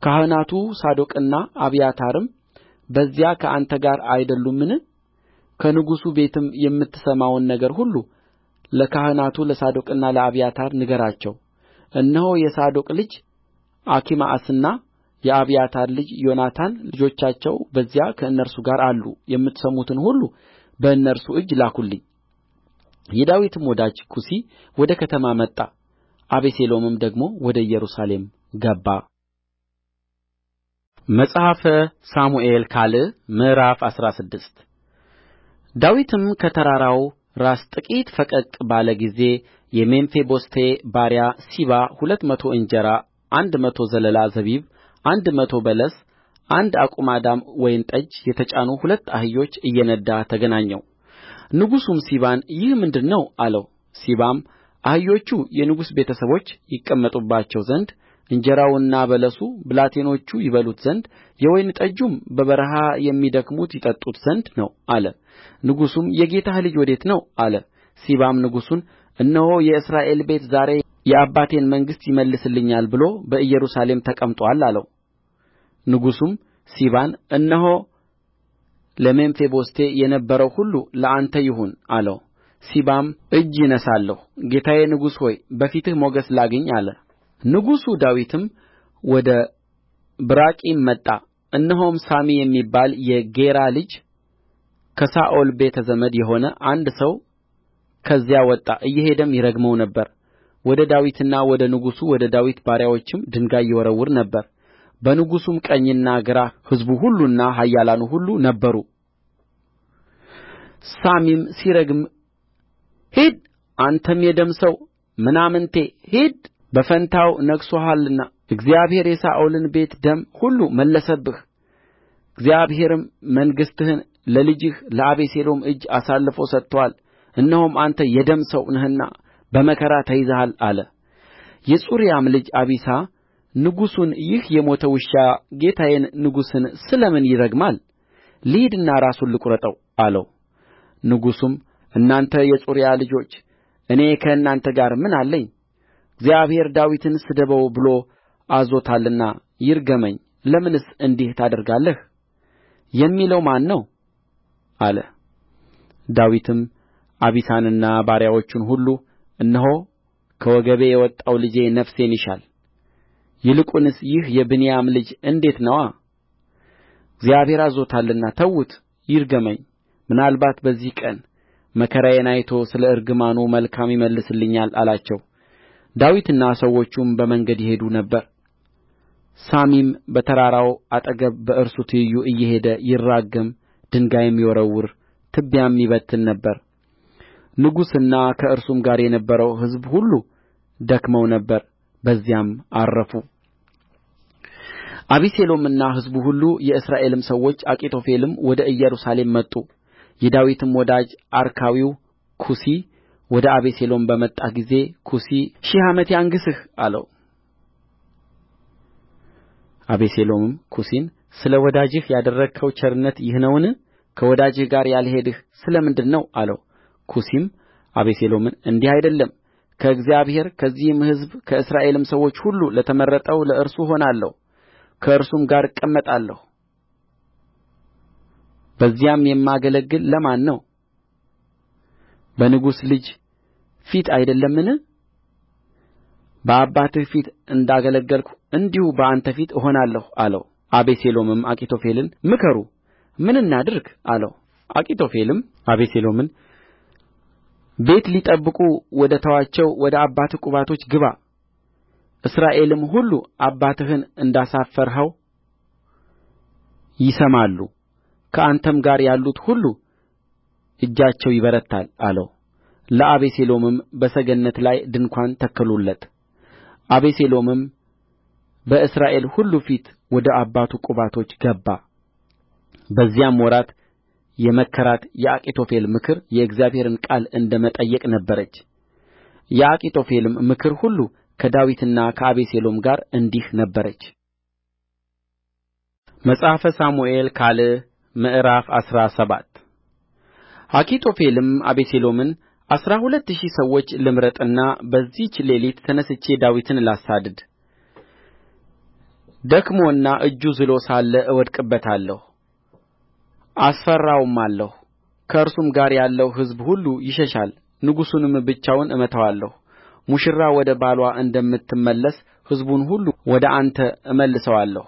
A: ካህናቱ ሳዶቅና አብያታርም በዚያ ከአንተ ጋር አይደሉምን ከንጉሡ ቤትም የምትሰማውን ነገር ሁሉ ለካህናቱ ለሳዶቅና ለአብያታር ንገራቸው እነሆ የሳዶቅ ልጅ አኪማአስና የአብያታር ልጅ ዮናታን ልጆቻቸው በዚያ ከእነርሱ ጋር አሉ የምትሰሙትን ሁሉ በእነርሱ እጅ ላኩልኝ የዳዊትም ወዳጅ ኩሲ ወደ ከተማ መጣ አቤሴሎምም ደግሞ ወደ ኢየሩሳሌም ገባ መጽሐፈ ሳሙኤል ካል ምዕራፍ አስራ ስድስት ዳዊትም ከተራራው ራስ ጥቂት ፈቀቅ ባለ ጊዜ የሜምፊቦስቴ ባሪያ ሲባ ሁለት መቶ እንጀራ አንድ መቶ ዘለላ ዘቢብ አንድ መቶ በለስ አንድ አቁማዳም ወይን ጠጅ የተጫኑ ሁለት አህዮች እየነዳ ተገናኘው ንጉሡም ሲባን ይህ ምንድር ነው አለው ሲባም አህዮቹ የንጉሥ ቤተ ሰቦች ይቀመጡባቸው ዘንድ እንጀራውና በለሱ ብላቴኖቹ ይበሉት ዘንድ የወይን ጠጁም በበረሀ የሚደክሙት ይጠጡት ዘንድ ነው አለ ንጉሡም የጌታህ ልጅ ወዴት ነው አለ ሲባም ንጉሡን እነሆ የእስራኤል ቤት ዛሬ የአባቴን መንግሥት ይመልስልኛል ብሎ በኢየሩሳሌም ተቀምጦአል አለው ንጉሡም ሲባን እነሆ ለሜምፊቦስቴ የነበረው ሁሉ ለአንተ ይሁን አለው ሲባም እጅ እነሣለሁ ጌታዬ ንጉሥ ሆይ በፊትህ ሞገስ ላግኝ አለ ንጉሡ ዳዊትም ወደ ብራቂም መጣ እነሆም ሳሚ የሚባል የጌራ ልጅ ከሳኦል ቤተ ዘመድ የሆነ አንድ ሰው ከዚያ ወጣ እየሄደም ይረግመው ነበር ወደ ዳዊትና ወደ ንጉሡ ወደ ዳዊት ባሪያዎችም ድንጋይ ይወረውር ነበር በንጉሡም ቀኝና ግራ ሕዝቡ ሁሉና ኃያላኑ ሁሉ ነበሩ ሳሚም ሲረግም ሂድ አንተም የደም ሰው ምናምንቴ ሂድ በፋንታው ነግሦሃልና እግዚአብሔር የሳኦልን ቤት ደም ሁሉ መለሰብህ እግዚአብሔርም መንግሥትህን ለልጅህ ለአቤሴሎም እጅ አሳልፎ ሰጥቶአል እነሆም አንተ የደም ሰው ነህና በመከራ ተይዘሃል አለ የጽሩያም ልጅ አቢሳ ንጉሡን ይህ የሞተ ውሻ ጌታዬን ንጉሡን ስለ ምን ይረግማል ልሂድና ራሱን ልቍረጠው አለው ንጉሡም እናንተ የጽሩያ ልጆች እኔ ከእናንተ ጋር ምን አለኝ እግዚአብሔር ዳዊትን ስደበው ብሎ አዝዞታልና ይርገመኝ ለምንስ እንዲህ ታደርጋለህ የሚለው ማን ነው አለ ዳዊትም አቢሳንና ባሪያዎቹን ሁሉ እነሆ ከወገቤ የወጣው ልጄ ነፍሴን ይሻል ይልቁንስ ይህ የብንያም ልጅ እንዴት ነዋ እግዚአብሔር አዝዞታልና ተዉት ይርገመኝ ምናልባት በዚህ ቀን መከራዬን አይቶ ስለ እርግማኑ መልካም ይመልስልኛል አላቸው ዳዊትና ሰዎቹም በመንገድ ይሄዱ ነበር ሳሚም በተራራው አጠገብ በእርሱ ትይዩ እየሄደ ይራገም ድንጋይም ይወረውር ትቢያም ይበትን ነበር ንጉሡና ከእርሱም ጋር የነበረው ሕዝብ ሁሉ ደክመው ነበር በዚያም ዐረፉ አቤሴሎምና ሕዝቡ ሁሉ የእስራኤልም ሰዎች አኪጦፌልም ወደ ኢየሩሳሌም መጡ የዳዊትም ወዳጅ አርካዊው ኩሲ ወደ አቤሴሎም በመጣ ጊዜ ኩሲ ሺህ ዓመት ያንግሥህ አለው አቤሴሎምም ኩሲን ስለ ወዳጅህ ያደረግኸው ቸርነት ይህ ነውን ከወዳጅህ ጋር ያልሄድህ ስለ ምንድር ነው አለው ኩሲም አቤሴሎምን እንዲህ አይደለም ከእግዚአብሔር ከዚህም ሕዝብ ከእስራኤልም ሰዎች ሁሉ ለተመረጠው ለእርሱ እሆናለሁ ከእርሱም ጋር እቀመጣለሁ በዚያም የማገለግል ለማን ነው በንጉሥ ልጅ ፊት አይደለምን በአባትህ ፊት እንዳገለገልሁ እንዲሁ በአንተ ፊት እሆናለሁ አለው አቤሴሎምም አኪጦፌልን ምከሩ ምን እናድርግ አለው አኪጦፌልም አቤሴሎምን ቤት ሊጠብቁ ወደ ተዋቸው ወደ አባትህ ቁባቶች ግባ እስራኤልም ሁሉ አባትህን እንዳሳፈርኸው ይሰማሉ ከአንተም ጋር ያሉት ሁሉ እጃቸው ይበረታል አለው ለአቤሴሎምም በሰገነት ላይ ድንኳን ተከሉለት አቤሴሎምም በእስራኤል ሁሉ ፊት ወደ አባቱ ቁባቶች ገባ በዚያም ወራት የመከራት የአኪጦፌል ምክር የእግዚአብሔርን ቃል እንደ መጠየቅ ነበረች የአኪጦፌልም ምክር ሁሉ ከዳዊትና ከአቤሴሎም ጋር እንዲህ ነበረች መጽሐፈ ሳሙኤል ካል ምዕራፍ አስራ ሰባት አኪጦፌልም አቤሴሎምን አሥራ ሁለት ሺህ ሰዎች ልምረጥና በዚህች ሌሊት ተነሥቼ ዳዊትን ላሳድድ ደክሞና እጁ ዝሎ ሳለ እወድቅበታለሁ አስፈራውማለሁ ከእርሱም ጋር ያለው ሕዝብ ሁሉ ይሸሻል ንጉሡንም ብቻውን እመታዋለሁ ሙሽራ ወደ ባልዋ እንደምትመለስ ሕዝቡን ሁሉ ወደ አንተ እመልሰዋለሁ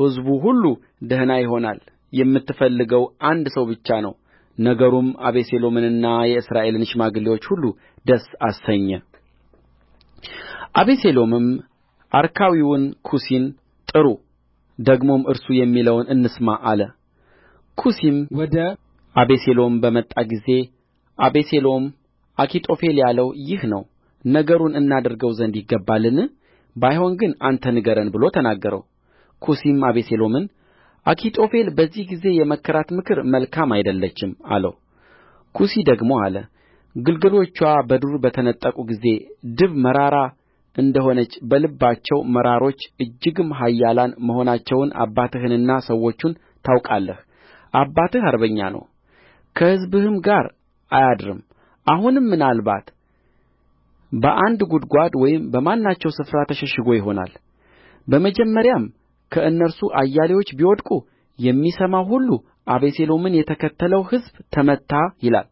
A: ሕዝቡ ሁሉ ደህና ይሆናል የምትፈልገው አንድ ሰው ብቻ ነው ነገሩም አቤሴሎምንና የእስራኤልን ሽማግሌዎች ሁሉ ደስ አሰኘ አቤሴሎምም አርካዊውን ኩሲን ጥሩ ደግሞም እርሱ የሚለውን እንስማ አለ ኩሲም ወደ አቤሴሎም በመጣ ጊዜ አቤሴሎም አኪጦፌል ያለው ይህ ነው ነገሩን እናደርገው ዘንድ ይገባልን ባይሆን ግን አንተ ንገረን ብሎ ተናገረው ኩሲም አቤሴሎምን አኪጦፌል በዚህ ጊዜ የመከራት ምክር መልካም አይደለችም አለው ኩሲ ደግሞ አለ ግልገሎችዋ በዱር በተነጠቁ ጊዜ ድብ መራራ እንደሆነች በልባቸው መራሮች እጅግም ኃያላን መሆናቸውን አባትህንና ሰዎቹን ታውቃለህ አባትህ አርበኛ ነው ከሕዝብህም ጋር አያድርም አሁንም ምናልባት በአንድ ጕድጓድ ወይም በማናቸው ስፍራ ተሸሽጎ ይሆናል በመጀመሪያም ከእነርሱ አያሌዎች ቢወድቁ የሚሰማው ሁሉ አቤሴሎምን የተከተለው ሕዝብ ተመታ ይላል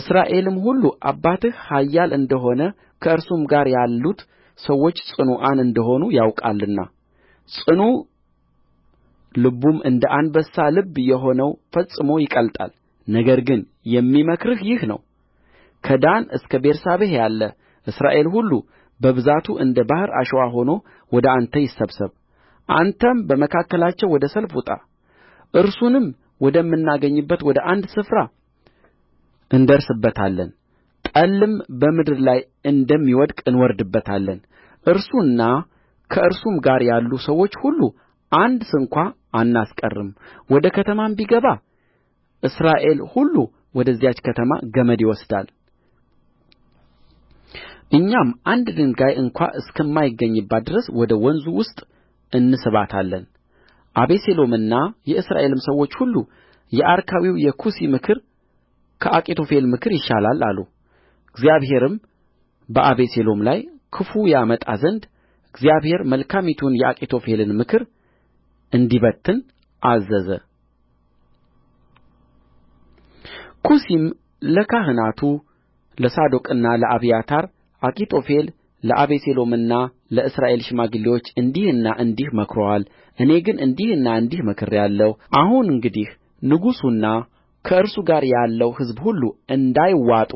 A: እስራኤልም ሁሉ አባትህ ኃያል እንደሆነ ከእርሱም ጋር ያሉት ሰዎች ጽኑዓን እንደሆኑ ያውቃልና ጽኑ ልቡም እንደ አንበሳ ልብ የሆነው ፈጽሞ ይቀልጣል ነገር ግን የሚመክርህ ይህ ነው ከዳን እስከ ቤርሳቤህ ያለ እስራኤል ሁሉ በብዛቱ እንደ ባሕር አሸዋ ሆኖ ወደ አንተ ይሰብሰብ አንተም በመካከላቸው ወደ ሰልፍ ውጣ እርሱንም ወደምናገኝበት ወደ አንድ ስፍራ እንደርስበታለን ጠልም በምድር ላይ እንደሚወድቅ እንወርድበታለን እርሱና ከእርሱም ጋር ያሉ ሰዎች ሁሉ አንድ ስንኳ አናስቀርም ወደ ከተማም ቢገባ እስራኤል ሁሉ ወደዚያች ከተማ ገመድ ይወስዳል እኛም አንድ ድንጋይ እንኳ እስከማይገኝባት ድረስ ወደ ወንዙ ውስጥ እንስባታለን አቤሴሎምና የእስራኤልም ሰዎች ሁሉ የአርካዊው የኩሲ ምክር ከአኪጦፌል ምክር ይሻላል አሉ እግዚአብሔርም በአቤሴሎም ላይ ክፉ ያመጣ ዘንድ እግዚአብሔር መልካሚቱን የአኪጦፌልን ምክር እንዲበትን አዘዘ ኩሲም ለካህናቱ ለሳዶቅና ለአብያታር አኪጦፌል ለአቤሴሎምና ለእስራኤል ሽማግሌዎች እንዲህና እንዲህ መክሮአል እኔ ግን እንዲህና እንዲህ መክሬአለሁ አሁን እንግዲህ ንጉሡና ከእርሱ ጋር ያለው ሕዝብ ሁሉ እንዳይዋጡ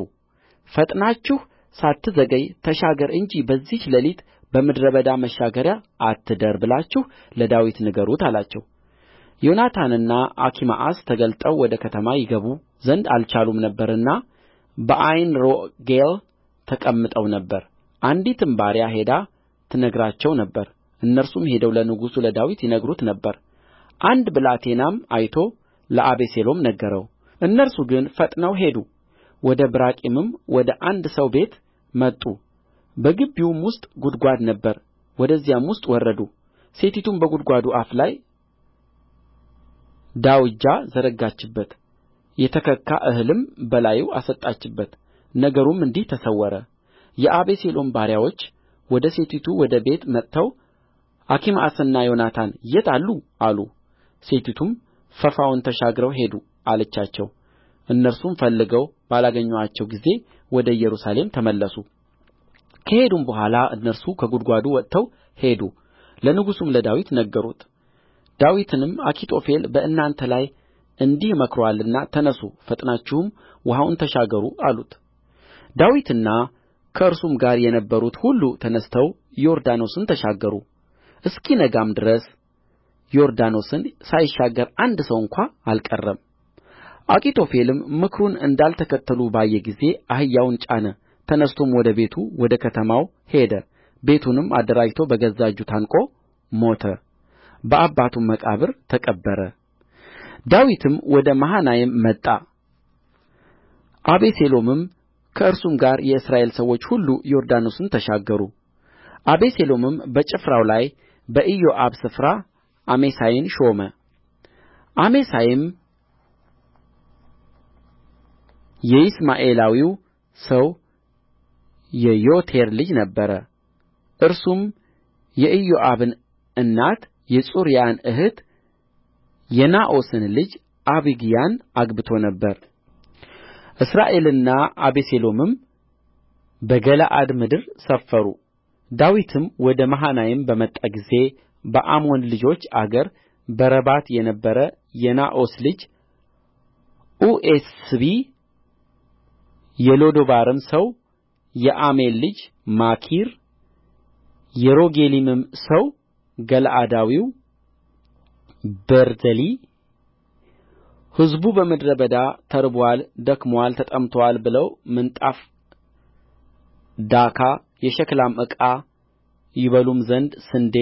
A: ፈጥናችሁ ሳትዘገይ ተሻገር እንጂ በዚህች ሌሊት በምድረ በዳ መሻገሪያ አትደር ብላችሁ ለዳዊት ንገሩት አላቸው ዮናታንና አኪማአስ ተገልጠው ወደ ከተማ ይገቡ ዘንድ አልቻሉም ነበርና በዓይንሮጌል ተቀምጠው ነበር አንዲትም ባሪያ ሄዳ ትነግራቸው ነበር እነርሱም ሄደው ለንጉሡ ለዳዊት ይነግሩት ነበር አንድ ብላቴናም አይቶ ለአቤሴሎም ነገረው እነርሱ ግን ፈጥነው ሄዱ ወደ ብራቂምም ወደ አንድ ሰው ቤት መጡ በግቢውም ውስጥ ጕድጓድ ነበረ ወደዚያም ውስጥ ወረዱ ሴቲቱም በጕድጓዱ አፍ ላይ ዳውጃ ዘረጋችበት የተከካ እህልም በላዩ አሰጣችበት ነገሩም እንዲህ ተሰወረ የአቤሴሎም ባሪያዎች ወደ ሴቲቱ ወደ ቤት መጥተው አኪማአስና ዮናታን የት አሉ አሉ ሴቲቱም ፈፋውን ተሻግረው ሄዱ አለቻቸው እነርሱም ፈልገው ባላገኟቸው ጊዜ ወደ ኢየሩሳሌም ተመለሱ ከሄዱም በኋላ እነርሱ ከጕድጓዱ ወጥተው ሄዱ ለንጉሡም ለዳዊት ነገሩት ዳዊትንም አኪጦፌል በእናንተ ላይ እንዲህ መክሮአልና ተነሡ ፈጥናችሁም ውኃውን ተሻገሩ አሉት ዳዊትና ከእርሱም ጋር የነበሩት ሁሉ ተነሥተው ዮርዳኖስን ተሻገሩ እስኪነጋም ድረስ ዮርዳኖስን ሳይሻገር አንድ ሰው እንኳ አልቀረም አኪጦፌልም ምክሩን እንዳልተከተሉ ባየ ጊዜ አህያውን ጫነ ተነሥቶም ወደ ቤቱ ወደ ከተማው ሄደ ቤቱንም አደራጅቶ በገዛ እጁ ታንቆ ሞተ በአባቱም መቃብር ተቀበረ ዳዊትም ወደ መሃናይም መጣ አቤሴሎምም ከእርሱም ጋር የእስራኤል ሰዎች ሁሉ ዮርዳኖስን ተሻገሩ አቤሴሎምም በጭፍራው ላይ በኢዮአብ ስፍራ አሜሳይን ሾመ አሜሳይም የይስማኤላዊው ሰው የዬቴር ልጅ ነበረ እርሱም የኢዮአብን እናት የጽሩያን እኅት የናዖስን ልጅ አቢግያን አግብቶ ነበር እስራኤልና አቤሴሎምም በገለዓድ ምድር ሰፈሩ ዳዊትም ወደ መሃናይም በመጣ ጊዜ በአሞን ልጆች አገር በረባት የነበረ የናዖስ ልጅ ኡኤስቢ የሎዶባርም ሰው የዓሚኤል ልጅ ማኪር የሮግሊምም ሰው ገለዓዳዊው ቤርዜሊ ሕዝቡ በምድረ በዳ ተርቦአል ደክሞአል ተጠምቶአል ብለው ምንጣፍ ዳካ የሸክላም ዕቃ ይበሉም ዘንድ ስንዴ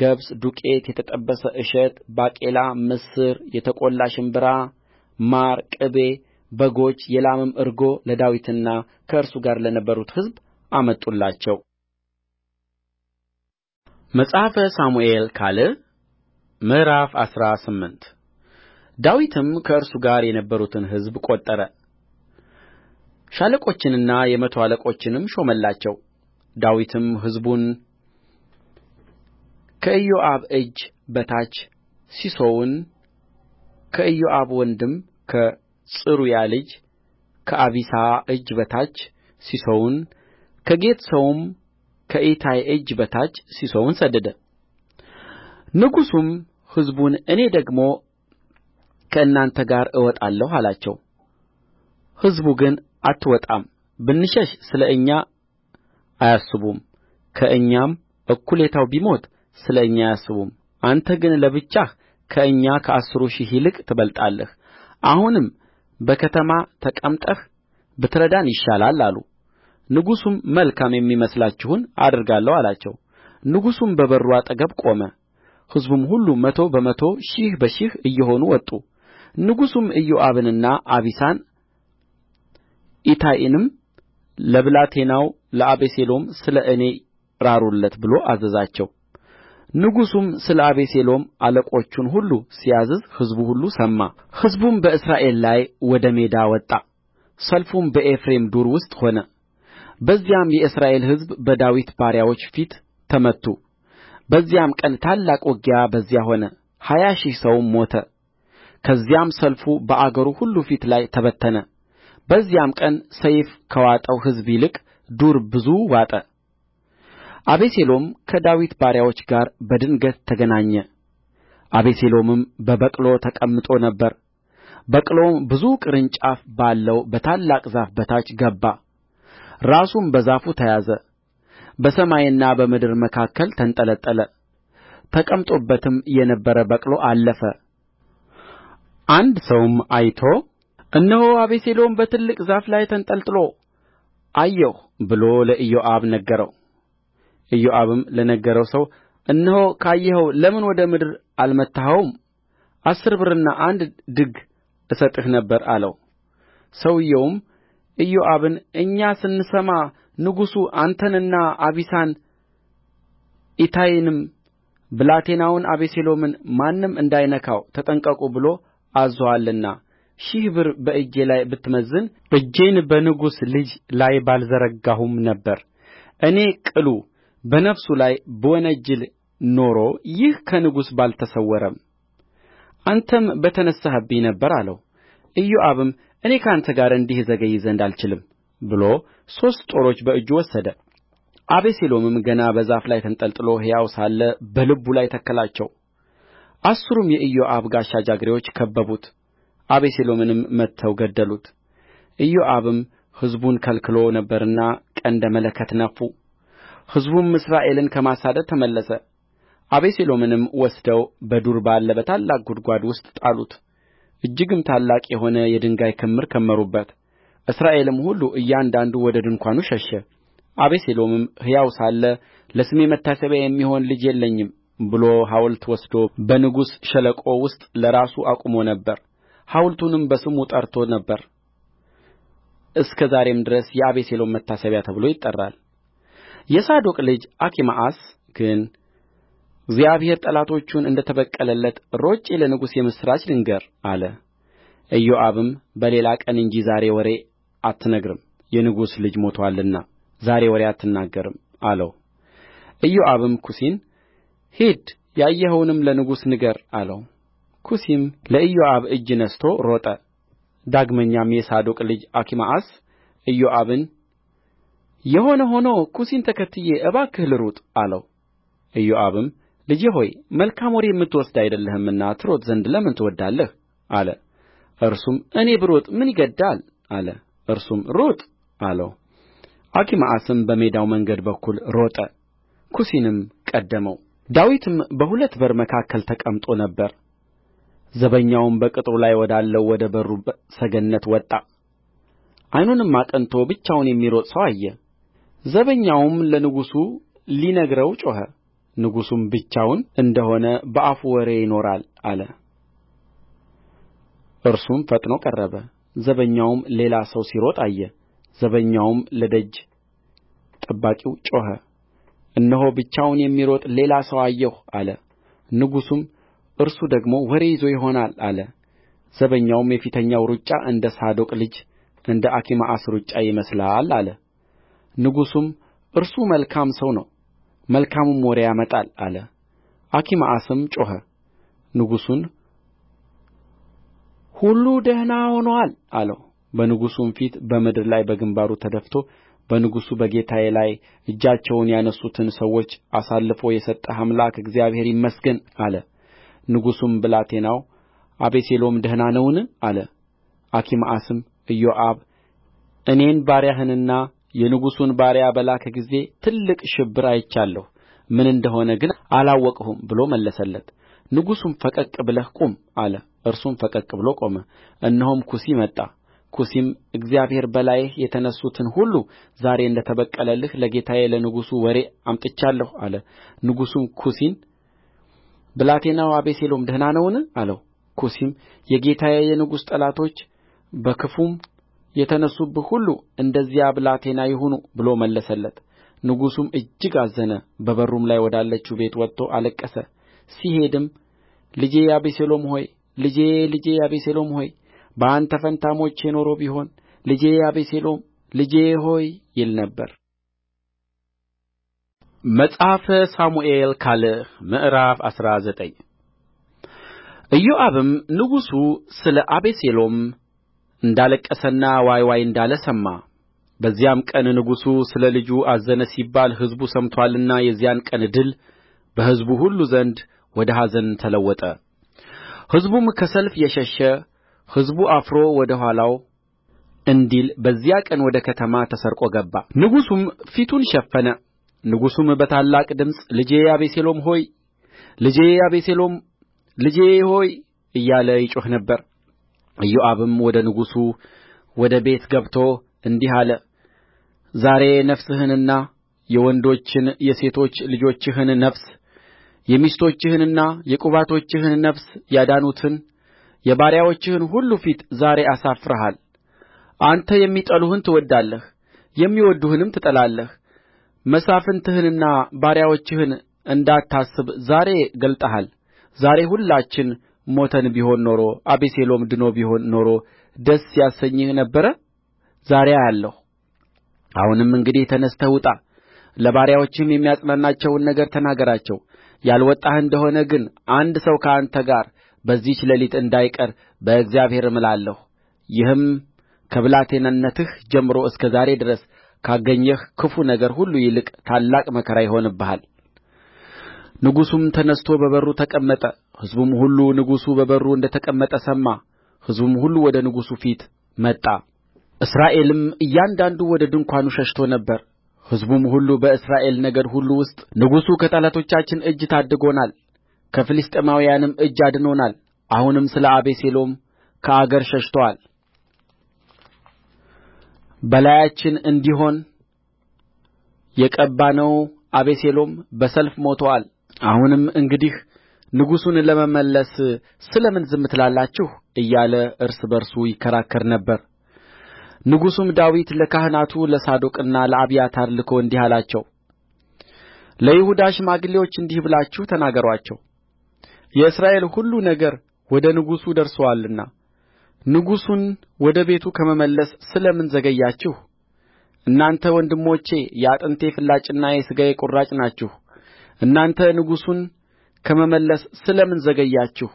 A: ገብስ ዱቄት የተጠበሰ እሸት ባቄላ ምስር የተቈላ ሽንብራ ማር ቅቤ በጎች የላምም እርጎ ለዳዊትና ከእርሱ ጋር ለነበሩት ሕዝብ አመጡላቸው መጽሐፈ ሳሙኤል ካል ምዕራፍ አስራ ስምንት ዳዊትም ከእርሱ ጋር የነበሩትን ሕዝብ ቈጠረ ሻለቆችንና የመቶ አለቆችንም ሾመላቸው ዳዊትም ሕዝቡን ከኢዮአብ እጅ በታች ሲሶውን ከኢዮአብ ወንድም ከጽሩያ ልጅ ከአቢሳ እጅ በታች ሲሶውን ከጌት ሰውም ከኢታይ እጅ በታች ሲሶውን ሰደደ ንጉሡም ሕዝቡን እኔ ደግሞ ከእናንተ ጋር እወጣለሁ አላቸው ሕዝቡ ግን አትወጣም ብንሸሽ ስለ እኛ አያስቡም ከእኛም እኩሌታው ቢሞት ስለ እኛ አያስቡም አንተ ግን ለብቻህ ከእኛ ከአሥሩ ሺህ ይልቅ ትበልጣለህ አሁንም በከተማ ተቀምጠህ ብትረዳን ይሻላል አሉ ንጉሡም መልካም የሚመስላችሁን አደርጋለሁ አላቸው ንጉሡም በበሩ አጠገብ ቆመ ሕዝቡም ሁሉ መቶ በመቶ ሺህ በሺህ እየሆኑ ወጡ ንጉሡም ኢዮአብንና አቢሳን ኢታይንም ለብላቴናው ለአቤሴሎም ስለ እኔ ራሩለት ብሎ አዘዛቸው ንጉሡም ስለ አቤሴሎም አለቆቹን ሁሉ ሲያዝዝ ሕዝቡ ሁሉ ሰማ ሕዝቡም በእስራኤል ላይ ወደ ሜዳ ወጣ ሰልፉም በኤፍሬም ዱር ውስጥ ሆነ በዚያም የእስራኤል ሕዝብ በዳዊት ባሪያዎች ፊት ተመቱ በዚያም ቀን ታላቅ ውጊያ በዚያ ሆነ ሀያ ሺህ ሰውም ሞተ ከዚያም ሰልፉ በአገሩ ሁሉ ፊት ላይ ተበተነ በዚያም ቀን ሰይፍ ከዋጠው ሕዝብ ይልቅ ዱር ብዙ ዋጠ አቤሴሎም ከዳዊት ባሪያዎች ጋር በድንገት ተገናኘ አቤሴሎምም በበቅሎ ተቀምጦ ነበር በቅሎውም ብዙ ቅርንጫፍ ባለው በታላቅ ዛፍ በታች ገባ ራሱም በዛፉ ተያዘ በሰማይና በምድር መካከል ተንጠለጠለ ተቀምጦበትም የነበረ በቅሎ አለፈ አንድ ሰውም አይቶ እነሆ አቤሴሎም በትልቅ ዛፍ ላይ ተንጠልጥሎ አየሁ ብሎ ለኢዮአብ ነገረው ኢዮአብም ለነገረው ሰው እነሆ ካየኸው ለምን ወደ ምድር አልመታኸውም አሥር ብርና አንድ ድግ እሰጥህ ነበር አለው ሰውዮውም ኢዮአብን እኛ ስንሰማ ንጉሡ አንተንና አቢሳን ኢታይንም ብላቴናውን አቤሴሎምን ማንም እንዳይነካው ተጠንቀቁ ብሎ አዝዞአልና ሺህ ብር በእጄ ላይ ብትመዝን እጄን በንጉሥ ልጅ ላይ ባልዘረጋሁም ነበር እኔ ቅሉ በነፍሱ ላይ ብወነጅል ኖሮ ይህ ከንጉሥ ባልተሰወረም አንተም በተነሳህብኝ ነበር አለው ኢዮአብም እኔ ከአንተ ጋር እንዲህ እዘገይ ዘንድ አልችልም ብሎ ሦስት ጦሮች በእጁ ወሰደ አቤሴሎምም ገና በዛፍ ላይ ተንጠልጥሎ ሕያው ሳለ በልቡ ላይ ተከላቸው አሥሩም የኢዮአብ ጋሻ ጃግሬዎች ከበቡት አቤሴሎምንም መትተው ገደሉት ኢዮአብም ሕዝቡን ከልክሎ ነበርና ቀንደ መለከት ነፉ ሕዝቡም እስራኤልን ከማሳደድ ተመለሰ አቤሴሎምንም ወስደው በዱር ባለ በታላቅ ጕድጓድ ውስጥ ጣሉት እጅግም ታላቅ የሆነ የድንጋይ ክምር ከመሩበት እስራኤልም ሁሉ እያንዳንዱ ወደ ድንኳኑ ሸሸ አቤሴሎምም ሕያው ሳለ ለስሜ መታሰቢያ የሚሆን ልጅ የለኝም ብሎ ሐውልት ወስዶ በንጉሥ ሸለቆ ውስጥ ለራሱ አቁሞ ነበር ሐውልቱንም በስሙ ጠርቶ ነበር እስከ ዛሬም ድረስ የአቤሴሎም መታሰቢያ ተብሎ ይጠራል የሳዶቅ ልጅ አኪማአስ ግን እግዚአብሔር ጠላቶቹን እንደ ተበቀለለት ሮጬ ለንጉሡ የምሥራች ልንገር አለ ኢዮአብም በሌላ ቀን እንጂ ዛሬ ወሬ አትነግርም የንጉሥ ልጅ ሞቶአልና ዛሬ ወሬ አትናገርም አለው ኢዮአብም ኩሲን ሂድ ያየኸውንም ለንጉሡ ንገር አለው ኩሲም ለኢዮአብ እጅ ነስቶ ሮጠ ዳግመኛም የሳዶቅ ልጅ አኪማአስ ኢዮአብን የሆነ ሆኖ ኩሲን ተከትዬ እባክህ ልሩጥ አለው ኢዮአብም ልጄ ሆይ መልካም ወሬ የምትወስድ አይደለህምና ትሮጥ ዘንድ ለምን ትወዳለህ አለ እርሱም እኔ ብሮጥ ምን ይገዳል አለ እርሱም ሩጥ አለው አኪማአስም በሜዳው መንገድ በኩል ሮጠ ኩሲንም ቀደመው ዳዊትም በሁለት በር መካከል ተቀምጦ ነበር ዘበኛውም በቅጥሩ ላይ ወዳለው ወደ በሩ ሰገነት ወጣ ዓይኑንም አቅንቶ ብቻውን የሚሮጥ ሰው አየ ዘበኛውም ለንጉሡ ሊነግረው ጮኸ ንጉሡም ብቻውን እንደሆነ በአፉ ወሬ ይኖራል አለ እርሱም ፈጥኖ ቀረበ ዘበኛውም ሌላ ሰው ሲሮጥ አየ ዘበኛውም ለደጅ ጠባቂው ጮኸ እነሆ ብቻውን የሚሮጥ ሌላ ሰው አየሁ አለ ንጉሡም እርሱ ደግሞ ወሬ ይዞ ይሆናል አለ ዘበኛውም የፊተኛው ሩጫ እንደ ሳዶቅ ልጅ እንደ አኪማአስ ሩጫ ይመስላል አለ ንጉሡም እርሱ መልካም ሰው ነው መልካምም ወሬ ያመጣል አለ አኪማአስም ጮኸ ንጉሡን ሁሉ ደህና ሆኖአል አለው በንጉሡም ፊት በምድር ላይ በግምባሩ ተደፍቶ በንጉሡ በጌታዬ ላይ እጃቸውን ያነሱትን ሰዎች አሳልፎ የሰጠህ አምላክ እግዚአብሔር ይመስገን አለ ንጉሡም ብላቴናው አቤሴሎም ደህና ነውን አለ አኪማአስም ኢዮአብ እኔን ባሪያህንና የንጉሡን ባሪያ በላከ ጊዜ ትልቅ ሽብር አይቻለሁ ምን እንደሆነ ግን አላወቅሁም ብሎ መለሰለት ንጉሡም ፈቀቅ ብለህ ቁም አለ እርሱም ፈቀቅ ብሎ ቆመ እነሆም ኵሲ መጣ ኩሲም እግዚአብሔር በላይህ የተነሡትን ሁሉ ዛሬ እንደ ተበቀለልህ ለጌታዬ ለንጉሡ ወሬ አምጥቻለሁ አለ ንጉሡም ኩሲን ብላቴናው አቤሴሎም ደህና ነውን አለው ኩሲም የጌታዬ የንጉሡ ጠላቶች በክፉም የተነሡብህ ሁሉ እንደዚያ ብላቴና ይሁኑ ብሎ መለሰለት ንጉሡም እጅግ አዘነ በበሩም ላይ ወዳለችው ቤት ወጥቶ አለቀሰ ሲሄድም ልጄ አቤሴሎም ሆይ ልጄ ልጄ አቤሴሎም ሆይ በአንተ ፋንታ ሞቼ ኖሮ ቢሆን ልጄ አቤሴሎም ልጄ ሆይ ይል ነበር መጽሐፈ ሳሙኤል ካል ምዕራፍ አስራ ዘጠኝ ኢዮአብም ንጉሡ ስለ አቤሴሎም እንዳለቀሰና ዋይ ዋይ እንዳለ ሰማ። በዚያም ቀን ንጉሡ ስለ ልጁ አዘነ ሲባል ሕዝቡ ሰምቶአልና የዚያን ቀን ድል በሕዝቡ ሁሉ ዘንድ ወደ ኀዘን ተለወጠ። ሕዝቡም ከሰልፍ የሸሸ ሕዝቡ አፍሮ ወደ ኋላው እንዲል በዚያ ቀን ወደ ከተማ ተሰርቆ ገባ ንጉሡም ፊቱን ሸፈነ ንጉሡም በታላቅ ድምፅ ልጄ አቤሴሎም ሆይ ልጄ አቤሴሎም ልጄ ሆይ እያለ ይጮኽ ነበር ኢዮአብም ወደ ንጉሡ ወደ ቤት ገብቶ እንዲህ አለ ዛሬ ነፍስህንና የወንዶችን የሴቶች ልጆችህን ነፍስ የሚስቶችህንና የቁባቶችህን ነፍስ ያዳኑትን የባሪያዎችህን ሁሉ ፊት ዛሬ አሳፍረሃል አንተ የሚጠሉህን ትወድዳለህ የሚወድዱህንም ትጠላለህ መሳፍንትህንና ባሪያዎችህን እንዳታስብ ዛሬ ገልጠሃል ዛሬ ሁላችን ሞተን ቢሆን ኖሮ አቤሴሎም ድኖ ቢሆን ኖሮ ደስ ያሰኝህ ነበረ ዛሬ አያለሁ አሁንም እንግዲህ ተነሥተህ ውጣ ለባሪያዎችህም የሚያጽናናቸውን ነገር ተናገራቸው ያልወጣህ እንደ ሆነ ግን አንድ ሰው ከአንተ ጋር በዚህች ሌሊት እንዳይቀር በእግዚአብሔር እምላለሁ ይህም ከብላቴናነትህ ጀምሮ እስከ ዛሬ ድረስ ካገኘህ ክፉ ነገር ሁሉ ይልቅ ታላቅ መከራ ይሆንብሃል ንጉሡም ተነሥቶ በበሩ ተቀመጠ ሕዝቡም ሁሉ ንጉሡ በበሩ እንደ ተቀመጠ ሰማ ሕዝቡም ሁሉ ወደ ንጉሡ ፊት መጣ እስራኤልም እያንዳንዱ ወደ ድንኳኑ ሸሽቶ ነበር ሕዝቡም ሁሉ በእስራኤል ነገድ ሁሉ ውስጥ ንጉሡ ከጠላቶቻችን እጅ ታድጎናል ከፍልስጥኤማውያንም እጅ አድኖናል አሁንም ስለ አቤሴሎም ከአገር ሸሽቶአል በላያችን እንዲሆን የቀባነው አቤሴሎም በሰልፍ ሞቶአል አሁንም እንግዲህ ንጉሡን ለመመለስ ስለ ምን ዝም ትላላችሁ እያለ እርስ በርሱ ይከራከር ነበር ንጉሡም ዳዊት ለካህናቱ ለሳዶቅና ለአብያታር ልኮ እንዲህ አላቸው ለይሁዳ ሽማግሌዎች እንዲህ ብላችሁ ተናገሩአቸው የእስራኤል ሁሉ ነገር ወደ ንጉሡ ደርሶአልና ንጉሡን ወደ ቤቱ ከመመለስ ስለ ምን ዘገያችሁ እናንተ ወንድሞቼ የአጥንቴ ፍላጭና የሥጋዬ ቍራጭ ናችሁ እናንተ ንጉሡን ከመመለስ ስለ ምን ዘገያችሁ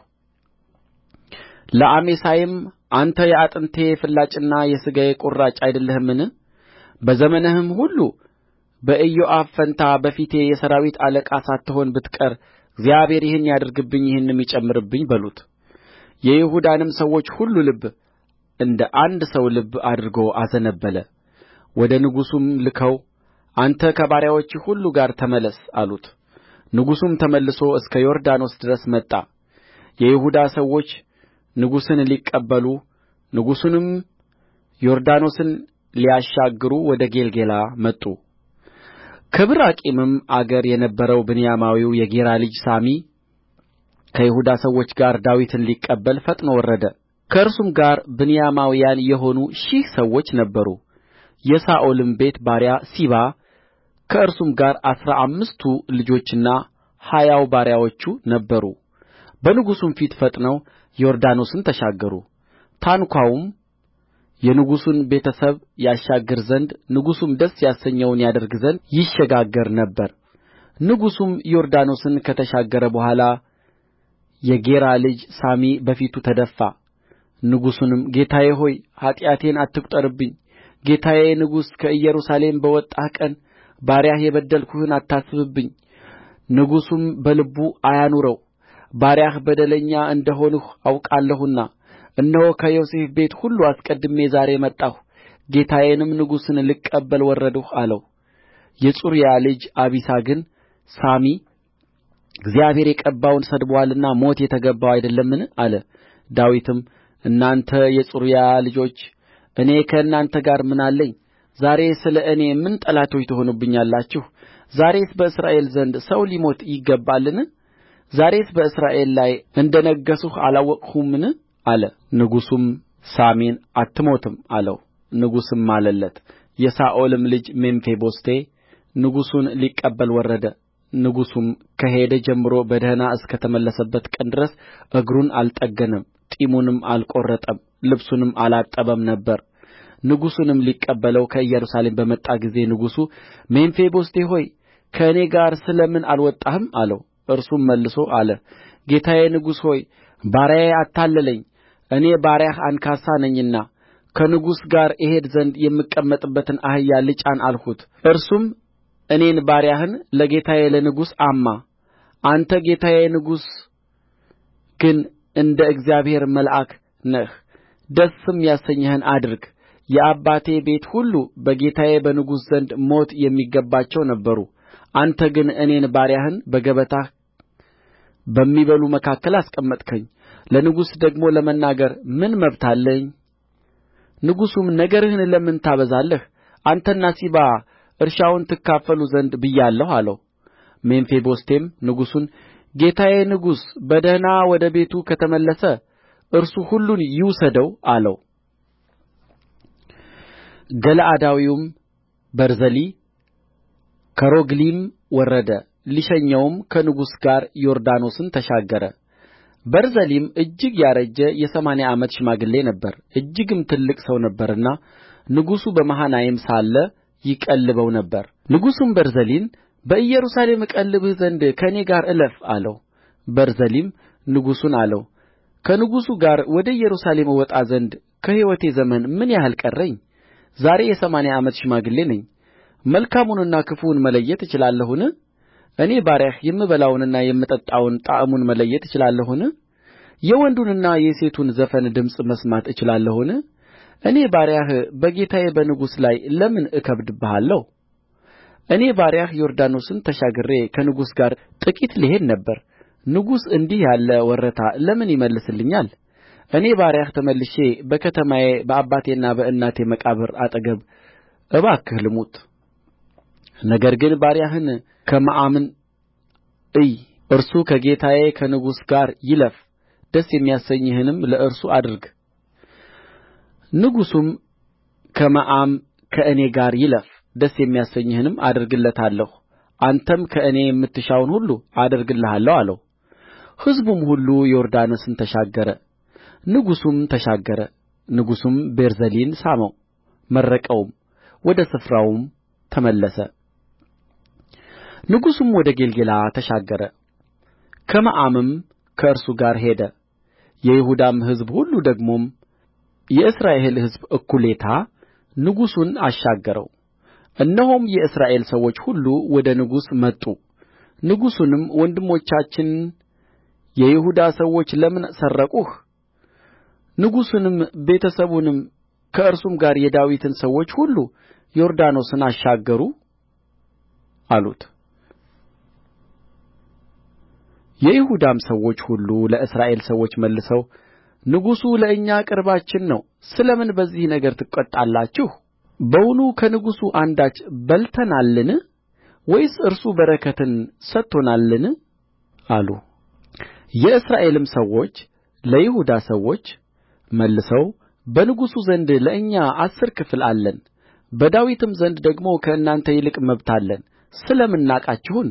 A: ለአሜሳይም አንተ የአጥንቴ ፍላጭና የሥጋዬ ቍራጭ አይደለህምን በዘመንህም ሁሉ በኢዮአብ ፋንታ በፊቴ የሠራዊት አለቃ ሳትሆን ብትቀር እግዚአብሔር ይህን ያድርግብኝ ይህንም ይጨምርብኝ በሉት የይሁዳንም ሰዎች ሁሉ ልብ እንደ አንድ ሰው ልብ አድርጎ አዘነበለ ወደ ንጉሡም ልከው አንተ ከባሪያዎችህ ሁሉ ጋር ተመለስ አሉት ንጉሡም ተመልሶ እስከ ዮርዳኖስ ድረስ መጣ የይሁዳ ሰዎች ንጉሡን ሊቀበሉ ንጉሡንም ዮርዳኖስን ሊያሻግሩ ወደ ጌልገላ መጡ ከብራቂምም አገር የነበረው ብንያማዊው የጌራ ልጅ ሳሚ ከይሁዳ ሰዎች ጋር ዳዊትን ሊቀበል ፈጥኖ ወረደ ከእርሱም ጋር ብንያማውያን የሆኑ ሺህ ሰዎች ነበሩ የሳኦልም ቤት ባሪያ ሲባ ከእርሱም ጋር አሥራ አምስቱ ልጆችና ሀያው ባሪያዎቹ ነበሩ በንጉሡም ፊት ፈጥነው ዮርዳኖስን ተሻገሩ ታንኳውም የንጉሡን ቤተ ሰብ ያሻግር ዘንድ ንጉሡም ደስ ያሰኘውን ያደርግ ዘንድ ይሸጋገር ነበር ንጉሡም ዮርዳኖስን ከተሻገረ በኋላ የጌራ ልጅ ሳሚ በፊቱ ተደፋ ንጉሡንም ጌታዬ ሆይ ኃጢአቴን አትቍጠርብኝ ጌታዬ ንጉሥ ከኢየሩሳሌም በወጣህ ቀን ባሪያህ የበደልሁህን አታስብብኝ ንጉሡም በልቡ አያኑረው ባሪያህ በደለኛ እንደ ሆንሁ አውቃለሁና እነሆ ከዮሴፍ ቤት ሁሉ አስቀድሜ ዛሬ መጣሁ ጌታዬንም ንጉሡን ልቀበል ወረድሁ አለው የጽሩያ ልጅ አቢሳ ግን ሳሚ እግዚአብሔር የቀባውን ሰድቦአልና ሞት የተገባው አይደለምን አለ ዳዊትም እናንተ የጽሩያ ልጆች እኔ ከእናንተ ጋር ምን አለኝ ዛሬ ስለ እኔ ምን ጠላቶች ትሆኑብኛላችሁ ዛሬስ በእስራኤል ዘንድ ሰው ሊሞት ይገባልን ዛሬስ በእስራኤል ላይ እንደ ነገሥሁ አላወቅሁምን አለ ንጉሡም ሳሚን አትሞትም አለው ንጉሡም ማለለት የሳኦልም ልጅ ሜምፊቦስቴ ንጉሡን ሊቀበል ወረደ ንጉሡም ከሄደ ጀምሮ በደኅና እስከ ተመለሰበት ቀን ድረስ እግሩን አልጠገነም ጢሙንም አልቈረጠም ልብሱንም አላጠበም ነበር ንጉሡንም ሊቀበለው ከኢየሩሳሌም በመጣ ጊዜ ንጉሡ ሜምፊቦስቴ ሆይ ከእኔ ጋር ስለ ምን አልወጣህም አለው እርሱም መልሶ አለ ጌታዬ ንጉሥ ሆይ ባሪያዬ አታለለኝ እኔ ባሪያህ አንካሳ ነኝና ከንጉሥ ጋር እሄድ ዘንድ የምቀመጥበትን አህያ ልጫን አልሁት እርሱም እኔን ባሪያህን ለጌታዬ ለንጉሥ አማ አንተ ጌታዬ ንጉሥ ግን እንደ እግዚአብሔር መልአክ ነህ ደስም ያሰኘህን አድርግ የአባቴ ቤት ሁሉ በጌታዬ በንጉሡ ዘንድ ሞት የሚገባቸው ነበሩ አንተ ግን እኔን ባሪያህን በገበታህ በሚበሉ መካከል አስቀመጥኸኝ ለንጉሥ ደግሞ ለመናገር ምን መብት አለኝ ንጉሡም ነገርህን ለምን ታበዛለህ አንተና ሲባ እርሻውን ትካፈሉ ዘንድ ብያለሁ አለው ሜምፊቦስቴም ንጉሡን ጌታዬ ንጉሥ በደኅና ወደ ቤቱ ከተመለሰ እርሱ ሁሉን ይውሰደው አለው ገለዓዳዊውም ቤርዜሊ ከሮግሊም ወረደ ሊሸኘውም ከንጉሡ ጋር ዮርዳኖስን ተሻገረ ቤርዜሊም እጅግ ያረጀ የሰማንያ ዓመት ሽማግሌ ነበረ እጅግም ትልቅ ሰው ነበረና ንጉሡ በመሃናይም ሳለ ይቀልበው ነበር ንጉሡም ቤርዜሊን በኢየሩሳሌም እቀልብህ ዘንድ ከእኔ ጋር እለፍ አለው ቤርዜሊም ንጉሡን አለው ከንጉሡ ጋር ወደ ኢየሩሳሌም እወጣ ዘንድ ከሕይወቴ ዘመን ምን ያህል ቀረኝ ዛሬ የሰማንያ ዓመት ሽማግሌ ነኝ መልካሙንና ክፉውን መለየት እችላለሁን እኔ ባሪያህ የምበላውንና የምጠጣውን ጣዕሙን መለየት እችላለሁን የወንዱንና የሴቱን ዘፈን ድምፅ መስማት እችላለሁን እኔ ባሪያህ በጌታዬ በንጉሡ ላይ ለምን እከብድብሃለሁ እኔ ባሪያህ ዮርዳኖስን ተሻግሬ ከንጉሡ ጋር ጥቂት ልሄድ ነበር ንጉሡ እንዲህ ያለ ወረታ ለምን ይመልስልኛል እኔ ባሪያህ ተመልሼ በከተማዬ በአባቴና በእናቴ መቃብር አጠገብ እባክህ ልሙት ነገር ግን ባሪያህን ከመዓምን እይ እርሱ ከጌታዬ ከንጉሡ ጋር ይለፍ ደስ የሚያሰኝህንም ለእርሱ አድርግ ንጉሡም ከመዓም ከእኔ ጋር ይለፍ ደስ የሚያሰኝህንም አደርግለታለሁ አንተም ከእኔ የምትሻውን ሁሉ አደርግልሃለሁ አለው ሕዝቡም ሁሉ ዮርዳኖስን ተሻገረ ንጉሡም ተሻገረ ንጉሡም ቤርዜሊን ሳመው መረቀውም ወደ ስፍራውም ተመለሰ ንጉሡም ወደ ጌልገላ ተሻገረ ከመዓምም ከእርሱ ጋር ሄደ የይሁዳም ሕዝብ ሁሉ ደግሞም የእስራኤል ሕዝብ እኩሌታ ንጉሡን አሻገረው እነሆም የእስራኤል ሰዎች ሁሉ ወደ ንጉሥ መጡ ንጉሡንም ወንድሞቻችን የይሁዳ ሰዎች ለምን ሰረቁህ ንጉሡንም ቤተሰቡንም ከእርሱም ጋር የዳዊትን ሰዎች ሁሉ ዮርዳኖስን አሻገሩ አሉት የይሁዳም ሰዎች ሁሉ ለእስራኤል ሰዎች መልሰው ንጉሡ ለእኛ ቅርባችን ነው ስለ ምን በዚህ ነገር ትቈጣላችሁ በውኑ ከንጉሡ አንዳች በልተናልን ወይስ እርሱ በረከትን ሰጥቶናልን አሉ የእስራኤልም ሰዎች ለይሁዳ ሰዎች መልሰው በንጉሡ ዘንድ ለእኛ አሥር ክፍል አለን በዳዊትም ዘንድ ደግሞ ከእናንተ ይልቅ መብት አለን ስለ ምን ናቃችሁን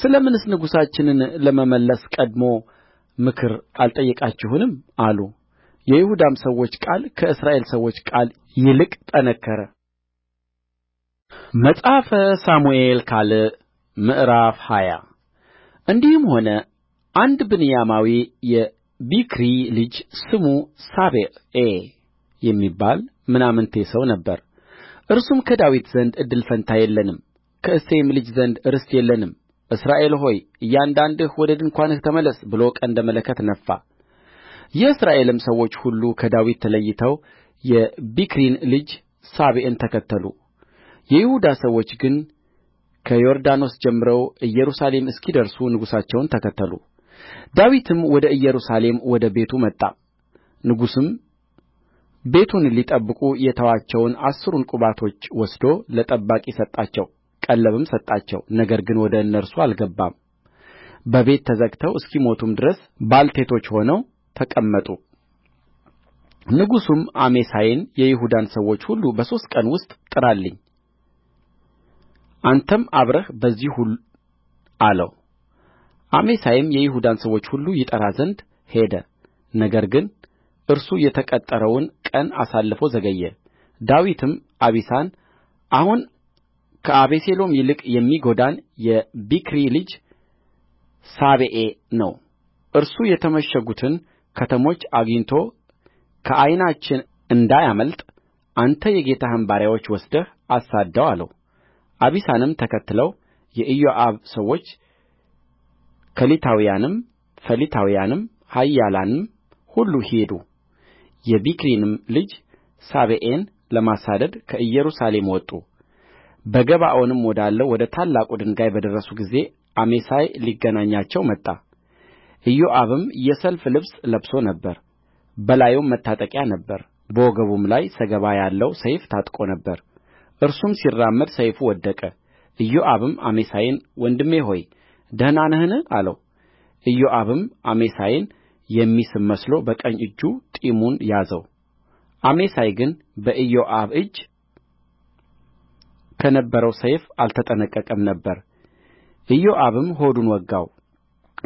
A: ስለ ምንስ ንጉሣችንን ለመመለስ ቀድሞ ምክር አልጠየቃችሁንም አሉ የይሁዳም ሰዎች ቃል ከእስራኤል ሰዎች ቃል ይልቅ ጠነከረ መጽሐፈ ሳሙኤል ካል ምዕራፍ ሃያ እንዲህም ሆነ አንድ ብንያማዊ የቢክሪ ልጅ ስሙ ሳቤዔ የሚባል ምናምንቴ ሰው ነበር። እርሱም ከዳዊት ዘንድ እድል ፈንታ የለንም፣ ከእሴይም ልጅ ዘንድ ርስት የለንም እስራኤል ሆይ እያንዳንድህ ወደ ድንኳንህ ተመለስ ብሎ ቀንደ መለከት ነፋ የእስራኤልም ሰዎች ሁሉ ከዳዊት ተለይተው የቢክሪን ልጅ ሳቤዔን ተከተሉ የይሁዳ ሰዎች ግን ከዮርዳኖስ ጀምረው ኢየሩሳሌም እስኪደርሱ ንጉሣቸውን ተከተሉ ዳዊትም ወደ ኢየሩሳሌም ወደ ቤቱ መጣ ንጉሡም ቤቱን ሊጠብቁ የተዋቸውን አሥሩን ቁባቶች ወስዶ ለጠባቂ ሰጣቸው ቀለብም ሰጣቸው ነገር ግን ወደ እነርሱ አልገባም በቤት ተዘግተው እስኪሞቱም ድረስ ባልቴቶች ሆነው ተቀመጡ ንጉሡም አሜሳይን የይሁዳን ሰዎች ሁሉ በሦስት ቀን ውስጥ ጥራልኝ አንተም አብረህ በዚህ አለው አሜሳይም የይሁዳን ሰዎች ሁሉ ይጠራ ዘንድ ሄደ ነገር ግን እርሱ የተቀጠረውን ቀን አሳልፎ ዘገየ ዳዊትም አቢሳን አሁን ከአቤሴሎም ይልቅ የሚጐዳን የቢክሪ ልጅ ሳቤዔ ነው። እርሱ የተመሸጉትን ከተሞች አግኝቶ ከዓይናችን እንዳያመልጥ አንተ የጌታህን ባሪያዎች ወስደህ አሳድደው አለው። አቢሳንም ተከትለው የኢዮአብ ሰዎች ከሊታውያንም፣ ፈሊታውያንም፣ ኃያላንም ሁሉ ሄዱ። የቢክሪንም ልጅ ሳቤዔን ለማሳደድ ከኢየሩሳሌም ወጡ። በገባዖንም ወዳለው ወደ ታላቁ ድንጋይ በደረሱ ጊዜ አሜሳይ ሊገናኛቸው መጣ ኢዮአብም የሰልፍ ልብስ ለብሶ ነበር በላዩም መታጠቂያ ነበረ በወገቡም ላይ ሰገባ ያለው ሰይፍ ታጥቆ ነበር እርሱም ሲራመድ ሰይፉ ወደቀ ኢዮአብም አሜሳይን ወንድሜ ሆይ ደህና ነህን አለው ኢዮአብም አሜሳይን የሚስም መስሎ በቀኝ እጁ ጢሙን ያዘው አሜሳይ ግን በኢዮአብ እጅ ከነበረው ሰይፍ አልተጠነቀቀም ነበር ኢዮአብም ሆዱን ወጋው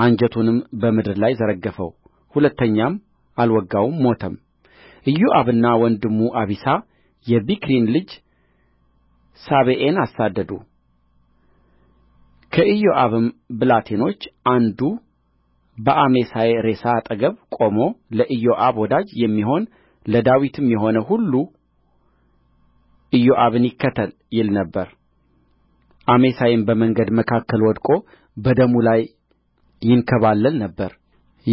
A: አንጀቱንም በምድር ላይ ዘረገፈው ሁለተኛም አልወጋውም ሞተም ኢዮአብና ወንድሙ አቢሳ የቢክሪን ልጅ ሳቤዔን አሳደዱ ከኢዮአብም ብላቴኖች አንዱ በአሜሳይ ሬሳ አጠገብ ቆሞ ለኢዮአብ ወዳጅ የሚሆን ለዳዊትም የሆነ ሁሉ ኢዮአብን ይከተል ይል ነበር አሜሳይም በመንገድ መካከል ወድቆ በደሙ ላይ ይንከባለል ነበር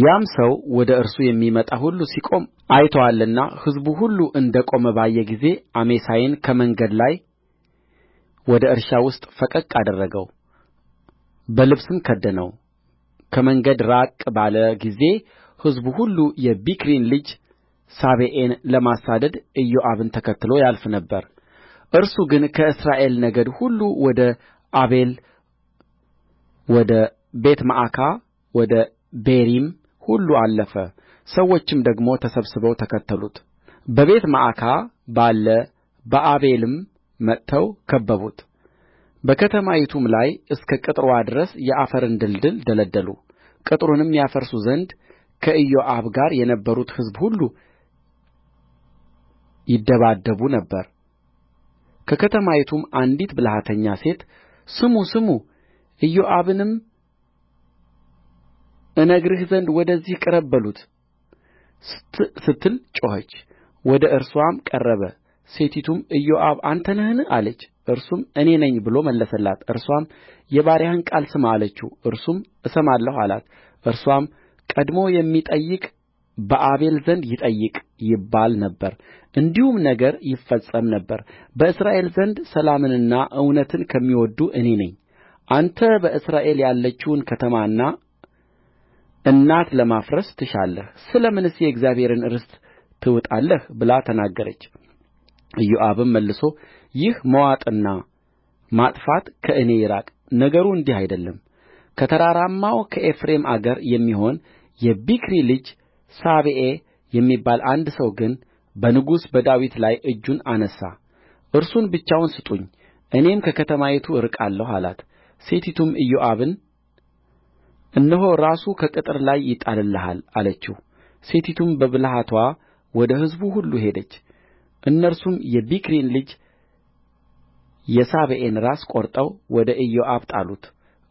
A: ያም ሰው ወደ እርሱ የሚመጣ ሁሉ ሲቆም አይቶአልና ሕዝቡ ሁሉ እንደ ቆመ ባየ ጊዜ አሜሳይን ከመንገድ ላይ ወደ እርሻ ውስጥ ፈቀቅ አደረገው፣ በልብስም ከደነው። ከመንገድ ራቅ ባለ ጊዜ ሕዝቡ ሁሉ የቢክሪን ልጅ ሳቤዔን ለማሳደድ ኢዮአብን ተከትሎ ያልፍ ነበር። እርሱ ግን ከእስራኤል ነገድ ሁሉ ወደ አቤል ወደ ቤትመዓካ ወደ ቤሪም ሁሉ አለፈ ሰዎችም ደግሞ ተሰብስበው ተከተሉት በቤትመዓካ ባለ በአቤልም መጥተው ከበቡት በከተማይቱም ላይ እስከ ቅጥርዋ ድረስ የአፈርን ድልድል ደለደሉ ቅጥሩንም ያፈርሱ ዘንድ ከኢዮአብ ጋር የነበሩት ሕዝብ ሁሉ ይደባደቡ ነበር ከከተማይቱም አንዲት ብልሃተኛ ሴት ስሙ ስሙ ኢዮአብንም እነግርህ ዘንድ ወደዚህ ቅረብ በሉት ስትል ጮኸች ወደ እርስዋም ቀረበ ሴቲቱም ኢዮአብ አንተ ነህን አለች እርሱም እኔ ነኝ ብሎ መለሰላት እርስዋም የባሪያህን ቃል ስማ አለችው እርሱም እሰማለሁ አላት እርስዋም ቀድሞ የሚጠይቅ በአቤል ዘንድ ይጠይቅ ይባል ነበር እንዲሁም ነገር ይፈጸም ነበር በእስራኤል ዘንድ ሰላምንና እውነትን ከሚወድዱ እኔ ነኝ አንተ በእስራኤል ያለችውን ከተማና እናት ለማፍረስ ትሻለህ ስለ ምንስ የእግዚአብሔርን ርስት ትውጣለህ ብላ ተናገረች ኢዮአብም መልሶ ይህ መዋጥና ማጥፋት ከእኔ ይራቅ ነገሩ እንዲህ አይደለም ከተራራማው ከኤፍሬም አገር የሚሆን የቢክሪ ልጅ ሳቤዔ የሚባል አንድ ሰው ግን በንጉሡ በዳዊት ላይ እጁን አነሣ እርሱን ብቻውን ስጡኝ እኔም ከከተማይቱ እርቃለሁ አላት ሴቲቱም ኢዮአብን እነሆ ራሱ ከቅጥር ላይ ይጣልልሃል አለችው ሴቲቱም በብልሃትዋ ወደ ሕዝቡ ሁሉ ሄደች እነርሱም የቢክሪን ልጅ የሳቤዔን ራስ ቈርጠው ወደ ኢዮአብ ጣሉት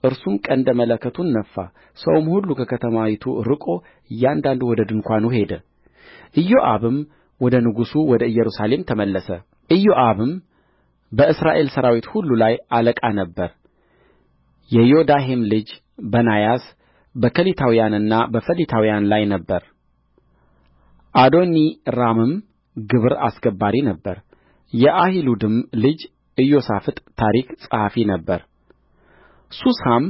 A: እርሱም ቀንደ መለከቱን ነፋ ሰውም ሁሉ ከከተማይቱ ርቆ እያንዳንዱ ወደ ድንኳኑ ሄደ ኢዮአብም ወደ ንጉሡ ወደ ኢየሩሳሌም ተመለሰ ኢዮአብም በእስራኤል ሠራዊት ሁሉ ላይ አለቃ ነበረ የዮዳሄም ልጅ በናያስ በከሊታውያንና በፈሊታውያን ላይ ነበረ አዶኒራምም ግብር አስገባሪ ነበረ የአሒሉድም ልጅ ኢዮሣፍጥ ታሪክ ጸሐፊ ነበረ ሱሳም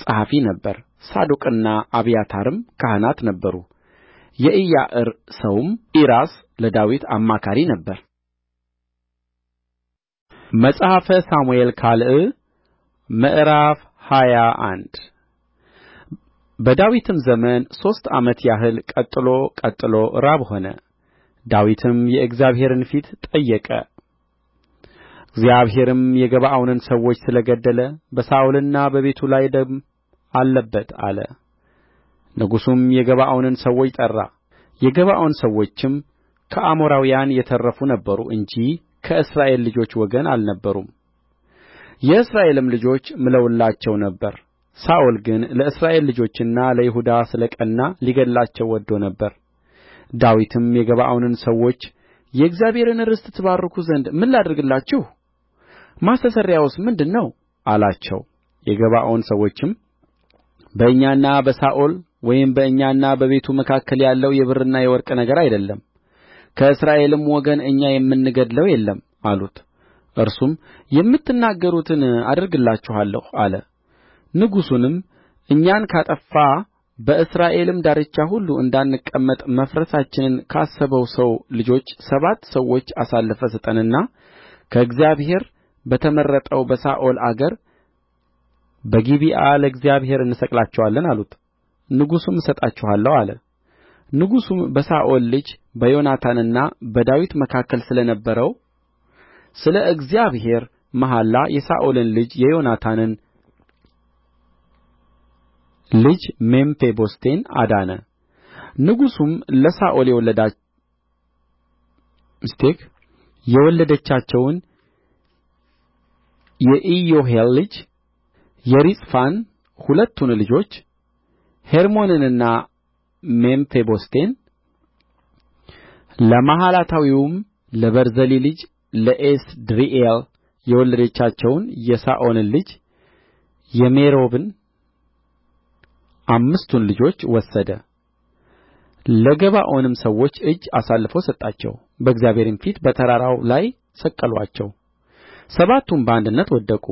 A: ጸሐፊ ነበረ ሳዶቅና አብያታርም ካህናት ነበሩ የኢያዕር ሰውም ዒራስ ለዳዊት አማካሪ ነበረ መጽሐፈ ሳሙኤል ካል ምዕራፍ ሃያ አንድ በዳዊትም ዘመን ሦስት ዓመት ያህል ቀጥሎ ቀጥሎ ራብ ሆነ ዳዊትም የእግዚአብሔርን ፊት ጠየቀ እግዚአብሔርም የገባዖንን ሰዎች ስለ ገደለ በሳኦልና በቤቱ ላይ ደም አለበት አለ ንጉሡም የገባዖንን ሰዎች ጠራ የገባዖን ሰዎችም ከአሞራውያን የተረፉ ነበሩ እንጂ ከእስራኤል ልጆች ወገን አልነበሩም የእስራኤልም ልጆች ምለውላቸው ነበር ሳኦል ግን ለእስራኤል ልጆችና ለይሁዳ ስለ ቀና ሊገድላቸው ወድዶ ነበር ዳዊትም የገባዖንን ሰዎች የእግዚአብሔርን ርስት ትባርኩ ዘንድ ምን ላድርግላችሁ ማስተስረያውስ ምንድር ነው አላቸው የገባዖን ሰዎችም በእኛና በሳኦል ወይም በእኛና በቤቱ መካከል ያለው የብርና የወርቅ ነገር አይደለም ከእስራኤልም ወገን እኛ የምንገድለው የለም አሉት እርሱም የምትናገሩትን አደርግላችኋለሁ አለ ንጉሡንም እኛን ካጠፋ በእስራኤልም ዳርቻ ሁሉ እንዳንቀመጥ መፍረሳችንን ካሰበው ሰው ልጆች ሰባት ሰዎች አሳልፈህ ስጠንና ከእግዚአብሔር በተመረጠው በሳኦል አገር በጊብዓ ለእግዚአብሔር እንሰቅላቸዋለን አሉት ንጉሡም እሰጣችኋለሁ አለ ንጉሡም በሳኦል ልጅ በዮናታንና በዳዊት መካከል ስለ ነበረው ስለ እግዚአብሔር መሐላ የሳኦልን ልጅ የዮናታንን ልጅ ሜምፊቦስቴን አዳነ ንጉሡም ለሳኦል የወለደቻቸውን የኢዮሄል ልጅ የሪጽፋን ሁለቱን ልጆች ሄርሞንንና ሜምፊቦስቴን ለመሓላታዊውም ለቤርዜሊ ልጅ ለኤስድሪኤል የወለደቻቸውን የሳኦልን ልጅ የሜሮብን አምስቱን ልጆች ወሰደ ለገባዖንም ሰዎች እጅ አሳልፎ ሰጣቸው በእግዚአብሔርም ፊት በተራራው ላይ ሰቀሉአቸው ሰባቱም በአንድነት ወደቁ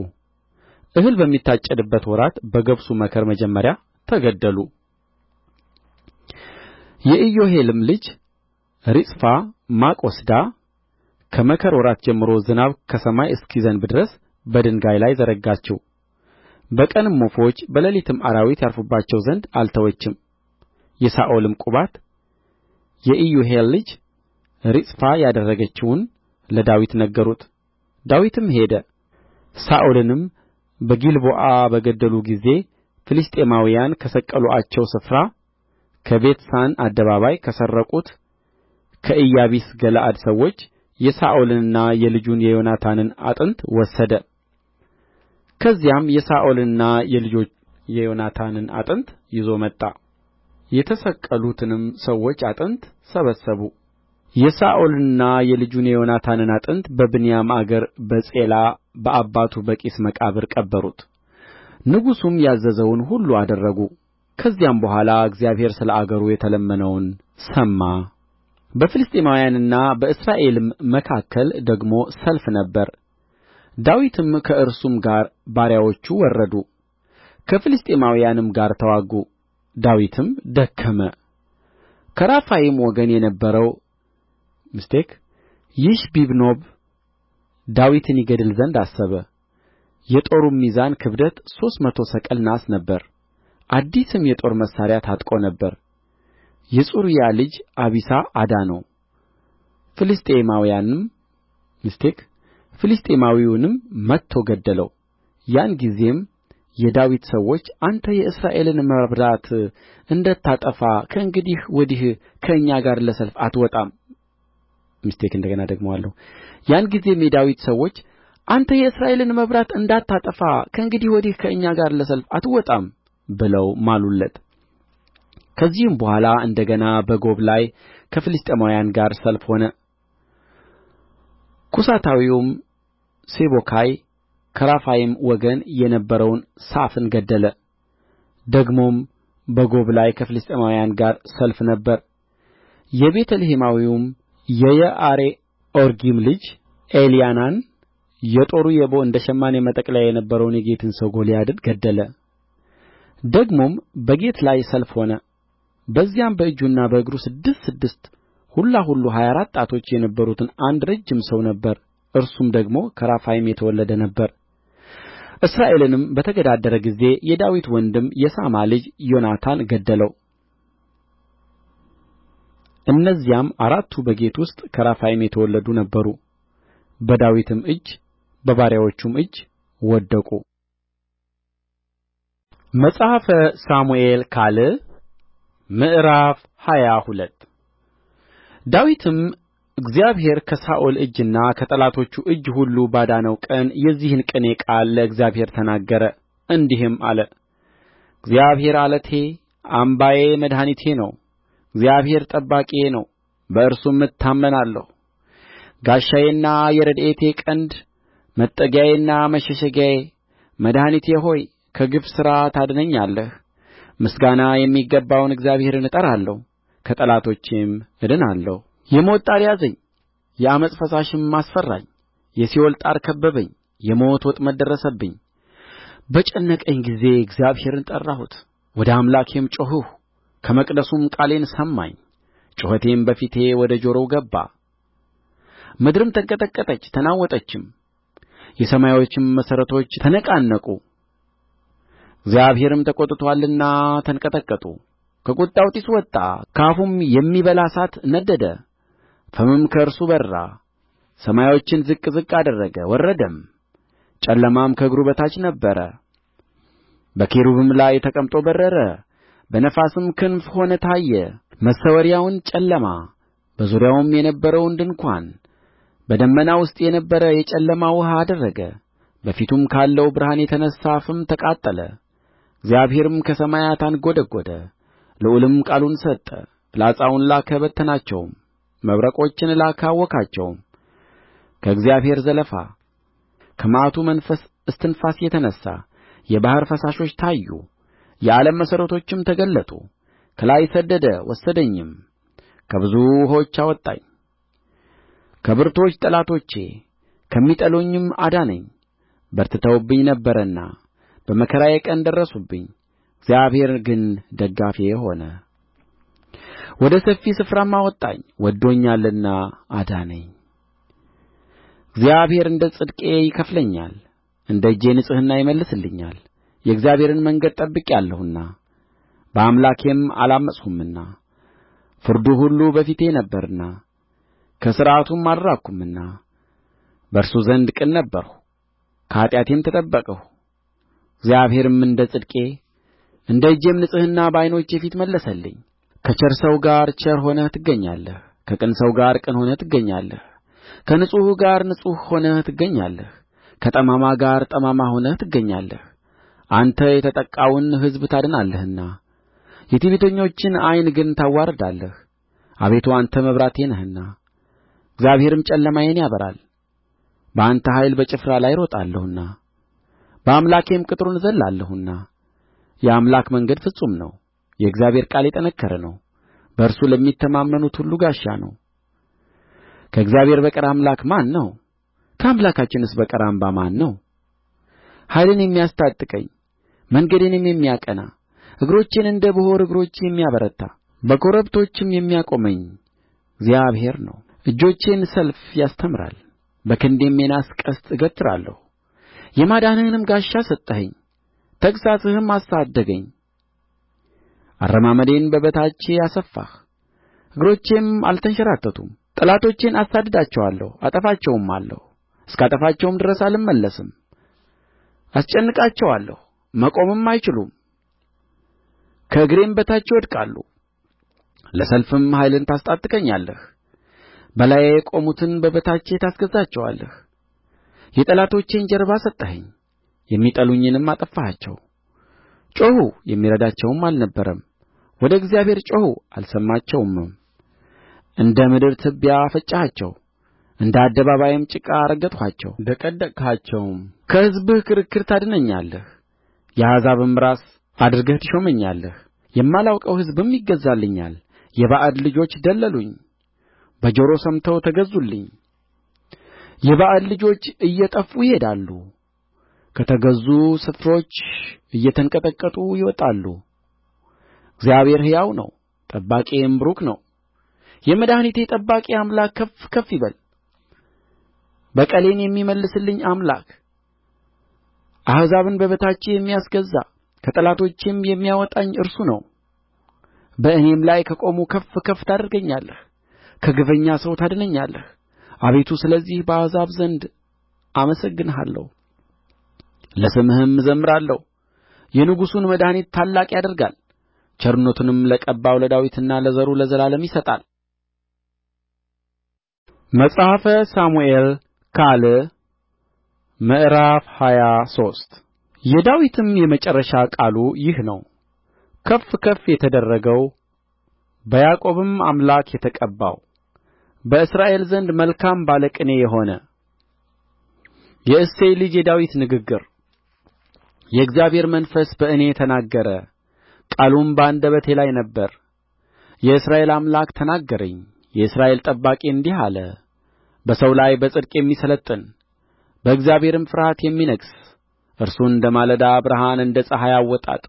A: እህል በሚታጨድበት ወራት በገብሱ መከር መጀመሪያ ተገደሉ የኢዮሄልም ልጅ ሪጽፋ ማቅ ወስዳ ከመከር ወራት ጀምሮ ዝናብ ከሰማይ እስኪዘንብ ድረስ በድንጋይ ላይ ዘረጋችው በቀንም ወፎች በሌሊትም አራዊት ያርፉባቸው ዘንድ አልተወችም የሳኦልም ቁባት የኢዮሄል ልጅ ሪጽፋ ያደረገችውን ለዳዊት ነገሩት ዳዊትም ሄደ ሳኦልንም በጊልቦዓ በገደሉ ጊዜ ፍልስጥኤማውያን ከሰቀሉአቸው ስፍራ ከቤትሳን አደባባይ ከሰረቁት ከኢያቢስ ገለዓድ ሰዎች የሳኦልንና የልጁን የዮናታንን አጥንት ወሰደ ከዚያም የሳኦልንና የልጁን የዮናታንን አጥንት ይዞ መጣ የተሰቀሉትንም ሰዎች አጥንት ሰበሰቡ የሳኦልንና የልጁን የዮናታንን አጥንት በብንያም አገር በጼላ በአባቱ በቂስ መቃብር ቀበሩት ንጉሡም ያዘዘውን ሁሉ አደረጉ ከዚያም በኋላ እግዚአብሔር ስለ አገሩ የተለመነውን ሰማ በፍልስጥኤማውያንና በእስራኤልም መካከል ደግሞ ሰልፍ ነበረ ዳዊትም ከእርሱም ጋር ባሪያዎቹ ወረዱ ከፍልስጥኤማውያንም ጋር ተዋጉ ዳዊትም ደከመ ከራፋይም ወገን የነበረው ሚስቴክ ይሽቢብኖብ ዳዊትን ይገድል ዘንድ አሰበ የጦሩም ሚዛን ክብደት ሦስት መቶ ሰቅል ናስ ነበረ አዲስም የጦር መሣሪያ ታጥቆ ነበር የጽሩያ ልጅ አቢሳ አዳነው ፍልስጥኤማዊውንም መትቶ ገደለው ያን ጊዜም የዳዊት ሰዎች አንተ የእስራኤልን መብራት እንዳታጠፋ ከእንግዲህ ወዲህ ከእኛ ጋር ለሰልፍ አትወጣም ሚስቴክ እንደገና ደግመዋለሁ ያን ጊዜም የዳዊት ሰዎች አንተ የእስራኤልን መብራት እንዳታጠፋ ከእንግዲህ ወዲህ ከእኛ ጋር ለሰልፍ አትወጣም ብለው ማሉለት ከዚህም በኋላ እንደ ገና በጎብ ላይ ከፍልስጥኤማውያን ጋር ሰልፍ ሆነ ኩሳታዊውም ሴቦካይ ከራፋይም ወገን የነበረውን ሳፍን ገደለ ደግሞም በጎብ ላይ ከፍልስጥኤማውያን ጋር ሰልፍ ነበረ የቤተ ልሔማዊውም የየዓሬኦርጊም ልጅ ኤልያናን የጦሩ የቦ እንደ ሸማኔ መጠቅለያ የነበረውን የጌትን ሰው ጎልያድን ገደለ ደግሞም በጌት ላይ ሰልፍ ሆነ በዚያም በእጁና በእግሩ ስድስት ስድስት ሁላሁሉ ሀያ አራት ጣቶች የነበሩትን አንድ ረጅም ሰው ነበረ እርሱም ደግሞ ከራፋይም የተወለደ ነበረ እስራኤልንም በተገዳደረ ጊዜ የዳዊት ወንድም የሳማ ልጅ ዮናታን ገደለው እነዚያም አራቱ በጌት ውስጥ ከራፋይም የተወለዱ ነበሩ በዳዊትም እጅ በባሪያዎቹም እጅ ወደቁ መጽሐፈ ሳሙኤል ካል ምዕራፍ ሃያ ሁለት ዳዊትም እግዚአብሔር ከሳኦል እጅና ከጠላቶቹ እጅ ሁሉ ባዳነው ቀን የዚህን ቅኔ ቃል ለእግዚአብሔር ተናገረ እንዲህም አለ እግዚአብሔር ዓለቴ አምባዬ መድኃኒቴ ነው እግዚአብሔር ጠባቂዬ ነው በእርሱም እታመናለሁ ጋሻዬና የረድኤቴ ቀንድ መጠጊያዬና መሸሸጊያዬ መድኃኒቴ ሆይ ከግፍ ሥራ ታድነኛለህ ምስጋና የሚገባውን እግዚአብሔርን እጠራለሁ ከጠላቶቼም እድናለሁ የሞት ጣር ያዘኝ የዓመፅ ፈሳሽም አስፈራኝ የሲኦል ጣር ከበበኝ የሞት ወጥመድ ደረሰብኝ በጨነቀኝ ጊዜ እግዚአብሔርን ጠራሁት ወደ አምላኬም ጮኽሁ ከመቅደሱም ቃሌን ሰማኝ ጩኸቴም በፊቴ ወደ ጆሮው ገባ ምድርም ተንቀጠቀጠች ተናወጠችም የሰማዮችም መሠረቶች ተነቃነቁ እግዚአብሔርም ተቈጥቶአልና ተንቀጠቀጡ ከቍጣው ጢስ ወጣ ከአፉም የሚበላ እሳት ነደደ ፍምም ከእርሱ በራ ሰማዮችን ዝቅ ዝቅ አደረገ ወረደም ጨለማም ከእግሩ በታች ነበረ በኪሩብም ላይ ተቀምጦ በረረ በነፋስም ክንፍ ሆነ ታየ መሰወሪያውን ጨለማ በዙሪያውም የነበረውን ድንኳን በደመና ውስጥ የነበረ የጨለማ ውኃ አደረገ በፊቱም ካለው ብርሃን የተነሣ ፍም ተቃጠለ እግዚአብሔርም ከሰማያት አንጐደጐደ ልዑልም ቃሉን ሰጠ ፍላጻውን ላከ በተናቸውም መብረቆችን ላከ አወካቸውም ከእግዚአብሔር ዘለፋ ከመዓቱ መንፈስ እስትንፋስ የተነሣ የባሕር ፈሳሾች ታዩ የዓለም መሠረቶችም ተገለጡ ከላይ ሰደደ ወሰደኝም ከብዙ ውኆች አወጣኝ ከብርቱዎች ጠላቶቼ ከሚጠሉኝም አዳነኝ በርትተውብኝ ነበርና በመከራዬ ቀን ደረሱብኝ እግዚአብሔር ግን ደገፋዬ ሆነ ወደ ሰፊ ስፍራም አወጣኝ ወድዶኛልና አዳነኝ እግዚአብሔር እንደ ጽድቄ ይከፍለኛል እንደ እጄ ንጽሕና ይመልስልኛል የእግዚአብሔርን መንገድ ጠብቄአለሁና በአምላኬም አላመፅሁምና ፍርዱ ሁሉ በፊቴ ነበረና ከሥርዓቱም አልራቅሁምና በእርሱ ዘንድ ቅን ነበርሁ ከኃጢአቴም ተጠበቅሁ እግዚአብሔርም እንደ ጽድቄ እንደ እጄም ንጽሕና በዓይኖቼ ፊት መለሰልኝ ከቸር ሰው ጋር ቸር ሆነህ ትገኛለህ ከቅን ሰው ጋር ቅን ሆነህ ትገኛለህ ከንጹሕ ጋር ንጹሕ ሆነህ ትገኛለህ ከጠማማ ጋር ጠማማ ሆነህ ትገኛለህ አንተ የተጠቃውን ሕዝብ ታድናለህና የትዕቢተኞችን ዓይን ግን ታዋርዳለህ አቤቱ አንተ መብራቴ ነህና እግዚአብሔርም ጨለማዬን ያበራል በአንተ ኃይል በጭፍራ ላይ እሮጣለሁና በአምላኬም ቅጥሩን እዘልላለሁና የአምላክ መንገድ ፍጹም ነው የእግዚአብሔር ቃል የጠነከረ ነው በእርሱ ለሚተማመኑት ሁሉ ጋሻ ነው ከእግዚአብሔር በቀር አምላክ ማን ነው ከአምላካችንስ በቀር አምባ ማን ነው ኃይልን የሚያስታጥቀኝ መንገዴንም የሚያቀና እግሮቼን እንደ ብሖር እግሮች የሚያበረታ በኮረብቶችም የሚያቆመኝ እግዚአብሔር ነው እጆቼን ሰልፍ ያስተምራል በክንዴም የናስ ቀስት እገትራለሁ የማዳንህንም ጋሻ ሰጠኸኝ ተግሣጽህም አሳደገኝ አረማመዴን በበታቼ አሰፋህ እግሮቼም አልተንሸራተቱም ጠላቶቼን አሳድዳቸዋለሁ አጠፋቸውማለሁ እስካጠፋቸውም ድረስ አልመለስም አስጨንቃቸዋለሁ መቆምም አይችሉም ከእግሬም በታች ይወድቃሉ ለሰልፍም ኃይልን ታስታጥቀኛለህ በላዬ የቆሙትን በበታቼ ታስገዛቸዋለህ የጠላቶቼን ጀርባ ሰጠኸኝ የሚጠሉኝንም አጠፋሃቸው ጮኹ የሚረዳቸውም አልነበረም ወደ እግዚአብሔር ጮኹ አልሰማቸውምም እንደ ምድር ትቢያ ፈጨሃቸው እንደ አደባባይም ጭቃ ረገጥኋቸው ደቀደቅኋቸውም። ከሕዝብህ ክርክር ታድነኛለህ የአሕዛብም ራስ አድርገህ ትሾመኛለህ የማላውቀው ሕዝብም ይገዛልኛል የባዕድ ልጆች ደለሉኝ በጆሮ ሰምተው ተገዙልኝ የባዕድ ልጆች እየጠፉ ይሄዳሉ ከተገዙ ስፍሮች እየተንቀጠቀጡ ይወጣሉ እግዚአብሔር ሕያው ነው ጠባቂዬም ቡሩክ ነው የመድኃኒቴ ጠባቂ አምላክ ከፍ ከፍ ይበል በቀሌን የሚመልስልኝ አምላክ አሕዛብን በበታቼ የሚያስገዛ ከጠላቶቼም የሚያወጣኝ እርሱ ነው በእኔም ላይ ከቆሙ ከፍ ከፍ ታደርገኛለህ ከግፈኛ ሰው ታድነኛለህ አቤቱ ስለዚህ በአሕዛብ ዘንድ አመሰግንሃለሁ ለስምህም እዘምራለሁ የንጉሡን መድኃኒት ታላቅ ያደርጋል ቸርነቱንም ለቀባው ለዳዊትና ለዘሩ ለዘላለም ይሰጣል መጽሐፈ ሳሙኤል ካል ምዕራፍ ሃያ ሶስት የዳዊትም የመጨረሻ ቃሉ ይህ ነው ከፍ ከፍ የተደረገው በያዕቆብም አምላክ የተቀባው በእስራኤል ዘንድ መልካም ባለ ቅኔ የሆነ የእሴይ ልጅ የዳዊት ንግግር የእግዚአብሔር መንፈስ በእኔ ተናገረ፣ ቃሉም በአንደበቴ ላይ ነበር። የእስራኤል አምላክ ተናገረኝ፣ የእስራኤል ጠባቂ እንዲህ አለ፦ በሰው ላይ በጽድቅ የሚሰለጥን በእግዚአብሔርም ፍርሃት የሚነግሥ እርሱ እንደ ማለዳ ብርሃን እንደ ፀሐይ አወጣጥ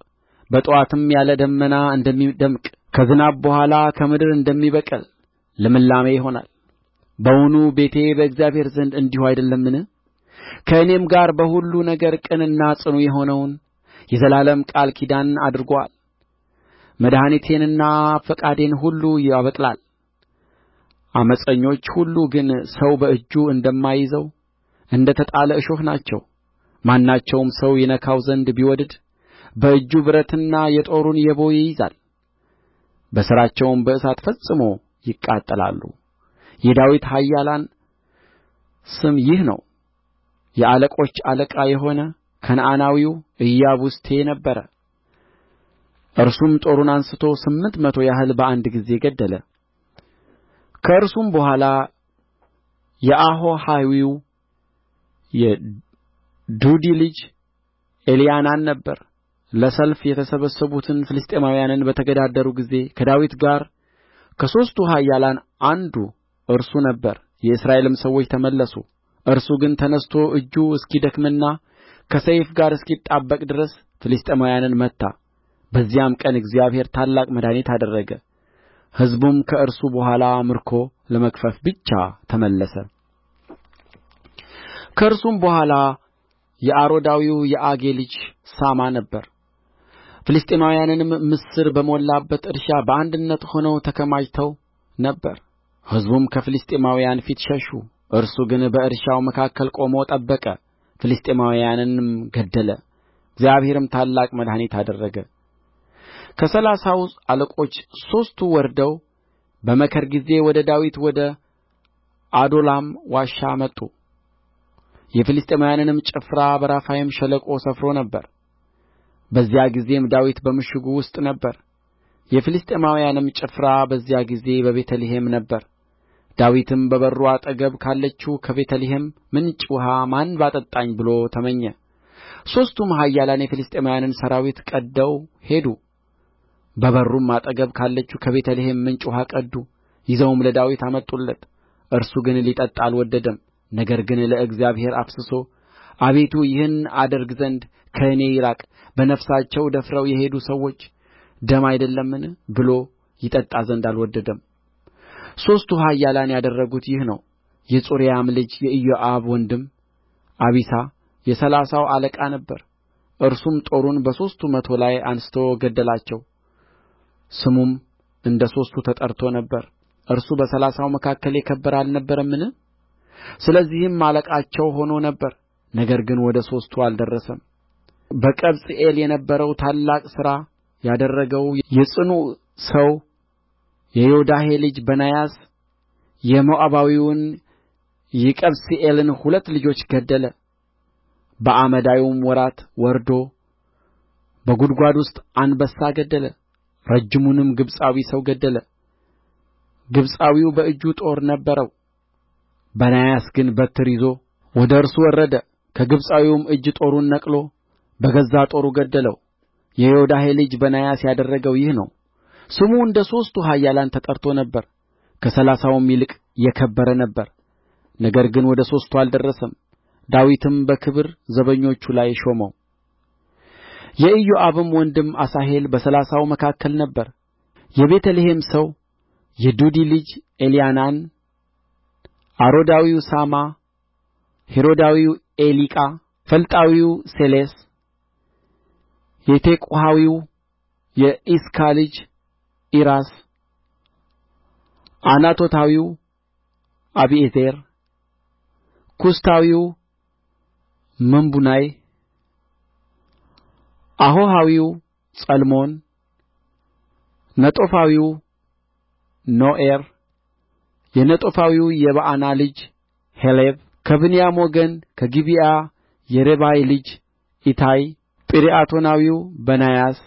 A: በጥዋትም ያለ ደመና እንደሚደምቅ ከዝናብ በኋላ ከምድር እንደሚበቅል ልምላሜ ይሆናል በውኑ ቤቴ በእግዚአብሔር ዘንድ እንዲሁ አይደለምን ከእኔም ጋር በሁሉ ነገር ቅንና ጽኑ የሆነውን የዘላለም ቃል ኪዳን አድርጎአል መድኃኒቴንና ፈቃዴን ሁሉ ያበቅላል ዓመፀኞች ሁሉ ግን ሰው በእጁ እንደማይዘው እንደ ተጣለ እሾህ ናቸው ማናቸውም ሰው ይነካው ዘንድ ቢወድድ በእጁ ብረትና የጦሩን የቦ ይይዛል በሥራቸውም በእሳት ፈጽሞ ይቃጠላሉ የዳዊት ኃያላን ስም ይህ ነው የአለቆች አለቃ የሆነ ከነዓናዊው ኢያቡስቴ ነበረ እርሱም ጦሩን አንስቶ ስምንት መቶ ያህል በአንድ ጊዜ ገደለ ከእርሱም በኋላ የአሆሃዊው የዱዲ ልጅ ኤልያናን ነበረ ለሰልፍ የተሰበሰቡትን ፍልስጥኤማውያንን በተገዳደሩ ጊዜ ከዳዊት ጋር ከሦስቱ ኃያላን አንዱ እርሱ ነበረ የእስራኤልም ሰዎች ተመለሱ እርሱ ግን ተነሥቶ እጁ እስኪደክምና ከሰይፍ ጋር እስኪጣበቅ ድረስ ፍልስጥኤማውያንን መታ በዚያም ቀን እግዚአብሔር ታላቅ መድኃኒት አደረገ ሕዝቡም ከእርሱ በኋላ ምርኮ ለመግፈፍ ብቻ ተመለሰ ከእርሱም በኋላ የአሮዳዊው የአጌ ልጅ ሣማ ነበረ ፍልስጥኤማውያንም ምስር በሞላበት እርሻ በአንድነት ሆነው ተከማችተው ነበር ሕዝቡም ከፍልስጥኤማውያን ፊት ሸሹ እርሱ ግን በእርሻው መካከል ቆሞ ጠበቀ ፍልስጥኤማውያንንም ገደለ እግዚአብሔርም ታላቅ መድኃኒት አደረገ ከሠላሳው አለቆች ሦስቱ ወርደው በመከር ጊዜ ወደ ዳዊት ወደ ዓዶላም ዋሻ መጡ የፍልስጥኤማውያንም ጭፍራ በራፋይም ሸለቆ ሰፍሮ ነበር በዚያ ጊዜም ዳዊት በምሽጉ ውስጥ ነበረ የፍልስጥኤማውያንም ጭፍራ በዚያ ጊዜ በቤተ ልሔም ነበረ ዳዊትም በበሩ አጠገብ ካለችው ከቤተ ልሔም ምንጭ ውኃ ማን ባጠጣኝ ብሎ ተመኘ ሦስቱም ኃያላን የፍልስጥኤማውያንን ሠራዊት ቀድደው ሄዱ በበሩም አጠገብ ካለችው ከቤተ ልሔም ምንጭ ውኃ ቀዱ ይዘውም ለዳዊት አመጡለት እርሱ ግን ሊጠጣ አልወደደም ነገር ግን ለእግዚአብሔር አፍስሶ አቤቱ ይህን አደርግ ዘንድ ከእኔ ይራቅ በነፍሳቸው ደፍረው የሄዱ ሰዎች ደም አይደለምን ብሎ ይጠጣ ዘንድ አልወደደም ሦስቱ ኃያላን ያደረጉት ይህ ነው የጽሩያም ልጅ የኢዮአብ ወንድም አቢሳ የሠላሳው አለቃ ነበረ እርሱም ጦሩን በሦስቱ መቶ ላይ አንስቶ ገደላቸው ስሙም እንደ ሦስቱ ተጠርቶ ነበር እርሱ በሠላሳው መካከል የከበረ አልነበረምን ስለዚህም አለቃቸው ሆኖ ነበር ነገር ግን ወደ ሦስቱ አልደረሰም በቀብጽኤል የነበረው ታላቅ ሥራ ያደረገው የጽኑዕ ሰው የዮዳሄ ልጅ በናያስ የሞዓባዊውን የቀብስኤልን ሁለት ልጆች ገደለ በአመዳዩም ወራት ወርዶ በጕድጓድ ውስጥ አንበሳ ገደለ ረጅሙንም ግብጻዊ ሰው ገደለ ግብጻዊው በእጁ ጦር ነበረው በናያስ ግን በትር ይዞ ወደ እርሱ ወረደ ከግብጻዊውም እጅ ጦሩን ነቅሎ በገዛ ጦሩ ገደለው የዮዳሄ ልጅ በናያስ ያደረገው ይህ ነው ስሙ እንደ ሦስቱ ኃያላን ተጠርቶ ነበር ከሠላሳውም ይልቅ የከበረ ነበር ነገር ግን ወደ ሦስቱ አልደረሰም ዳዊትም በክብር ዘበኞቹ ላይ ሾመው የኢዮአብም ወንድም አሣሄል በሠላሳው መካከል ነበረ የቤተ ልሔም ሰው የዱዲ ልጅ ኤልያናን አሮዳዊው ሣማ ሒሮዳዊው ኤሊቃ ፈልጣዊው ሴሌስ የቴቁሐዊው የዒስካ ልጅ ዒራስ ዓናቶታዊው አቢዔዜር ኩሳታዊው ምቡናይ አሆሃዊው ጸልሞን ነጦፋዊው ኖኤሬ የነጦፋዊው የበዓና ልጅ ሔሌብ ከብንያም ወገን ከጊብዓ የሪባይ ልጅ ኢታይ ጲርዓቶናዊው በናያስ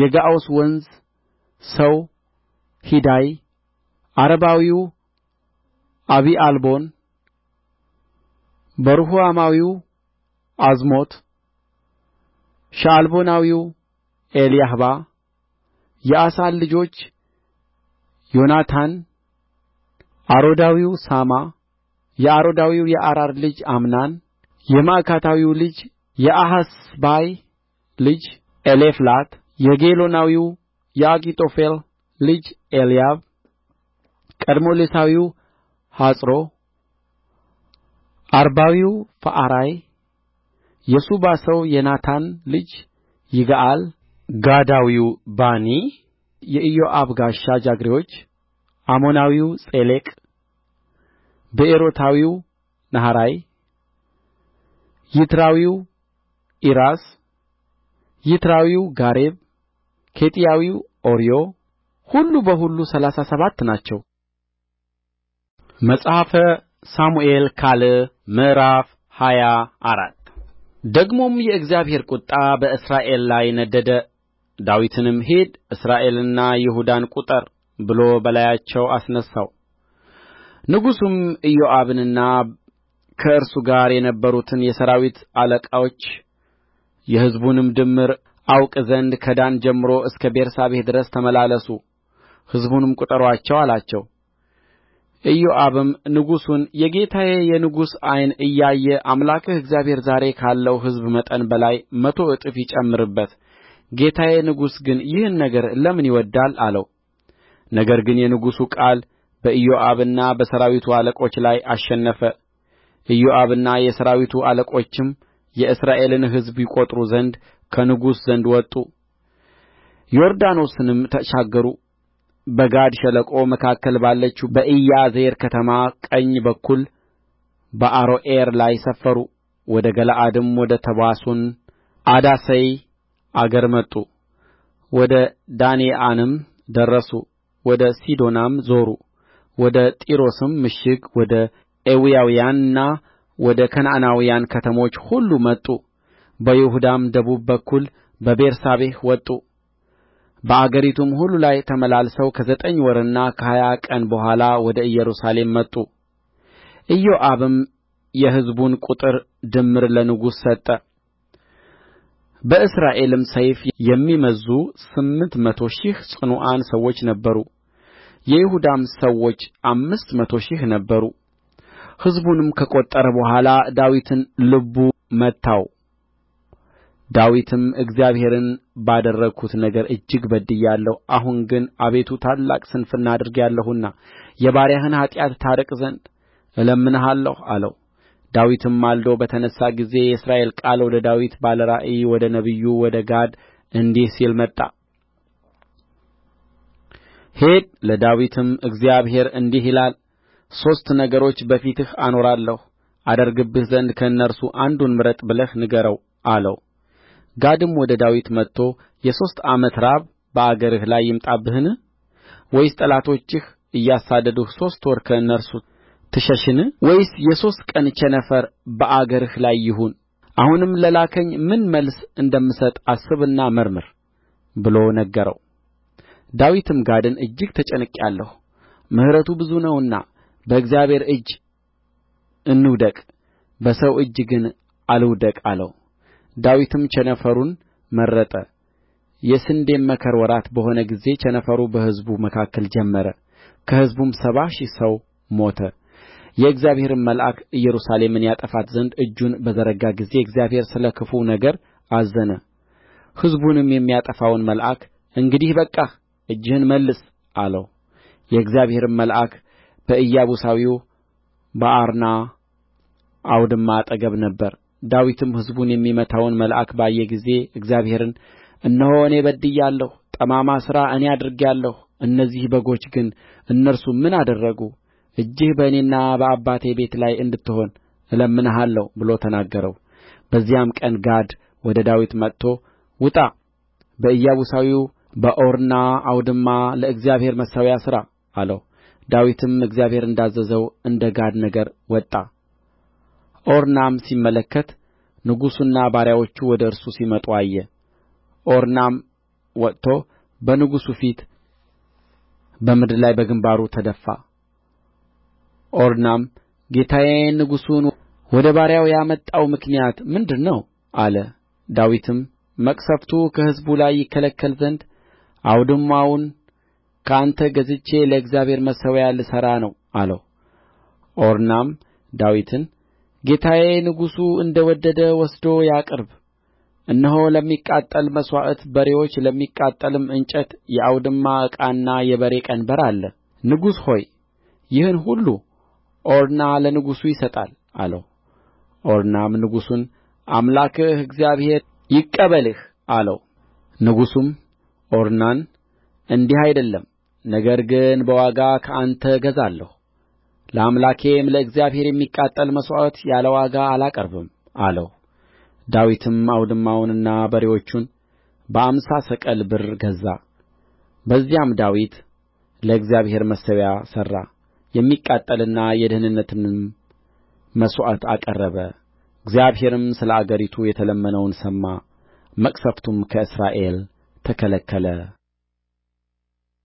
A: የገዓስ ወንዝ ሰው ሂዳይ ዓረባዊው አቢዓልቦን በርሑማዊው ዓዝሞት ሸዓልቦናዊው ኤሊያሕባ የአሳን ልጆች ዮናታን አሮዳዊው ሣማ የአሮዳዊው የአራር ልጅ አምናን የማዕካታዊው ልጅ የአሐስባይ ልጅ ኤሌፋላት የጌሎናዊው የአኪጦፌል ልጅ ኤልያብ ቀርሜሎሳዊው ሐጽሮ አርባዊው ፈዓራይ የሱባ ሰው የናታን ልጅ ይግዓል ጋዳዊው ባኒ የኢዮአብ ጋሻ ጃግሬዎች አሞናዊው ጼሌቅ ብኤሮታዊው ነሃራይ ይትራዊው ዒራስ ይትራዊው ጋሬብ ኬጢያዊው ኦርዮ ሁሉ በሁሉ ሠላሳ ሰባት ናቸው መጽሐፈ ሳሙኤል ካል ምዕራፍ ሃያ አራት ደግሞም የእግዚአብሔር ቍጣ በእስራኤል ላይ ነደደ ዳዊትንም ሂድ እስራኤልንና ይሁዳን ቍጠር ብሎ በላያቸው አስነሣው ንጉሡም ኢዮአብንና ከእርሱ ጋር የነበሩትን የሠራዊት አለቆች የሕዝቡንም ድምር አውቅ ዘንድ ከዳን ጀምሮ እስከ ቤርሳቤህ ድረስ ተመላለሱ ሕዝቡንም ቍጠሩአቸው አላቸው ኢዮአብም ንጉሡን የጌታዬ የንጉሥ ዐይን እያየ አምላክህ እግዚአብሔር ዛሬ ካለው ሕዝብ መጠን በላይ መቶ እጥፍ ይጨምርበት ጌታዬ ንጉሥ ግን ይህን ነገር ለምን ይወድዳል አለው ነገር ግን የንጉሡ ቃል በኢዮአብና በሠራዊቱ አለቆች ላይ አሸነፈ ኢዮአብና የሠራዊቱ አለቆችም የእስራኤልን ሕዝብ ይቈጥሩ ዘንድ ከንጉሡ ዘንድ ወጡ ዮርዳኖስንም ተሻገሩ በጋድ ሸለቆ መካከል ባለችው በኢያዜር ከተማ ቀኝ በኩል በአሮዔር ላይ ሰፈሩ ወደ ገለዓድም ወደ ተባሶን አዳሰይ አገር መጡ ወደ ዳንየዓንም ደረሱ ወደ ሲዶናም ዞሩ ወደ ጢሮስም ምሽግ ወደ ኤዊያውያንና ወደ ከነዓናውያን ከተሞች ሁሉ መጡ በይሁዳም ደቡብ በኩል በቤርሳቤህ ወጡ በአገሪቱም ሁሉ ላይ ተመላልሰው ከዘጠኝ ወርና ከሀያ ቀን በኋላ ወደ ኢየሩሳሌም መጡ ኢዮአብም የሕዝቡን ቍጥር ድምር ለንጉሡ ሰጠ በእስራኤልም ሰይፍ የሚመዝዙ ስምንት መቶ ሺህ ጽኑዓን ሰዎች ነበሩ የይሁዳም ሰዎች አምስት መቶ ሺህ ነበሩ ሕዝቡንም ከቈጠረ በኋላ ዳዊትን ልቡ መታው ዳዊትም እግዚአብሔርን ባደረግሁት ነገር እጅግ በድያለሁ አሁን ግን አቤቱ ታላቅ ስንፍና አድርጌአለሁና የባሪያህን ኃጢአት ታርቅ ዘንድ እለምንሃለሁ አለው ዳዊትም ማልዶ በተነሣ ጊዜ የእስራኤል ቃል ወደ ዳዊት ባለ ራእይ ወደ ነቢዩ ወደ ጋድ እንዲህ ሲል መጣ ሂድ ለዳዊትም እግዚአብሔር እንዲህ ይላል ሦስት ነገሮች በፊትህ አኖራለሁ አደርግብህ ዘንድ ከእነርሱ አንዱን ምረጥ ብለህ ንገረው አለው ጋድም ወደ ዳዊት መጥቶ የሦስት ዓመት ራብ በአገርህ ላይ ይምጣብህን ወይስ ጠላቶችህ እያሳደዱህ ሦስት ወር ከእነርሱ ትሸሽን ወይስ የሦስት ቀን ቸነፈር በአገርህ ላይ ይሁን አሁንም ለላከኝ ምን መልስ እንደምሰጥ አስብና መርምር ብሎ ነገረው ዳዊትም ጋድን እጅግ ተጨንቄአለሁ ምሕረቱ ብዙ ነውና በእግዚአብሔር እጅ እንውደቅ በሰው እጅ ግን አልውደቅ አለው ዳዊትም ቸነፈሩን መረጠ የስንዴም መከር ወራት በሆነ ጊዜ ቸነፈሩ በሕዝቡ መካከል ጀመረ ከሕዝቡም ሰባ ሺህ ሰው ሞተ የእግዚአብሔርም መልአክ ኢየሩሳሌምን ያጠፋት ዘንድ እጁን በዘረጋ ጊዜ እግዚአብሔር ስለ ክፉው ነገር አዘነ ሕዝቡንም የሚያጠፋውን መልአክ እንግዲህ በቃህ እጅህን መልስ አለው የእግዚአብሔርም መልአክ በኢያቡሳዊው በኦርና አውድማ አጠገብ ነበረ ዳዊትም ሕዝቡን የሚመታውን መልአክ ባየ ጊዜ እግዚአብሔርን እነሆ እኔ በድያለሁ ጠማማ ሥራ እኔ አድርጌአለሁ እነዚህ በጎች ግን እነርሱ ምን አደረጉ እጅህ በእኔና በአባቴ ቤት ላይ እንድትሆን እለምንሃለሁ ብሎ ተናገረው በዚያም ቀን ጋድ ወደ ዳዊት መጥቶ ውጣ በኢያቡሳዊው በኦርና አውድማ ለእግዚአብሔር መሠዊያ ሥራ አለው ዳዊትም እግዚአብሔር እንዳዘዘው እንደ ጋድ ነገር ወጣ ኦርናም ሲመለከት ንጉሡና ባሪያዎቹ ወደ እርሱ ሲመጡ አየ ኦርናም ወጥቶ በንጉሡ ፊት በምድር ላይ በግምባሩ ተደፋ ኦርናም ጌታዬ ንጉሡን ወደ ባሪያው ያመጣው ምክንያት ምንድር ነው አለ ዳዊትም መቅሠፍቱ ከሕዝቡ ላይ ይከለከል ዘንድ አውድማውን ከአንተ ገዝቼ ለእግዚአብሔር መሠዊያ ልሠራ ነው አለው ኦርናም ዳዊትን ጌታዬ ንጉሡ እንደ ወደደ ወስዶ ያቅርብ እነሆ ለሚቃጠል መሥዋዕት በሬዎች ለሚቃጠልም እንጨት የአውድማ ዕቃና የበሬ ቀንበር አለ ንጉሥ ሆይ ይህን ሁሉ ኦርና ለንጉሡ ይሰጣል አለው ኦርናም ንጉሡን አምላክህ እግዚአብሔር ይቀበልህ አለው ንጉሡም ኦርናን እንዲህ አይደለም ነገር ግን በዋጋ ከአንተ እገዛለሁ ለአምላኬም ለእግዚአብሔር የሚቃጠል መሥዋዕት ያለ ዋጋ አላቀርብም አለው ዳዊትም አውድማውንና በሬዎቹን በአምሳ ሰቅል ብር ገዛ በዚያም ዳዊት ለእግዚአብሔር መሠዊያ ሠራ የሚቃጠልና የደኅንነትንም መሥዋዕት አቀረበ እግዚአብሔርም ስለ አገሪቱ የተለመነውን ሰማ መቅሠፍቱም ከእስራኤል ተከለከለ